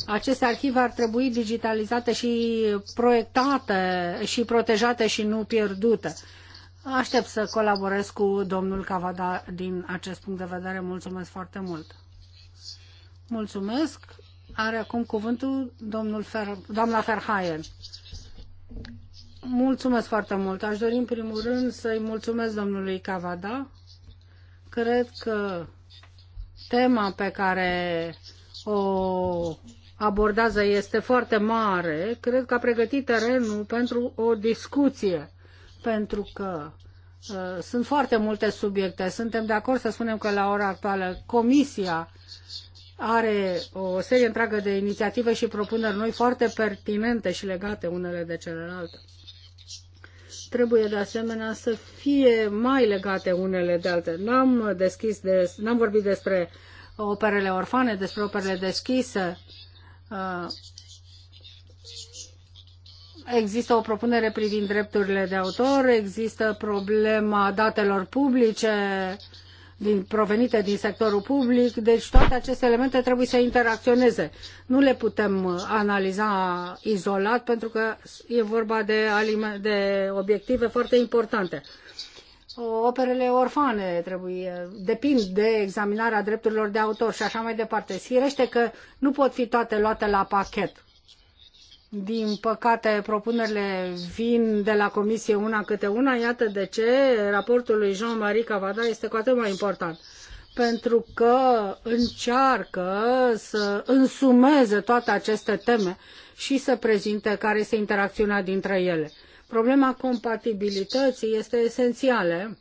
aceste arhive ar trebui digitalizate și proiectate și protejate și nu pierdute. Aștept să colaborez cu domnul Cavada din acest punct de vedere. Mulțumesc foarte mult. Mulțumesc. Are acum cuvântul domnul Fer, doamna Ferhaien. Mulțumesc foarte mult. Aș dori în primul rând să-i mulțumesc domnului Cavada. Cred că tema pe care o abordează este foarte mare. Cred că a pregătit terenul pentru o discuție pentru că uh, sunt foarte multe subiecte. Suntem de acord să spunem că la ora actuală Comisia are o serie întreagă de inițiative și propuneri noi foarte pertinente și legate unele de celelalte. Trebuie de asemenea să fie mai legate unele de altele. N-am deschis de, n-am vorbit despre operele orfane, despre operele deschise, uh, Există o propunere privind drepturile de autor, există problema datelor publice din, provenite din sectorul public, deci toate aceste elemente trebuie să interacționeze. Nu le putem analiza izolat pentru că e vorba de, de obiective foarte importante. Operele orfane trebuie, depind de examinarea drepturilor de autor și așa mai departe. Firește că nu pot fi toate luate la pachet din păcate, propunerile vin de la Comisie una câte una. Iată de ce raportul lui Jean-Marie Cavada este cu atât mai important. Pentru că încearcă să însumeze toate aceste teme și să prezinte care este interacțiunea dintre ele. Problema compatibilității este esențială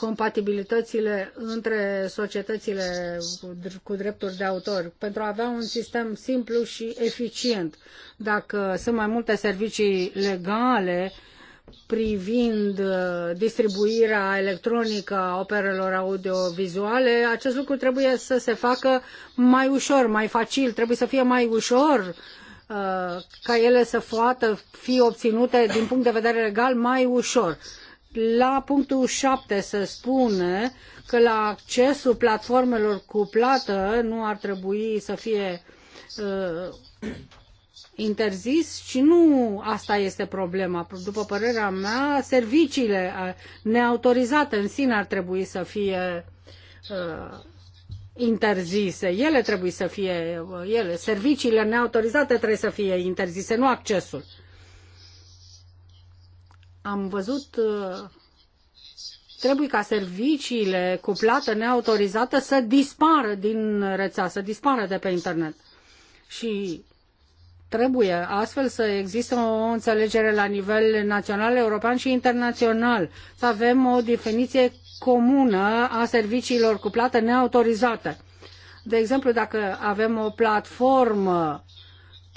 compatibilitățile între societățile cu drepturi de autor pentru a avea un sistem simplu și eficient. Dacă sunt mai multe servicii legale privind uh, distribuirea electronică a operelor audiovizuale, acest lucru trebuie să se facă mai ușor, mai facil, trebuie să fie mai ușor uh, ca ele să poată fi obținute din punct de vedere legal mai ușor la punctul 7 se spune că la accesul platformelor cu plată nu ar trebui să fie uh, interzis și nu asta este problema. După părerea mea, serviciile uh, neautorizate în sine ar trebui să fie uh, interzise. Ele trebuie să fie, uh, ele, serviciile neautorizate trebuie să fie interzise, nu accesul. Uh, am văzut uh, trebuie ca serviciile cu plată neautorizată să dispară din rețea, să dispară de pe internet. Și trebuie astfel să existe o înțelegere la nivel național, european și internațional, să avem o definiție comună a serviciilor cu plată neautorizată. De exemplu, dacă avem o platformă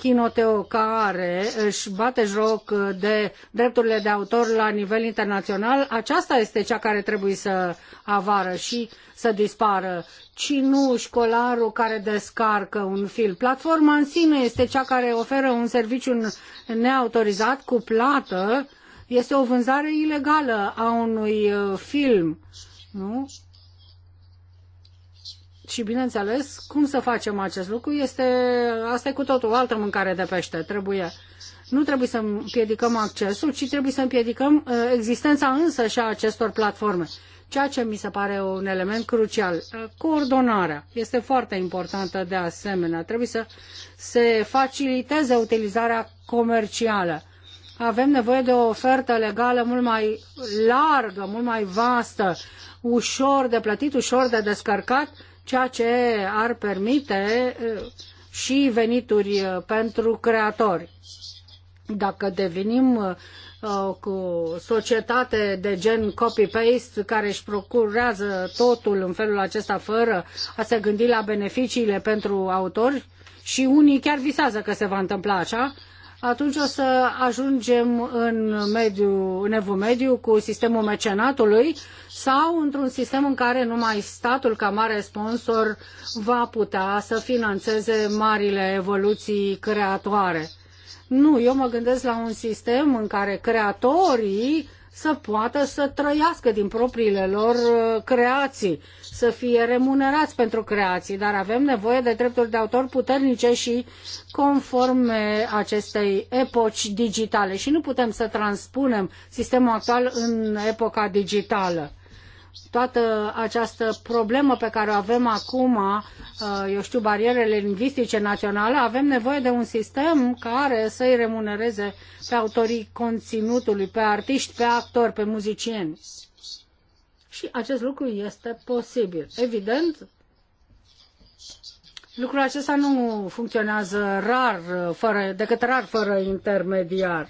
Chinoteo care își bate joc de drepturile de autor la nivel internațional, aceasta este cea care trebuie să avară și să dispară, ci nu școlarul care descarcă un film. Platforma în sine este cea care oferă un serviciu neautorizat cu plată, este o vânzare ilegală a unui uh, film, nu? Și bineînțeles, cum să facem acest lucru este, asta e cu totul o altă mâncare de pește. Trebuie, nu trebuie să împiedicăm accesul, ci trebuie să împiedicăm uh, existența însă și a acestor platforme. Ceea ce mi se pare un element crucial. Uh, coordonarea este foarte importantă de asemenea. Trebuie să se faciliteze utilizarea comercială avem nevoie de o ofertă legală mult mai largă, mult mai vastă, ușor de plătit, ușor de descărcat ceea ce ar permite uh, și venituri uh, pentru creatori. Dacă devenim uh, cu societate de gen copy-paste care își procurează totul în felul acesta fără a se gândi la beneficiile pentru autori și unii chiar visează că se va întâmpla așa, atunci o să ajungem în, mediu, în evul mediu cu sistemul mecenatului sau într-un sistem în care numai statul ca mare sponsor va putea să financeze marile evoluții creatoare. Nu, eu mă gândesc la un sistem în care creatorii să poată să trăiască din propriile lor uh, creații, să fie remunerați pentru creații, dar avem nevoie de drepturi de autor puternice și conforme acestei epoci digitale și nu putem să transpunem sistemul actual în epoca digitală toată această problemă pe care o avem acum, uh, eu știu, barierele lingvistice naționale, avem nevoie de un sistem care să îi remunereze pe autorii conținutului, pe artiști, pe actori, pe muzicieni. Și acest lucru este posibil. Evident, lucrul acesta nu funcționează rar, fără, decât rar fără intermediar.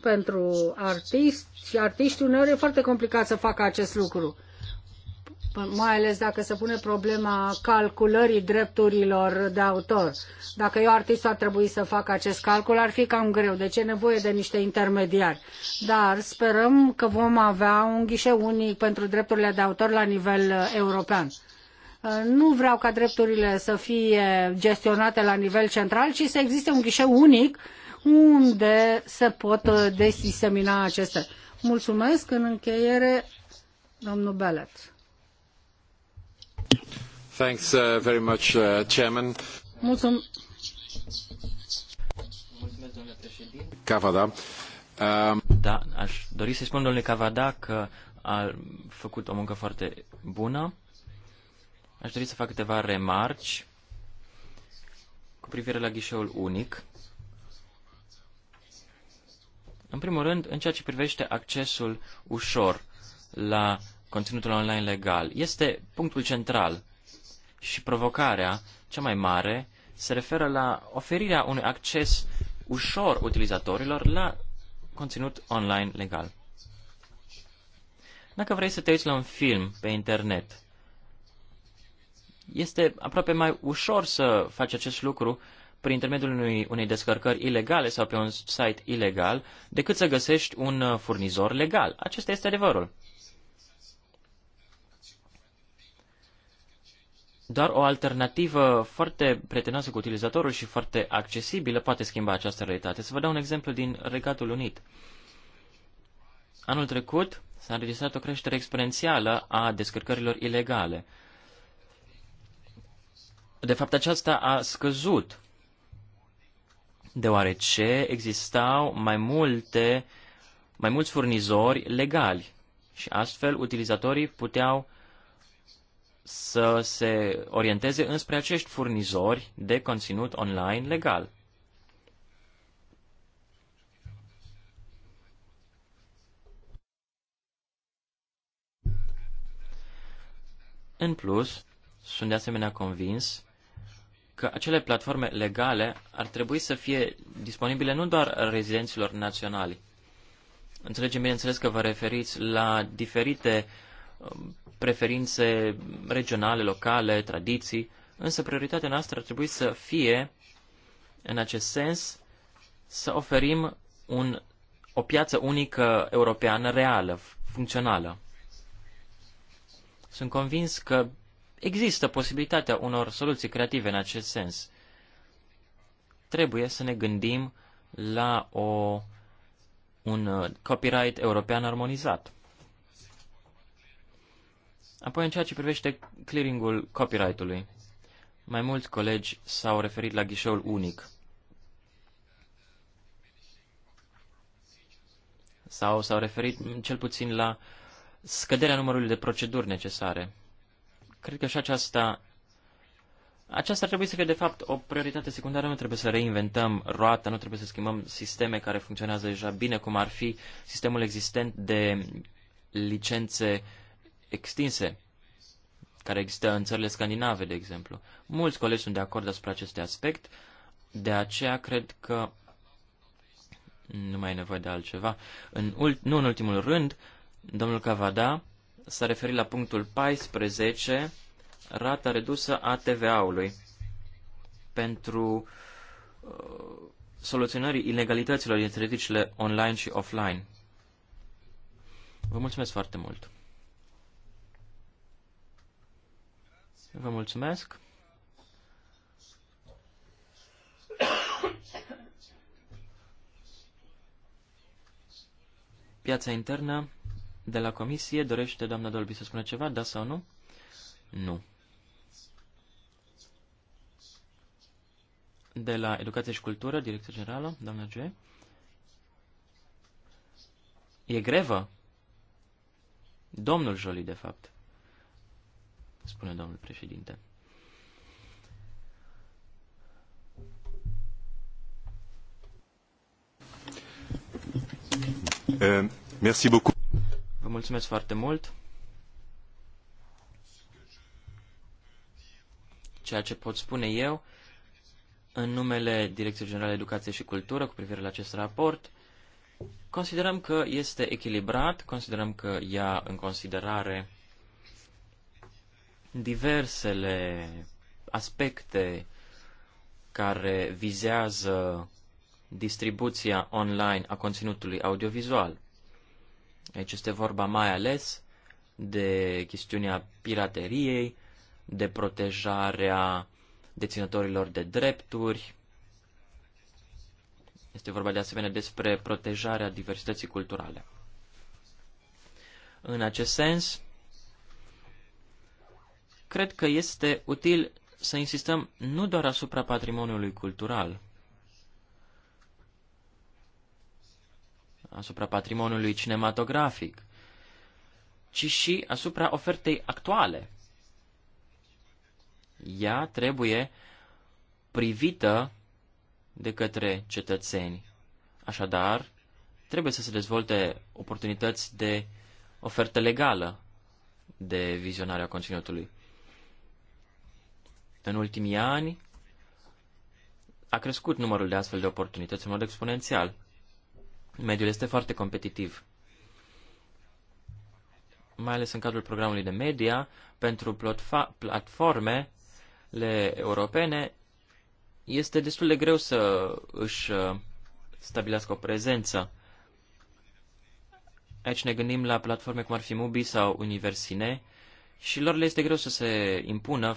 Pentru artist, și artiștii uneori e foarte complicat să facă acest lucru. Mai ales dacă se pune problema calculării drepturilor de autor. Dacă eu, artistul, ar trebui să fac acest calcul, ar fi cam greu. Deci e nevoie de niște intermediari. Dar sperăm că vom avea un ghișeu unic pentru drepturile de autor la nivel uh, european. Uh, nu vreau ca drepturile să fie gestionate la nivel central, ci să existe un ghișeu unic unde se pot uh, disemina acestea. Mulțumesc. În încheiere, domnul Bellet. Thanks uh, very much, uh, Chairman. Mulțum- Mulțumesc, Cavada. Uh... Da, aș dori să spun domnule Cavada că a făcut o muncă foarte bună. Aș dori să fac câteva remarci cu privire la ghișeul unic. În primul rând, în ceea ce privește accesul ușor la conținutul online legal, este punctul central și provocarea cea mai mare se referă la oferirea unui acces ușor utilizatorilor la conținut online legal. Dacă vrei să te uiți la un film pe internet, este aproape mai ușor să faci acest lucru prin intermediul unui, unei descărcări ilegale sau pe un site ilegal, decât să găsești un uh, furnizor legal. Acesta este adevărul. Doar o alternativă foarte prietenoasă cu utilizatorul și foarte accesibilă poate schimba această realitate. Să vă dau un exemplu din Regatul Unit. Anul trecut s-a înregistrat o creștere exponențială a descărcărilor ilegale. De fapt, aceasta a scăzut deoarece existau mai multe, mai mulți furnizori legali și astfel utilizatorii puteau să se orienteze înspre acești furnizori de conținut online legal. În plus, sunt de asemenea convins că acele platforme legale ar trebui să fie disponibile nu doar rezidenților naționali. Înțelegem, bineînțeles, că vă referiți la diferite um, preferințe regionale, locale, tradiții, însă prioritatea noastră ar trebui să fie, în acest sens, să oferim un, o piață unică europeană reală, funcțională. Sunt convins că Există posibilitatea unor soluții creative în acest sens. Trebuie să ne gândim la o, un uh, copyright european armonizat. Apoi, în ceea ce privește clearingul copyright-ului, mai mulți colegi s-au referit la ghișeul unic. Sau s-au referit cel puțin la scăderea numărului de proceduri necesare. Cred că și aceasta, aceasta trebuie să fie, de fapt, o prioritate secundară. Nu trebuie să reinventăm roata, nu trebuie să schimbăm sisteme care funcționează deja bine, cum ar fi sistemul existent de licențe extinse care există în țările scandinave, de exemplu. Mulți colegi sunt de acord asupra acestui aspect, de aceea cred că nu mai e nevoie de altceva. În ult- nu în ultimul rând, domnul Cavada s-a referit la punctul 14, rata redusă a TVA-ului pentru uh, soluționării ilegalităților dintre ridicile online și offline. Vă mulțumesc foarte mult! Vă mulțumesc! Piața internă de la comisie. Dorește doamna Dolby să spună ceva, da sau nu? Nu. De la Educație și Cultură, Direcția Generală, doamna G. E grevă? Domnul Jolie, de fapt, spune domnul președinte. Uh, merci beaucoup mulțumesc foarte mult. Ceea ce pot spune eu, în numele Direcției Generale Educație și Cultură, cu privire la acest raport, considerăm că este echilibrat, considerăm că ia în considerare diversele aspecte care vizează distribuția online a conținutului audiovizual. Aici este vorba mai ales de chestiunea pirateriei, de protejarea deținătorilor de drepturi. Este vorba de asemenea despre protejarea diversității culturale. În acest sens, cred că este util să insistăm nu doar asupra patrimoniului cultural, asupra patrimoniului cinematografic, ci și asupra ofertei actuale. Ea trebuie privită de către cetățeni. Așadar, trebuie să se dezvolte oportunități de ofertă legală de vizionare a conținutului. În ultimii ani a crescut numărul de astfel de oportunități în mod exponențial. Mediul este foarte competitiv. Mai ales în cadrul programului de media, pentru platformele europene este destul de greu să își uh, stabilească o prezență. Aici ne gândim la platforme cum ar fi Mubi sau Universine și lor le este greu să se impună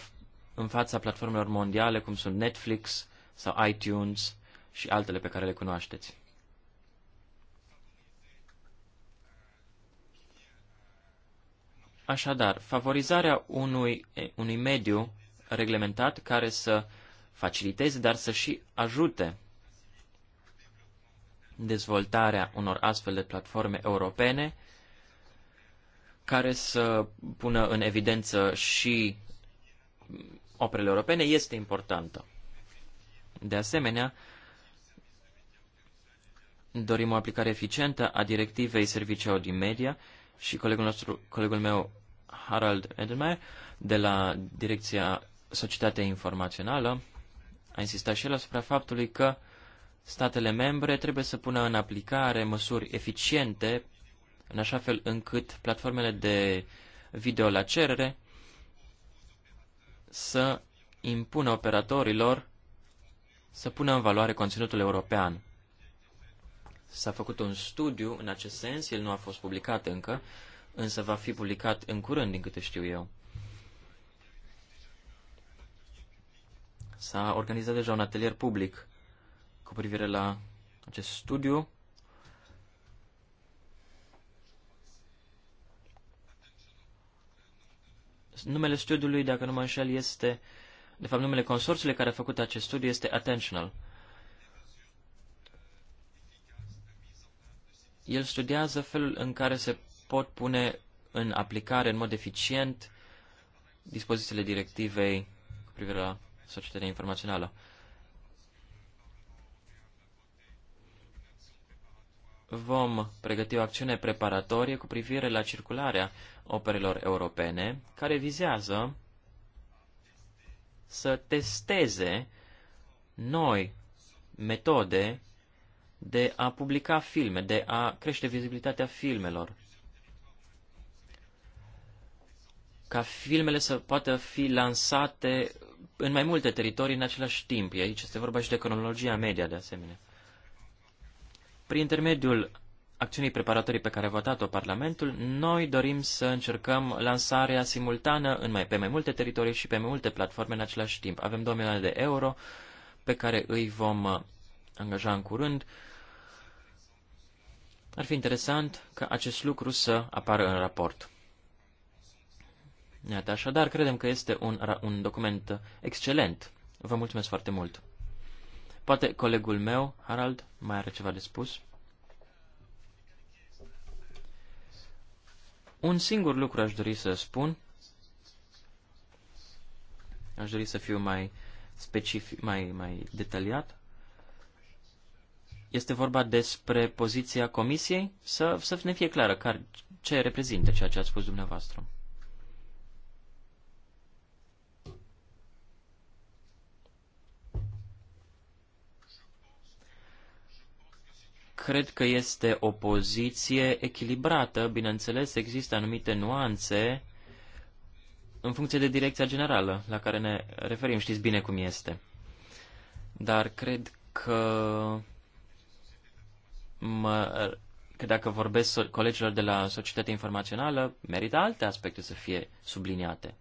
în fața platformelor mondiale cum sunt Netflix sau iTunes și altele pe care le cunoașteți. Așadar, favorizarea unui, unui mediu reglementat care să faciliteze, dar să și ajute dezvoltarea unor astfel de platforme europene care să pună în evidență și operele europene este importantă. De asemenea, dorim o aplicare eficientă a directivei servicii audio media și colegul, nostru, colegul meu Harald Edelmeier de la Direcția Societatea Informațională a insistat și el asupra faptului că statele membre trebuie să pună în aplicare măsuri eficiente în așa fel încât platformele de video la cerere să impună operatorilor să pună în valoare conținutul european. S-a făcut un studiu în acest sens, el nu a fost publicat încă, însă va fi publicat în curând, din câte știu eu. S-a organizat deja un atelier public cu privire la acest studiu. Numele studiului, dacă nu mă înșel, este, de fapt numele consorțiului care a făcut acest studiu este Attentional. El studiază felul în care se pot pune în aplicare în mod eficient dispozițiile directivei cu privire la societatea informațională. Vom pregăti o acțiune preparatorie cu privire la circularea operelor europene, care vizează să testeze noi metode de a publica filme, de a crește vizibilitatea filmelor. Ca filmele să poată fi lansate în mai multe teritorii în același timp. Aici este vorba și de cronologia media, de asemenea. Prin intermediul acțiunii preparatorii pe care a votat-o Parlamentul, noi dorim să încercăm lansarea simultană în mai, pe mai multe teritorii și pe mai multe platforme în același timp. Avem 2 milioane de euro pe care îi vom uh, angaja în curând ar fi interesant ca acest lucru să apară în raport. Iată, așadar, credem că este un, un document excelent. Vă mulțumesc foarte mult. Poate colegul meu, Harald, mai are ceva de spus? Un singur lucru aș dori să spun. Aș dori să fiu mai specific, mai, mai detaliat este vorba despre poziția comisiei? Să, să ne fie clară care, ce reprezintă ceea ce ați spus dumneavoastră. Cred că este o poziție echilibrată, bineînțeles, există anumite nuanțe în funcție de direcția generală la care ne referim, știți bine cum este. Dar cred că mă, că dacă vorbesc colegilor de la societatea informațională, merită alte aspecte să fie subliniate.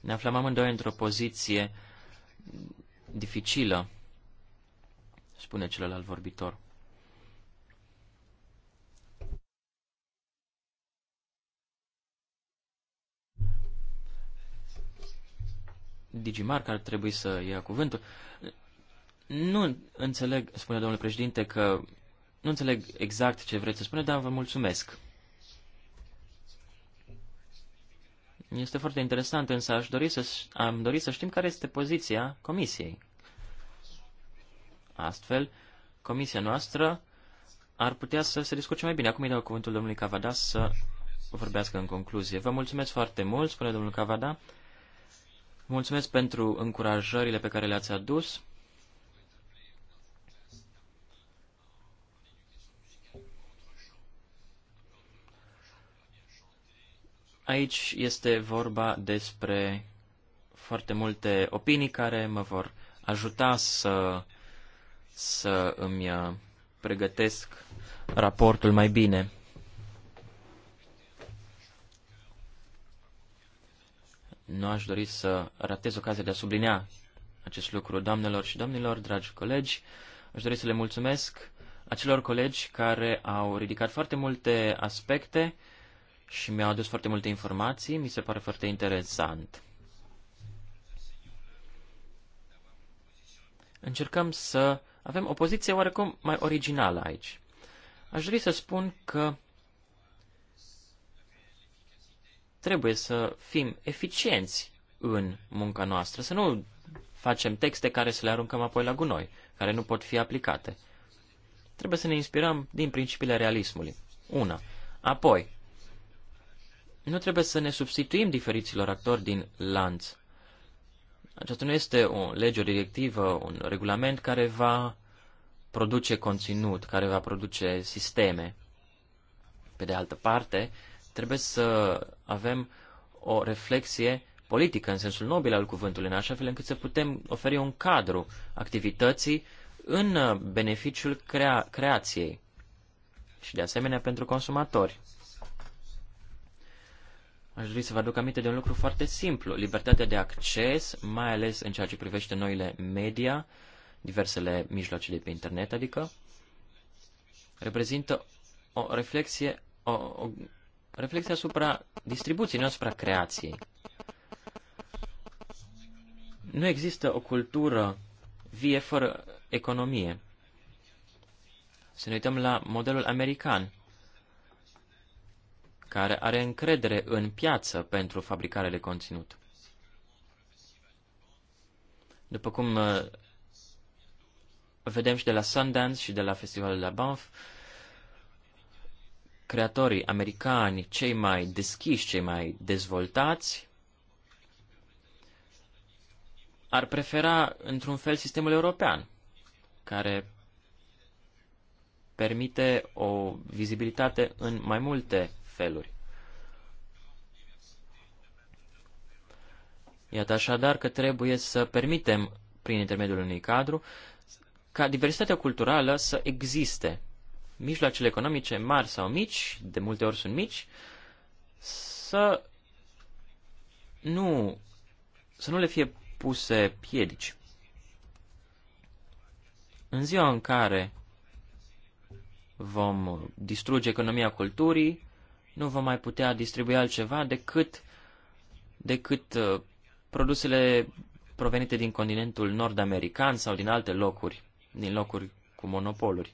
Ne aflăm amândoi într-o poziție dificilă, spune celălalt vorbitor. Digimark ar trebui să ia cuvântul. Nu înțeleg, spune domnul președinte, că nu înțeleg exact ce vreți să spuneți, dar vă mulțumesc. Este foarte interesant, însă aș dori să, am dorit să știm care este poziția comisiei. Astfel, comisia noastră ar putea să se discute mai bine. Acum îi dau cuvântul domnului Cavada să vorbească în concluzie. Vă mulțumesc foarte mult, spune domnul Cavada. Mulțumesc pentru încurajările pe care le-ați adus. Aici este vorba despre foarte multe opinii care mă vor ajuta să, să îmi uh, pregătesc raportul mai bine. Nu aș dori să ratez ocazia de a sublinea acest lucru. Doamnelor și domnilor, dragi colegi, aș dori să le mulțumesc acelor colegi care au ridicat foarte multe aspecte și mi-au adus foarte multe informații, mi se pare foarte interesant. Încercăm să avem o poziție oarecum mai originală aici. Aș dori să spun că trebuie să fim eficienți în munca noastră, să nu facem texte care să le aruncăm apoi la gunoi, care nu pot fi aplicate. Trebuie să ne inspirăm din principiile realismului. Una. Apoi, nu trebuie să ne substituim diferiților actori din lanț. Aceasta nu este o lege, o directivă, un regulament care va produce conținut, care va produce sisteme. Pe de altă parte, trebuie să avem o reflexie politică, în sensul nobil al cuvântului, în așa fel încât să putem oferi un cadru activității în beneficiul crea- creației și, de asemenea, pentru consumatori. Aș dori să vă aduc aminte de un lucru foarte simplu. Libertatea de acces, mai ales în ceea ce privește noile media, diversele mijloace de pe internet, adică, reprezintă o reflexie, o, o reflexie asupra distribuției, nu asupra creației. Nu există o cultură vie fără economie. Să ne uităm la modelul american care are încredere în piață pentru fabricarea de conținut. După cum uh, vedem și de la Sundance și de la festivalul de la Banff, creatorii americani cei mai deschiși, cei mai dezvoltați, ar prefera, într-un fel, sistemul european, care permite o vizibilitate în mai multe feluri. Iată așadar că trebuie să permitem, prin intermediul unui cadru, ca diversitatea culturală să existe. Mijloacele economice mari sau mici, de multe ori sunt mici, să nu, să nu le fie puse piedici. În ziua în care vom distruge economia culturii, nu vom mai putea distribui altceva decât, decât uh, produsele provenite din continentul nord-american sau din alte locuri, din locuri cu monopoluri.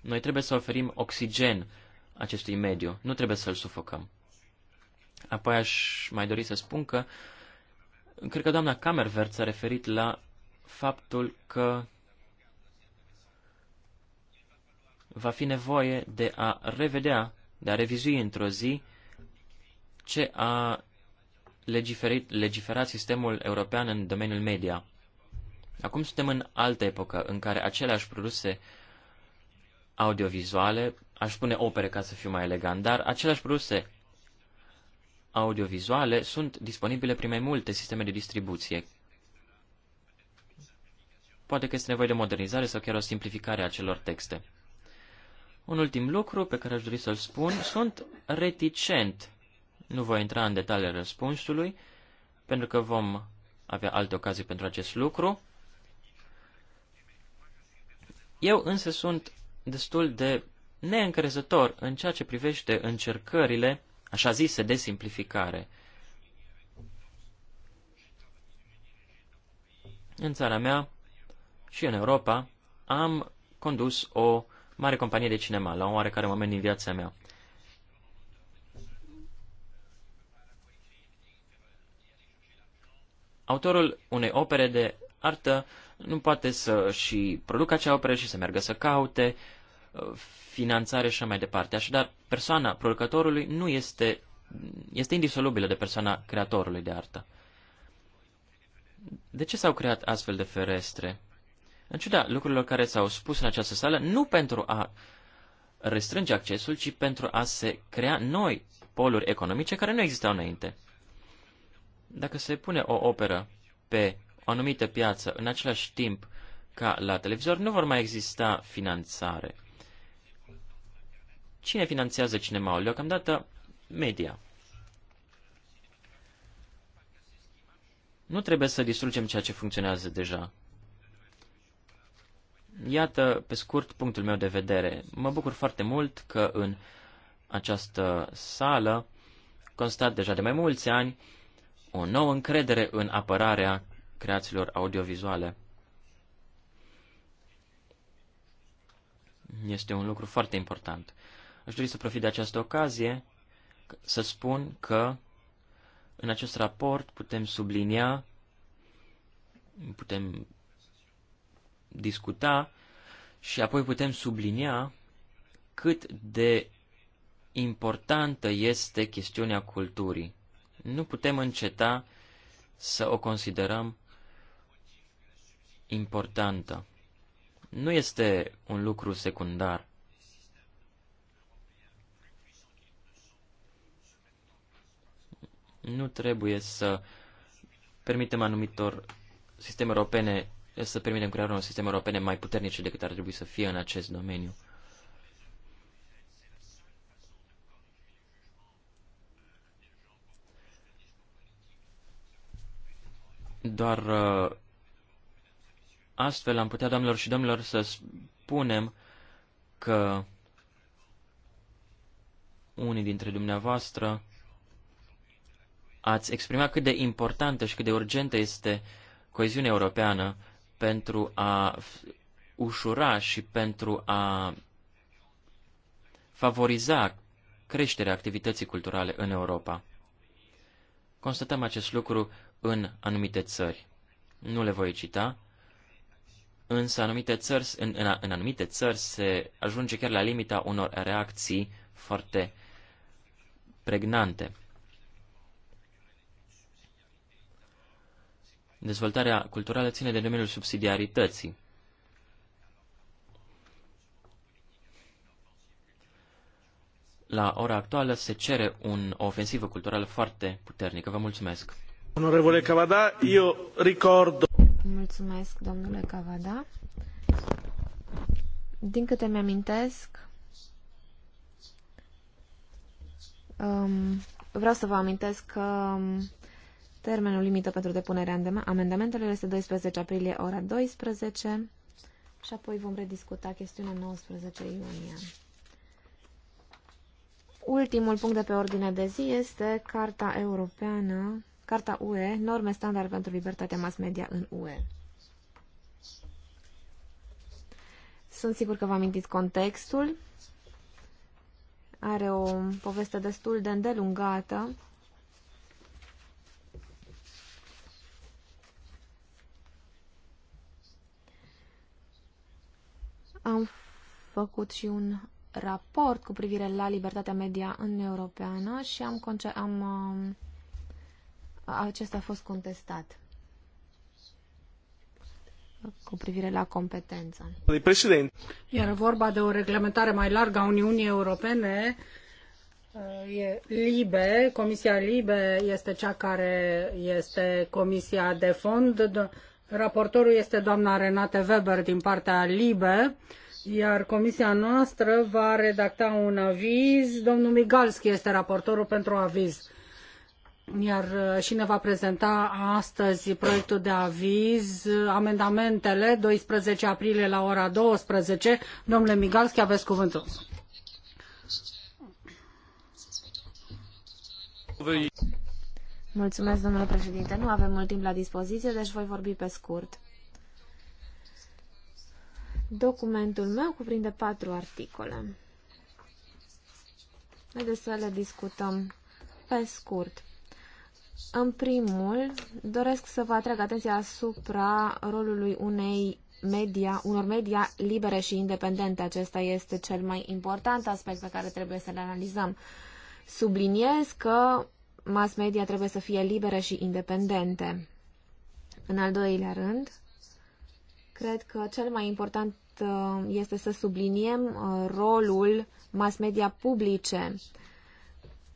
Noi trebuie să oferim oxigen acestui mediu, nu trebuie să-l sufocăm. Apoi aș mai dori să spun că, cred că doamna Camervert s-a referit la faptul că va fi nevoie de a revedea, de a revizui într-o zi ce a legiferit, legiferat sistemul european în domeniul media. Acum suntem în altă epocă în care aceleași produse audiovizuale, aș spune opere ca să fiu mai elegant, dar aceleași produse audiovizuale sunt disponibile prin mai multe sisteme de distribuție. Poate că este nevoie de modernizare sau chiar o simplificare a celor texte. Un ultim lucru pe care aș dori să-l spun, sunt reticent. Nu voi intra în detalii răspunsului, pentru că vom avea alte ocazii pentru acest lucru. Eu însă sunt destul de neîncrezător în ceea ce privește încercările, așa zise, de simplificare. În țara mea și în Europa am condus o mare companie de cinema, la un oarecare moment din viața mea. Autorul unei opere de artă nu poate să și producă acea operă și să meargă să caute finanțare și mai departe. Așadar, persoana producătorului nu este, este indisolubilă de persoana creatorului de artă. De ce s-au creat astfel de ferestre? în ciuda lucrurilor care s-au spus în această sală, nu pentru a restrânge accesul, ci pentru a se crea noi poluri economice care nu existau înainte. Dacă se pune o operă pe o anumită piață în același timp ca la televizor, nu vor mai exista finanțare. Cine finanțează cinemaul? Deocamdată media. Nu trebuie să distrugem ceea ce funcționează deja. Iată, pe scurt, punctul meu de vedere. Mă bucur foarte mult că în această sală constat deja de mai mulți ani o nouă încredere în apărarea creațiilor audiovizuale. Este un lucru foarte important. Aș dori să profit de această ocazie să spun că în acest raport putem sublinia, putem discuta și apoi putem sublinia cât de importantă este chestiunea culturii. Nu putem înceta să o considerăm importantă. Nu este un lucru secundar. Nu trebuie să permitem anumitor sisteme europene să permitem crearea unor sisteme europene mai puternice decât ar trebui să fie în acest domeniu. Doar uh, astfel am putea, doamnelor și domnilor, să spunem că unii dintre dumneavoastră ați exprimat cât de importantă și cât de urgentă este coeziunea europeană pentru a ușura și pentru a favoriza creșterea activității culturale în Europa. Constatăm acest lucru în anumite țări. Nu le voi cita, însă anumite țări, în, în, în anumite țări se ajunge chiar la limita unor reacții foarte pregnante. Dezvoltarea culturală ține de domeniul subsidiarității. La ora actuală se cere un, ofensivă culturală foarte puternică. Vă mulțumesc. Onorevole Cavada, eu ricord. Mulțumesc, domnule Cavada. Din câte mi-amintesc, um, vreau să vă amintesc că um, Termenul limită pentru depunerea amendamentelor este 12 aprilie, ora 12 și apoi vom rediscuta chestiunea 19 iunie. Ultimul punct de pe ordine de zi este Carta Europeană, Carta UE, norme standard pentru libertatea mass media în UE. Sunt sigur că vă amintiți contextul. Are o poveste destul de îndelungată Am făcut și un raport cu privire la libertatea media în Europeană și am, am um, acesta a fost contestat cu privire la competență. Președinte. Iar vorba de o reglementare mai largă a Uniunii Europene, uh, e LIBE, Comisia LIBE este cea care este comisia de fond. Raportorul este doamna Renate Weber din partea LIBE, iar comisia noastră va redacta un aviz. Domnul Migalski este raportorul pentru aviz. Iar uh, și ne va prezenta astăzi proiectul de aviz, amendamentele, 12 aprilie la ora 12. Domnule Migalski, aveți cuvântul. Mulțumesc, domnule președinte. Nu avem mult timp la dispoziție, deci voi vorbi pe scurt. Documentul meu cuprinde patru articole. Haideți să le discutăm pe scurt. În primul, doresc să vă atrag atenția asupra rolului unei media, unor media libere și independente. Acesta este cel mai important aspect pe care trebuie să-l analizăm. Subliniez că mass media trebuie să fie libere și independente. În al doilea rând, cred că cel mai important uh, este să subliniem uh, rolul mass media publice.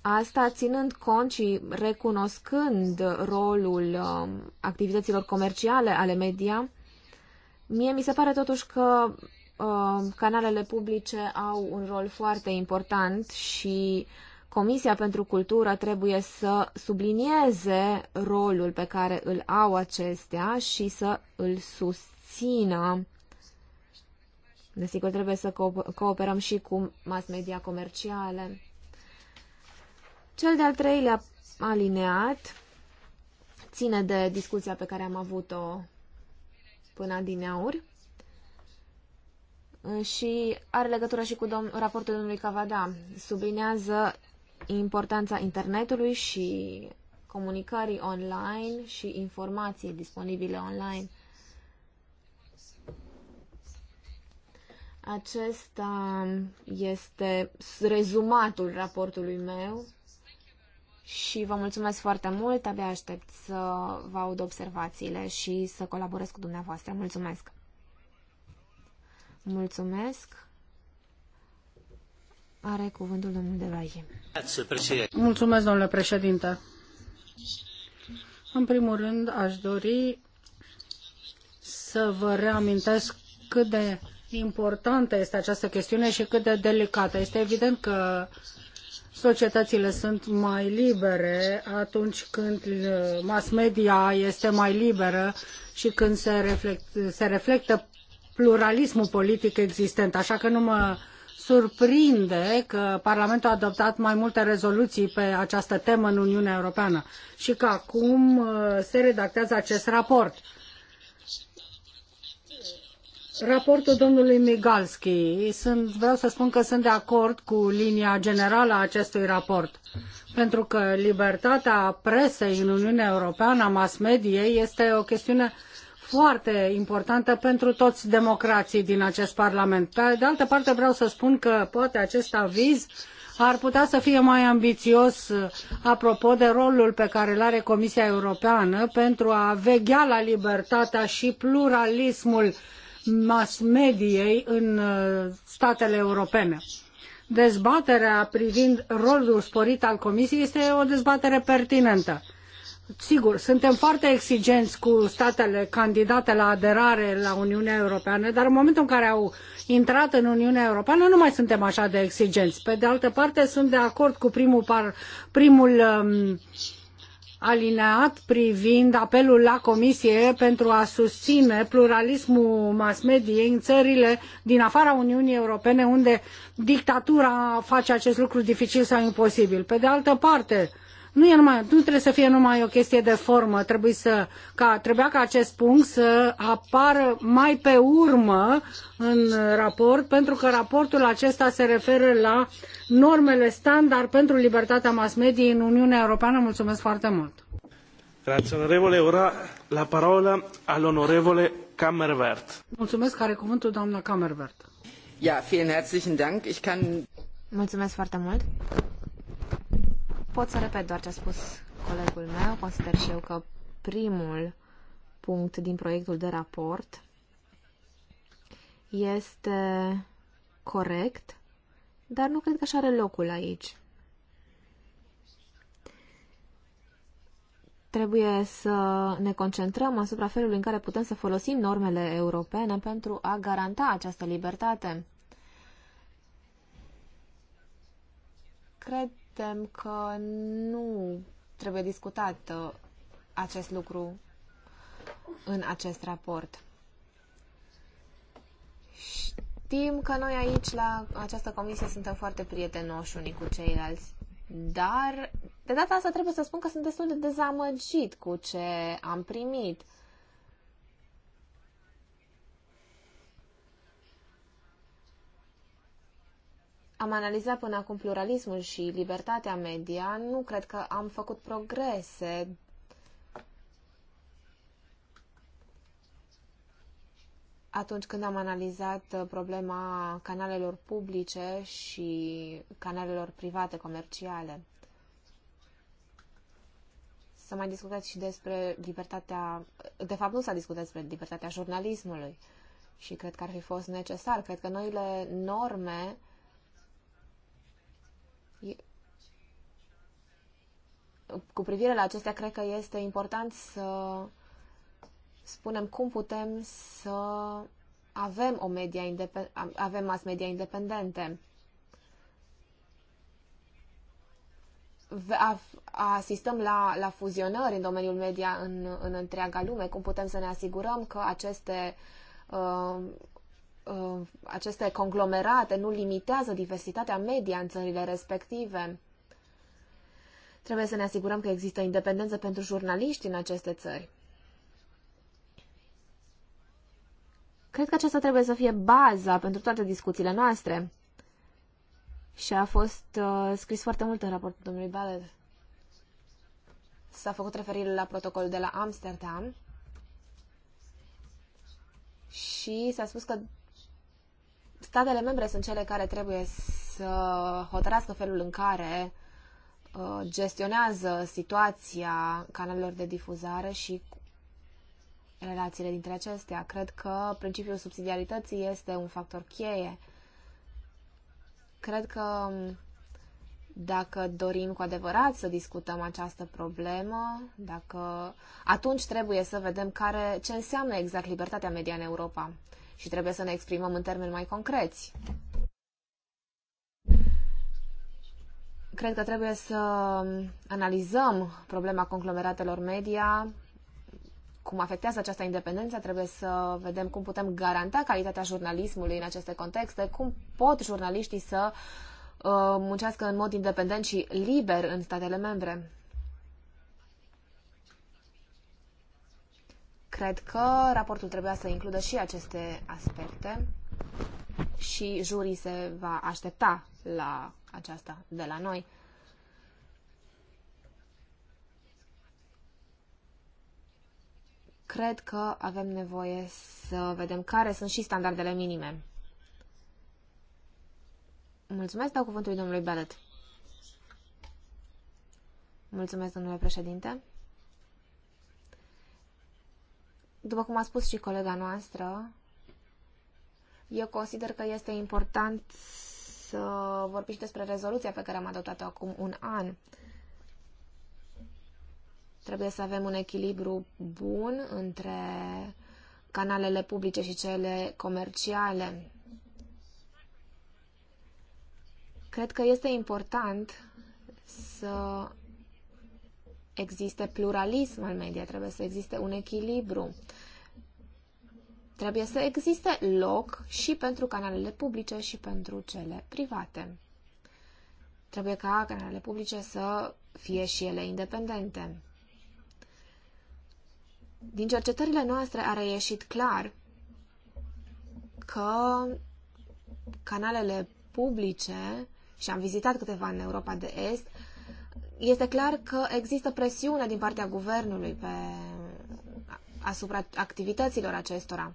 Asta ținând cont și recunoscând rolul uh, activităților comerciale ale media, mie mi se pare totuși că canalele publice au un rol foarte important și uh, Comisia pentru Cultură trebuie să sublinieze rolul pe care îl au acestea și să îl susțină. Desigur, trebuie să cooperăm și cu mass media comerciale. Cel de-al treilea alineat ține de discuția pe care am avut-o până aur și are legătură și cu dom- raportul domnului Cavada. Sublinează importanța internetului și comunicării online și informației disponibile online. Acesta este rezumatul raportului meu și vă mulțumesc foarte mult. Abia aștept să vă aud observațiile și să colaborez cu dumneavoastră. Mulțumesc! Mulțumesc! Are cuvântul domnul Devai. Mulțumesc, domnule președinte. În primul rând, aș dori să vă reamintesc cât de importantă este această chestiune și cât de delicată. Este evident că societățile sunt mai libere atunci când uh, mass media este mai liberă și când se, reflect, se reflectă pluralismul politic existent. Așa că nu mă surprinde că Parlamentul a adoptat mai multe rezoluții pe această temă în Uniunea Europeană și că acum uh, se redactează acest raport. Raportul domnului Migalski, sunt, vreau să spun că sunt de acord cu linia generală a acestui raport, pentru că libertatea presei în Uniunea Europeană, a mass mediei, este o chestiune uh, foarte importantă pentru toți democrații din acest Parlament. Pe de altă parte vreau să spun că poate acest aviz ar putea să fie mai ambițios apropo de rolul pe care îl are Comisia Europeană pentru a veghea la libertatea și pluralismul mass mediei în uh, statele europene. Dezbaterea privind rolul sporit al Comisiei este o dezbatere pertinentă Sigur, suntem foarte exigenți cu statele candidate la aderare la Uniunea Europeană, dar în momentul în care au intrat în Uniunea Europeană nu mai suntem așa de exigenți. Pe de altă parte, sunt de acord cu primul, par, primul um, alineat privind apelul la Comisie pentru a susține pluralismul mass media în țările din afara Uniunii Europene, unde dictatura face acest lucru dificil sau imposibil. Pe de altă parte, uh, nu, e numai, nu trebuie să fie numai o chestie de formă, trebuie să, ca, trebuia ca acest punct să apară mai pe urmă în raport, pentru că raportul acesta se referă la normele standard pentru libertatea mass media în Uniunea Europeană. Mulțumesc foarte mult! Grazie, onorevole. Ora la parola all'onorevole Kammerwert. Mulțumesc, care cuvântul doamna Kammerwert. Ja, vielen herzlichen Dank. Ich kann... Mulțumesc foarte mult. Pot să repet doar ce a spus colegul meu. Consider și eu că primul punct din proiectul de raport este corect, dar nu cred că așa are locul aici. Trebuie să ne concentrăm asupra felului în care putem să folosim normele europene pentru a garanta această libertate. Cred tem că nu trebuie discutat uh, acest lucru în acest raport. Știm că noi aici, la această comisie, suntem foarte prietenoși unii cu ceilalți, dar de data asta trebuie să spun că sunt destul de dezamăgit cu ce am primit. Uh, am analizat până acum pluralismul și libertatea media, nu cred că am făcut progrese. Atunci când am analizat uh, problema canalelor publice și canalelor private comerciale. S-a mai discutat și despre libertatea... De fapt, nu s-a discutat despre libertatea jurnalismului. Și cred că ar fi fost necesar. Cred că noile norme uh, cu privire la acestea, cred că este important să spunem cum putem să avem o media avem mass media independente. Asistăm la, la fuzionări în domeniul media în, în întreaga lume. Cum putem să ne asigurăm că aceste, uh, uh, aceste conglomerate nu limitează diversitatea media în țările respective? Trebuie să ne asigurăm că există independență pentru jurnaliști în aceste țări. Cred că aceasta trebuie să fie baza pentru toate discuțiile noastre. Și a fost uh, scris foarte mult în raportul domnului Ballard S-a făcut referire la protocolul de la Amsterdam și s-a spus că statele membre sunt cele care trebuie să hotărască felul în care Uh, gestionează situația canalelor de difuzare și relațiile dintre acestea. Cred că principiul subsidiarității este un factor cheie. Cred că um, dacă dorim cu adevărat să discutăm această problemă, dacă atunci trebuie să vedem care, ce înseamnă exact libertatea media în Europa și trebuie să ne exprimăm în termeni mai concreți. cred că trebuie să analizăm problema conglomeratelor media, cum afectează această independență, trebuie să vedem cum putem garanta calitatea jurnalismului în aceste contexte, cum pot jurnaliștii să uh, muncească în mod independent și liber în statele membre. Cred că raportul trebuia să includă și aceste aspecte și jurii se va aștepta la aceasta de la noi. Cred că avem nevoie să vedem care sunt și standardele minime. Mulțumesc, dau cuvântul domnului Bellet. Mulțumesc, domnule președinte. După cum a spus și colega noastră, eu consider că este important să vorbi și despre rezoluția pe care am adoptat-o acum un an. Trebuie să avem un echilibru bun între canalele publice și cele comerciale. Cred că este important să existe pluralism al media, trebuie să existe un echilibru. Uh, Trebuie să existe loc și pentru canalele publice și pentru cele private. Trebuie ca canalele publice să fie și ele independente. Din cercetările noastre a reieșit clar că canalele publice, și am vizitat câteva în Europa de Est, este clar că există presiune din partea guvernului pe asupra activităților acestora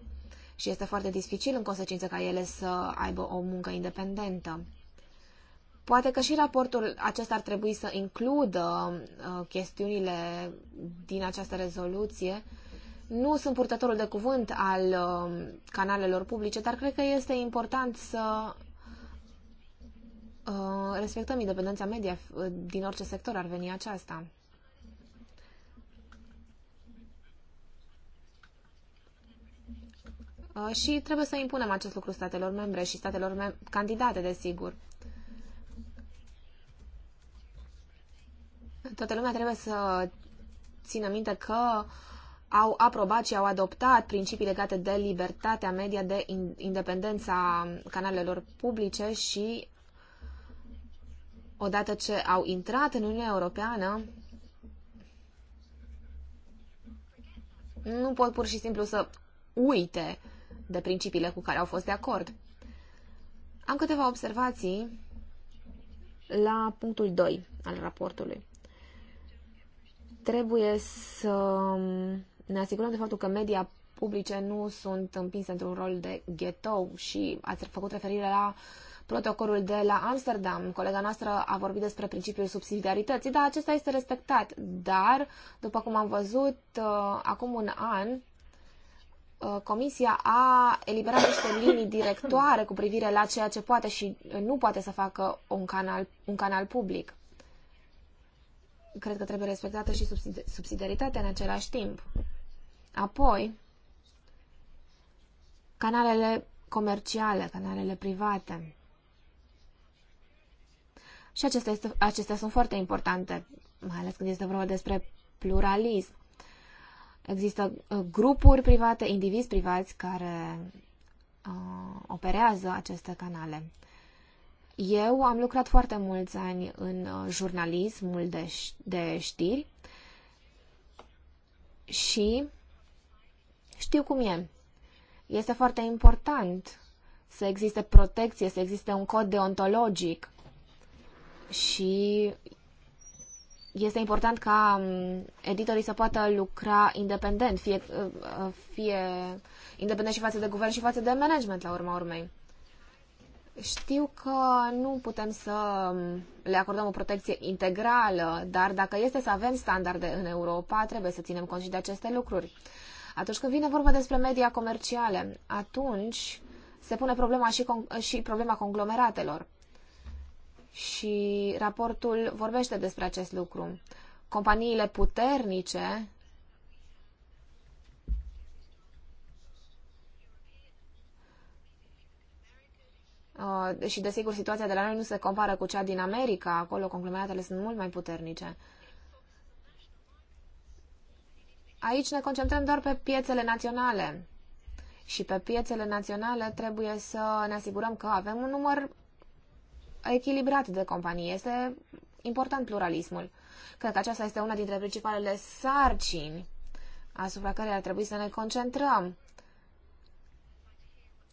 și este foarte dificil în consecință ca ele să aibă o muncă independentă. Poate că și raportul acesta ar trebui să includă uh, chestiunile din această rezoluție. Nu sunt purtătorul de cuvânt al uh, canalelor publice, dar cred că este important să uh, respectăm independența media din orice sector ar veni aceasta. Uh, și trebuie să impunem acest lucru statelor membre și statelor mem- candidate, desigur. Toată lumea trebuie să țină minte că au aprobat și au adoptat principii legate de libertatea media, de independența canalelor publice și odată ce au intrat în Uniunea Europeană, nu pot pur și simplu să uite uh, de principiile cu care au fost de acord. Am câteva observații la punctul 2 al raportului. Trebuie să ne asigurăm de faptul că media publice nu sunt împinse într-un rol de ghetto și ați făcut referire la protocolul de la Amsterdam. Colega noastră a vorbit despre principiul subsidiarității, dar acesta este respectat. Dar, după cum am văzut, uh, acum un an, Uh, Comisia a eliberat niște linii directoare cu privire la ceea ce poate și uh, nu poate să facă un canal, un canal public. Cred că trebuie respectată și subsidiaritatea în același timp. Apoi, canalele comerciale, canalele private. Și acestea, este, acestea sunt foarte importante, mai ales când este vorba despre pluralism. Există uh, grupuri private, indivizi privați care uh, operează aceste canale. Eu am lucrat foarte mulți ani în uh, jurnalismul de, de știri și știu cum e. Este foarte important să existe protecție, să existe un cod deontologic și este important ca um, editorii să poată lucra independent, fie, uh, uh, fie independent și față de guvern și față de management, la urma urmei. Știu că nu putem să um, le acordăm o protecție integrală, dar dacă este să avem standarde în Europa, trebuie să ținem cont și de aceste lucruri. Atunci când vine vorba despre media comerciale, atunci se pune problema și, și problema conglomeratelor și raportul vorbește despre acest lucru. Companiile puternice uh, și desigur situația de la noi nu se compară cu cea din America, acolo conglomeratele sunt mult mai puternice. Aici ne concentrăm doar pe piețele naționale și pe piețele naționale trebuie să ne asigurăm că avem un număr echilibrat de companie. Este important pluralismul. Cred că aceasta este una dintre principalele sarcini asupra care ar trebui să ne concentrăm.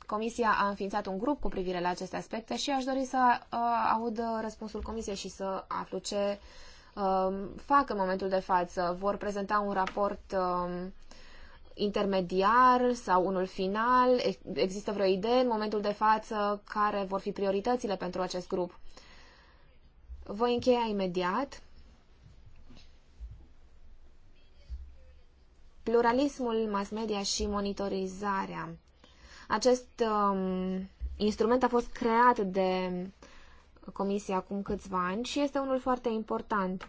Comisia a înființat un grup cu privire la aceste aspecte și aș dori să uh, aud răspunsul comisiei și să aflu ce uh, fac în momentul de față. Vor prezenta un raport uh, intermediar sau unul final? Există vreo idee în momentul de față care vor fi prioritățile pentru acest grup? Voi încheia imediat. Pluralismul, mass media și monitorizarea. Acest um, instrument a fost creat de Comisia acum câțiva ani și este unul foarte important.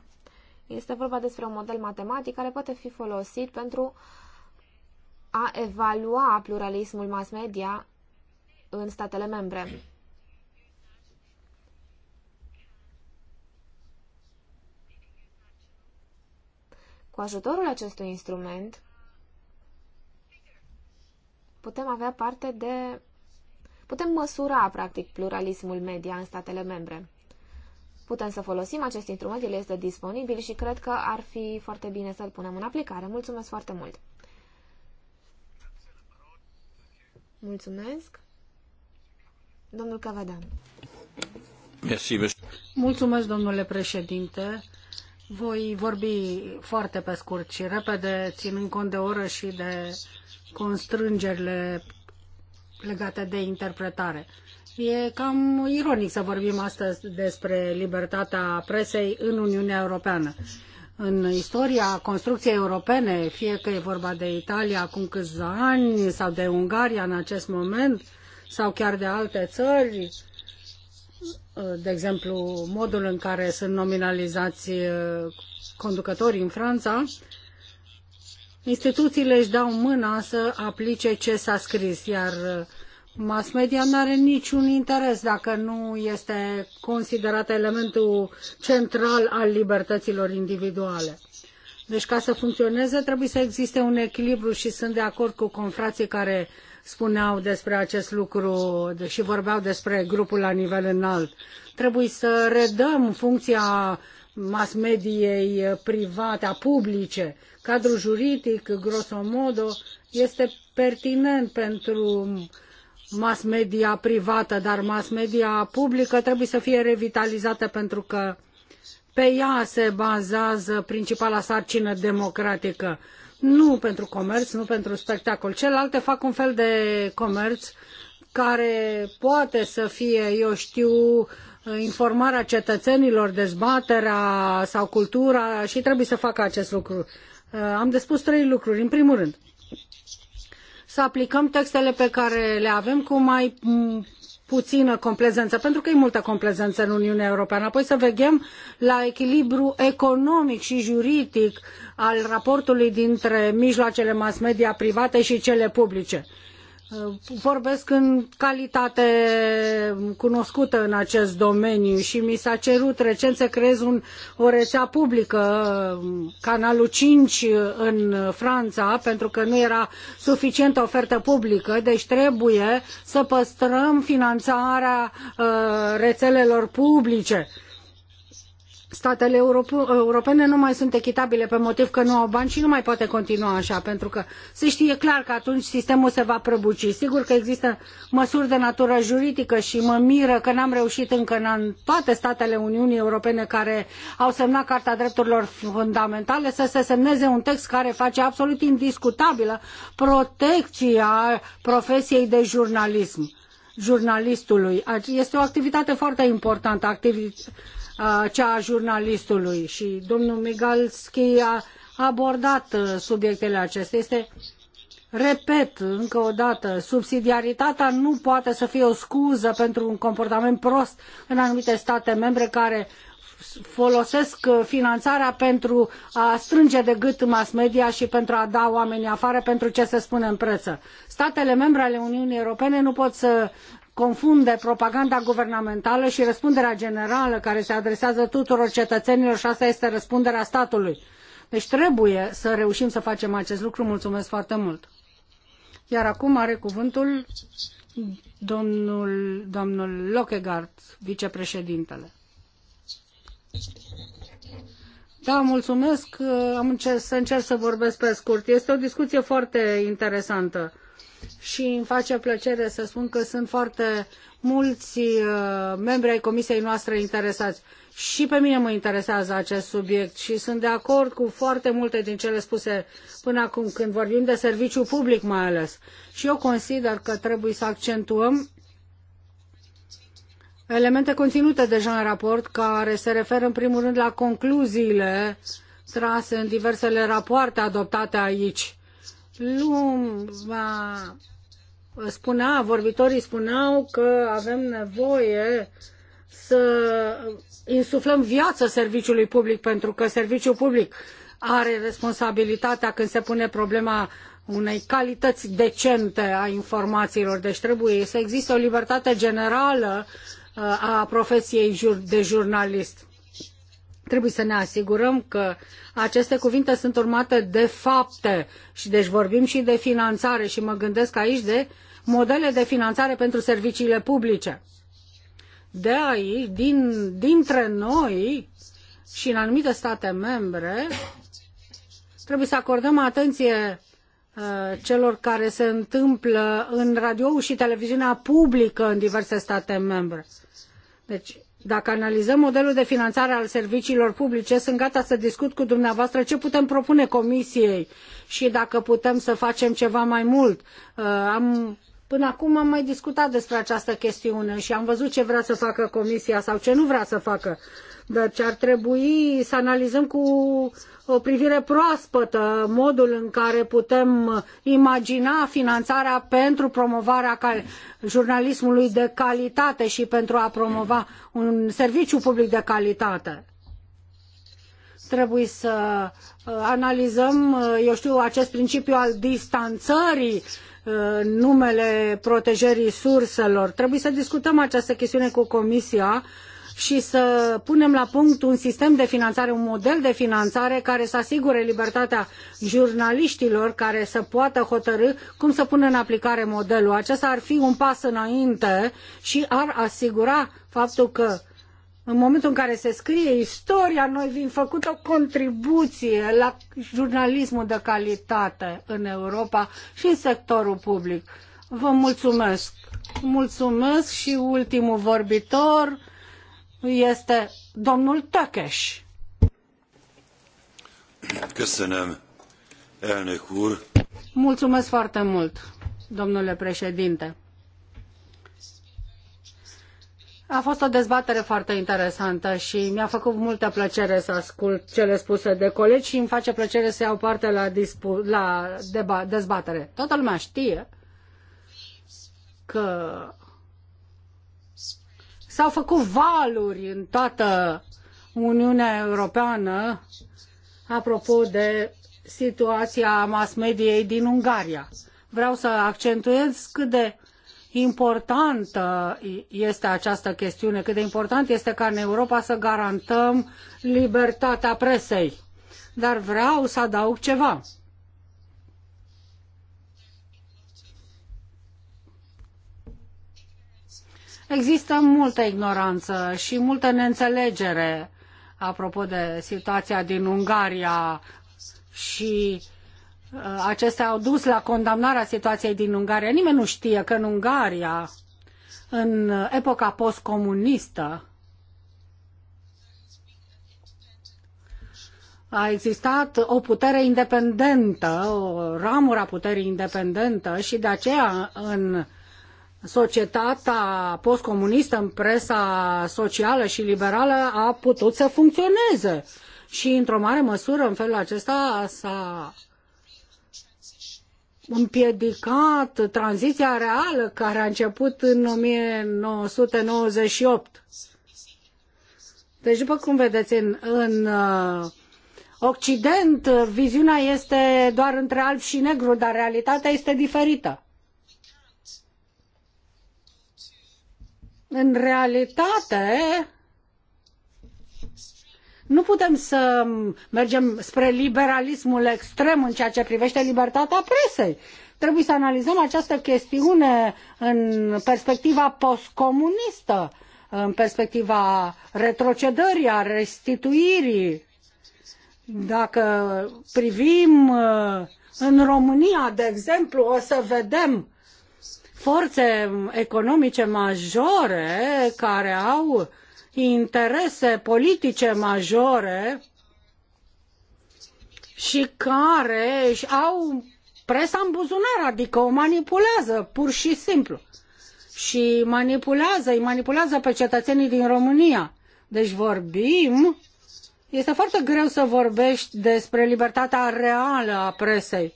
Este vorba despre un model matematic care poate fi folosit pentru uh, a evalua pluralismul mass media în statele membre. Cu ajutorul acestui instrument putem avea parte de... putem măsura, practic, pluralismul media în statele membre. Putem să folosim acest instrument, el este disponibil și cred că ar fi foarte bine să-l punem în aplicare. Mulțumesc foarte mult! Mulțumesc. Domnul merci. Mulțumesc, domnule președinte. Voi vorbi foarte pe scurt și repede, ținând cont de oră și de constrângerile legate de interpretare. E cam ironic să vorbim astăzi despre libertatea presei în Uniunea Europeană în istoria construcției europene, fie că e vorba de Italia acum câțiva ani sau de Ungaria în acest moment sau chiar de alte țări, de exemplu, modul în care sunt nominalizați uh, conducătorii în Franța, instituțiile își dau mâna să aplice ce s-a scris, iar uh, Mass media nu are niciun interes dacă nu este considerat elementul central al libertăților individuale. Deci ca să funcționeze trebuie să existe un echilibru și sunt de acord cu confrații care spuneau despre acest lucru și vorbeau despre grupul la nivel înalt. Trebuie să redăm funcția mass mediei private, a publice. Cadrul juridic, grosomodo, este pertinent pentru mass media privată, dar mass media publică trebuie să fie revitalizată pentru că pe ea se bazează principala sarcină democratică. Nu pentru comerț, nu pentru spectacol. Celelalte fac un fel de comerț care poate să fie, eu știu, informarea cetățenilor, dezbaterea sau cultura și trebuie să facă acest lucru. Uh, am de spus trei lucruri. În primul rând, să aplicăm textele pe care le avem cu mai puțină complezență, pentru că e multă complezență în Uniunea Europeană. Apoi să veghem la echilibru economic și juridic al raportului dintre mijloacele mass media private și cele publice. Uh, vorbesc în calitate cunoscută în acest domeniu și mi s-a cerut recent să creez un, o rețea publică, uh, canalul 5 uh, în Franța, pentru că nu era suficientă ofertă publică, deci trebuie să păstrăm finanțarea uh, rețelelor publice statele europene nu mai sunt echitabile pe motiv că nu au bani și nu mai poate continua așa, pentru că se știe clar că atunci sistemul se va prăbuci. Sigur că există măsuri de natură juridică și mă miră că n-am reușit încă în toate statele Uniunii Europene care au semnat Carta Drepturilor Fundamentale să se semneze un text care face absolut indiscutabilă protecția profesiei de jurnalism jurnalistului. Este o activitate foarte importantă. Activi- cea a jurnalistului și domnul Migalski a abordat subiectele acestea. Este, repet încă o dată, subsidiaritatea nu poate să fie o scuză pentru un comportament prost în anumite state membre care folosesc finanțarea pentru a strânge de gât mass media și pentru a da oamenii afară pentru ce se spune în presă. Statele membre ale Uniunii Europene nu pot să confunde propaganda guvernamentală și răspunderea generală care se adresează tuturor cetățenilor și asta este răspunderea statului. Deci trebuie să reușim să facem acest lucru. Mulțumesc foarte mult. Iar acum are cuvântul domnul, domnul Lockegaard, vicepreședintele. Da, mulțumesc. Am încerc, să încerc să vorbesc pe scurt. Este o discuție foarte interesantă și îmi face plăcere să spun că sunt foarte mulți uh, membri ai comisiei noastre interesați. Și pe mine mă interesează acest subiect și sunt de acord cu foarte multe din cele spuse până acum, când vorbim de serviciu public mai ales. Și eu consider că trebuie să accentuăm elemente conținute deja în raport, care se referă în primul rând la concluziile trase în diversele rapoarte adoptate aici Lumva spunea, vorbitorii spuneau că avem nevoie să insuflăm viață serviciului public, pentru că serviciul public are responsabilitatea când se pune problema unei calități decente a informațiilor. Deci trebuie să existe o libertate generală uh, a profesiei de jurnalist. Trebuie să ne asigurăm că aceste cuvinte sunt urmate de fapte și deci vorbim și de finanțare și mă gândesc aici de modele de finanțare pentru serviciile publice. De aici, din, dintre noi și în anumite state membre, trebuie să acordăm atenție uh, celor care se întâmplă în radio și televiziunea publică în diverse state membre. Deci dacă analizăm modelul de finanțare al serviciilor publice, sunt gata să discut cu dumneavoastră ce putem propune comisiei și dacă putem să facem ceva mai mult. Uh, am, până acum am mai discutat despre această chestiune și am văzut ce vrea să facă comisia sau ce nu vrea să facă. Deci ar trebui să analizăm cu o privire proaspătă modul în care putem imagina finanțarea pentru promovarea jurnalismului de calitate și pentru a promova un serviciu public de calitate trebuie să uh, analizăm, uh, eu știu, acest principiu al distanțării uh, numele protejării surselor. Trebuie să discutăm această chestiune cu Comisia și să punem la punct un sistem de finanțare, un model de finanțare care să asigure libertatea jurnaliștilor care să poată hotărâ cum să pună în aplicare modelul. Acesta ar fi un pas înainte și ar asigura faptul că în momentul în care se scrie istoria, noi vim făcut o contribuție la jurnalismul de calitate în Europa și în sectorul public. Vă mulțumesc! Mulțumesc și ultimul vorbitor, este domnul Tökes. Köszönöm, elnök úr. Mulțumesc foarte mult, domnule președinte. A fost o dezbatere foarte interesantă și mi-a făcut multă plăcere să ascult cele spuse de colegi și îmi face plăcere să iau parte la, dispu- la dezbatere. Toată lumea știe că S-au făcut valuri în toată Uniunea Europeană apropo de situația mass mediei din Ungaria. Vreau să accentuez cât de importantă este această chestiune, cât de important este ca în Europa să garantăm libertatea presei. Dar vreau să adaug ceva. Există multă ignoranță și multă neînțelegere apropo de situația din Ungaria și uh, acestea au dus la condamnarea situației din Ungaria. Nimeni nu știe că în Ungaria, în epoca postcomunistă, a existat o putere independentă, o ramură a puterii independentă și de aceea în societatea postcomunistă în presa socială și liberală a putut să funcționeze. Și într-o mare măsură, în felul acesta, s-a împiedicat tranziția reală care a început în 1998. Deci, după cum vedeți, în, în uh, Occident, viziunea este doar între alb și negru, dar realitatea este diferită. în realitate, nu putem să mergem spre liberalismul extrem în ceea ce privește libertatea presei. Trebuie să analizăm această chestiune în perspectiva postcomunistă, în perspectiva retrocedării, a restituirii. Dacă privim uh, în România, de exemplu, o să vedem forțe economice majore care au interese politice majore și care au presa în buzunar, adică o manipulează pur și simplu. Și manipulează, îi manipulează pe cetățenii din România. Deci vorbim, este foarte greu să vorbești despre libertatea reală a presei.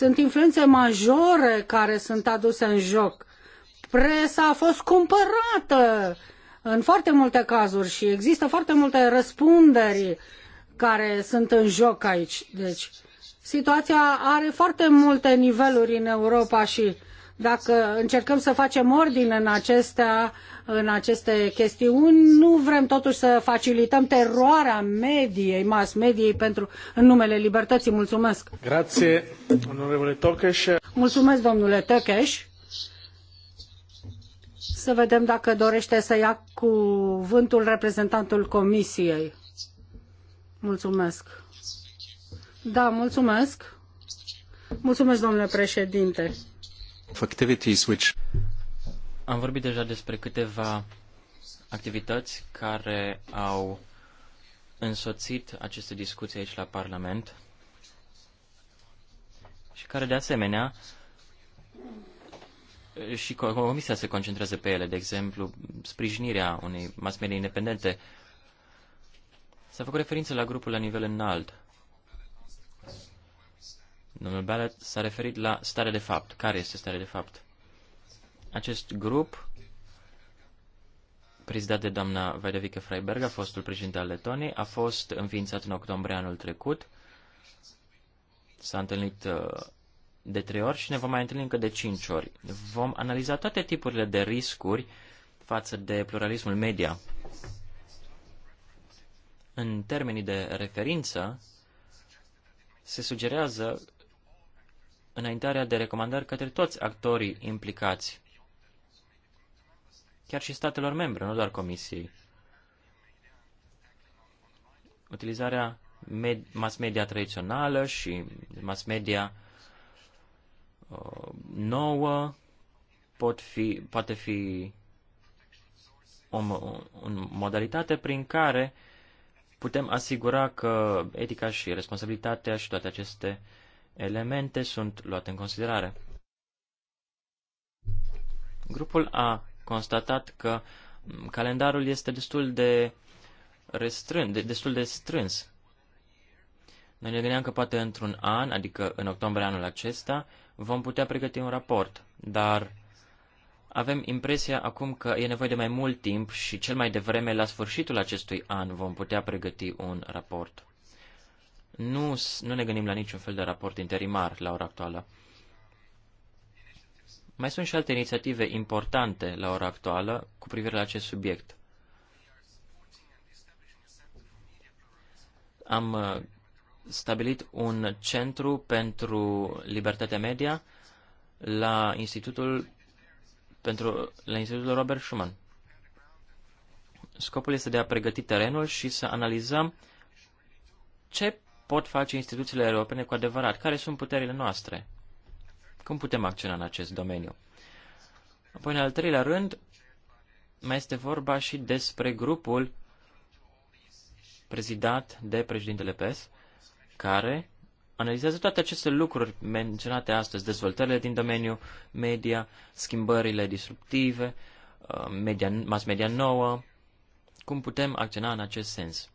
Sunt influențe majore care sunt aduse în joc. Presa a fost cumpărată în foarte multe cazuri și există foarte multe răspunderi care sunt în joc aici. Deci, situația are foarte multe niveluri în Europa și dacă încercăm să facem ordine în, acestea, în aceste chestiuni, nu vrem totuși să facilităm teroarea mediei, mass mediei pentru în numele libertății. Mulțumesc. Grație, onorevole Tocheș. Mulțumesc, domnule Tocheș. Să vedem dacă dorește să ia cuvântul reprezentantul Comisiei. Mulțumesc. Da, mulțumesc. Mulțumesc, domnule președinte. Am vorbit deja despre câteva activități care au însoțit aceste discuții aici la Parlament și care de asemenea și Comisia se concentrează pe ele, de exemplu, sprijinirea unei mass media independente. S-a făcut referință la grupul la nivel înalt. Domnul Ballet s-a referit la starea de fapt. Care este starea de fapt? Acest grup, prezidat de doamna Vaidevică Freiberg, a fostul președinte al Letoniei, a fost înființat în octombrie anul trecut. S-a întâlnit uh, de trei ori și ne vom mai întâlni încă de cinci ori. Vom analiza toate tipurile de riscuri față de pluralismul media. În termenii de referință, se sugerează înaintarea de recomandări către toți actorii implicați, chiar și statelor membre, nu doar Comisiei. Utilizarea med mass media tradițională și mass media uh, nouă pot fi, poate fi o, o, o modalitate prin care putem asigura că etica și responsabilitatea și toate aceste uh, elemente sunt luate în considerare. Grupul a constatat că calendarul este destul de restrâns, de, destul de strâns. Noi ne gândeam că poate într-un an, adică în octombrie anul acesta, vom putea pregăti un raport, dar avem impresia acum că e nevoie de mai mult timp și cel mai devreme la sfârșitul acestui an vom putea pregăti un raport nu, nu ne gândim la niciun fel de raport interimar la ora actuală. Mai sunt și alte inițiative importante la ora actuală cu privire la acest subiect. Am uh, stabilit un centru pentru libertatea media la Institutul, pentru, la Institutul Robert Schuman. Scopul este de a pregăti terenul și să analizăm ce pot face instituțiile europene cu adevărat, care sunt puterile noastre, cum putem acționa în acest domeniu. Apoi, în al treilea rând, mai este vorba și despre grupul prezidat de președintele PES, care analizează toate aceste lucruri menționate astăzi, dezvoltările din domeniul media, schimbările disruptive, uh, media, mass media nouă, cum putem acționa în acest sens.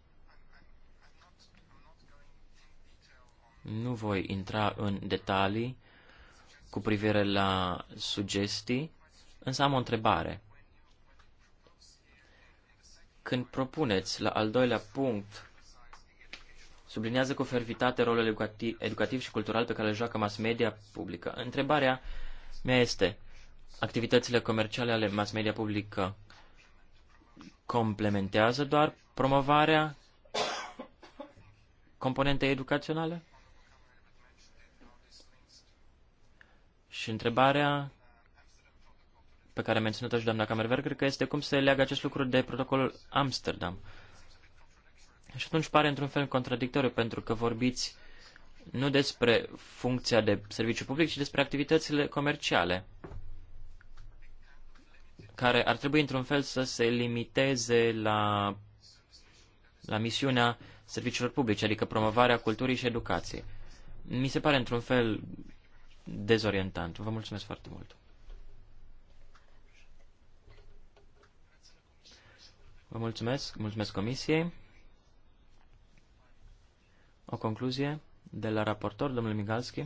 Nu voi intra în detalii cu privire la sugestii, însă am o întrebare. Când propuneți la al doilea punct, sublinează cu fervitate rolul educativ, și cultural pe care le joacă mass media publică. Întrebarea mea este, activitățile comerciale ale mass media publică complementează doar promovarea componentei educaționale? Și întrebarea pe care a menționat-o și doamna Camerver, cred că este cum se leagă acest lucru de protocolul Amsterdam. Și atunci pare într-un fel contradictoriu, pentru că vorbiți nu despre funcția de serviciu public, ci despre activitățile comerciale, care ar trebui într-un fel să se limiteze la, la misiunea serviciilor publice, adică promovarea culturii și educației. Mi se pare într-un fel dezorientant. Vă mulțumesc foarte mult. Vă mulțumesc, mulțumesc comisiei. O concluzie de la raportor, domnul Migalski.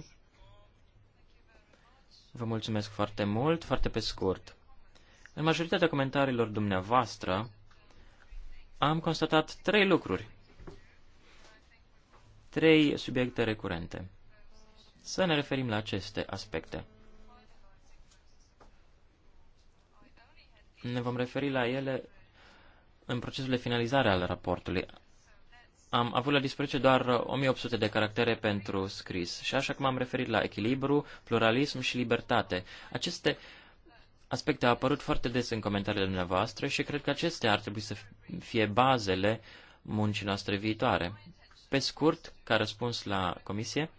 Vă mulțumesc foarte mult, foarte pe scurt. În majoritatea comentariilor dumneavoastră am constatat trei lucruri, trei subiecte recurente să ne referim la aceste aspecte. Ne vom referi la ele în procesul de finalizare al raportului. Am avut la dispoziție doar 1800 uh, de caractere pentru scris și așa cum am referit la echilibru, pluralism și libertate. Aceste aspecte au apărut foarte des în comentariile dumneavoastră și cred că acestea ar trebui să fie bazele muncii noastre viitoare. Pe scurt, ca răspuns la comisie,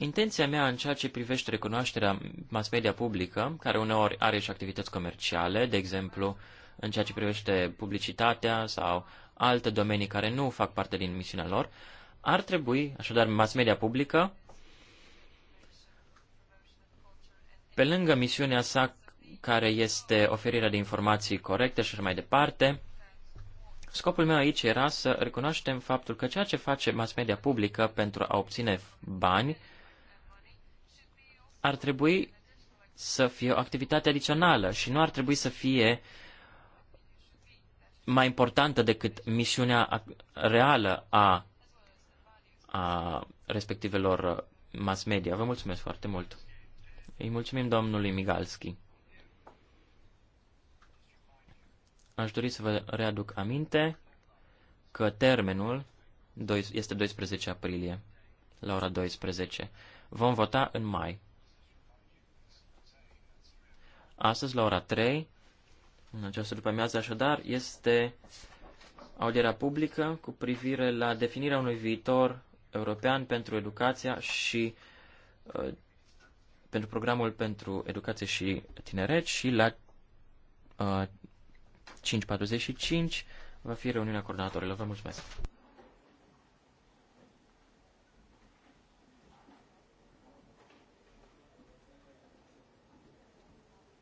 Intenția mea în ceea ce privește recunoașterea mass media publică, care uneori are și activități comerciale, de exemplu, în ceea ce privește publicitatea sau alte domenii care nu fac parte din misiunea lor, ar trebui, așadar, mass media publică, pe lângă misiunea sa care este oferirea de informații corecte și așa mai departe, Scopul meu aici era să recunoaștem faptul că ceea ce face mass media publică pentru a obține bani ar trebui să fie o activitate adițională și nu ar trebui să fie mai importantă decât misiunea reală a, a respectivelor mass media. Vă mulțumesc foarte mult. Îi mulțumim domnului Migalski. Aș dori să vă readuc aminte că termenul este 12 aprilie, la ora 12. Vom vota în mai astăzi la ora 3, în această după-amiază așadar, este audierea publică cu privire la definirea unui viitor european pentru educația și uh, pentru programul pentru educație și tineret și la uh, 5.45 va fi reuniunea coordonatorilor. Vă mulțumesc!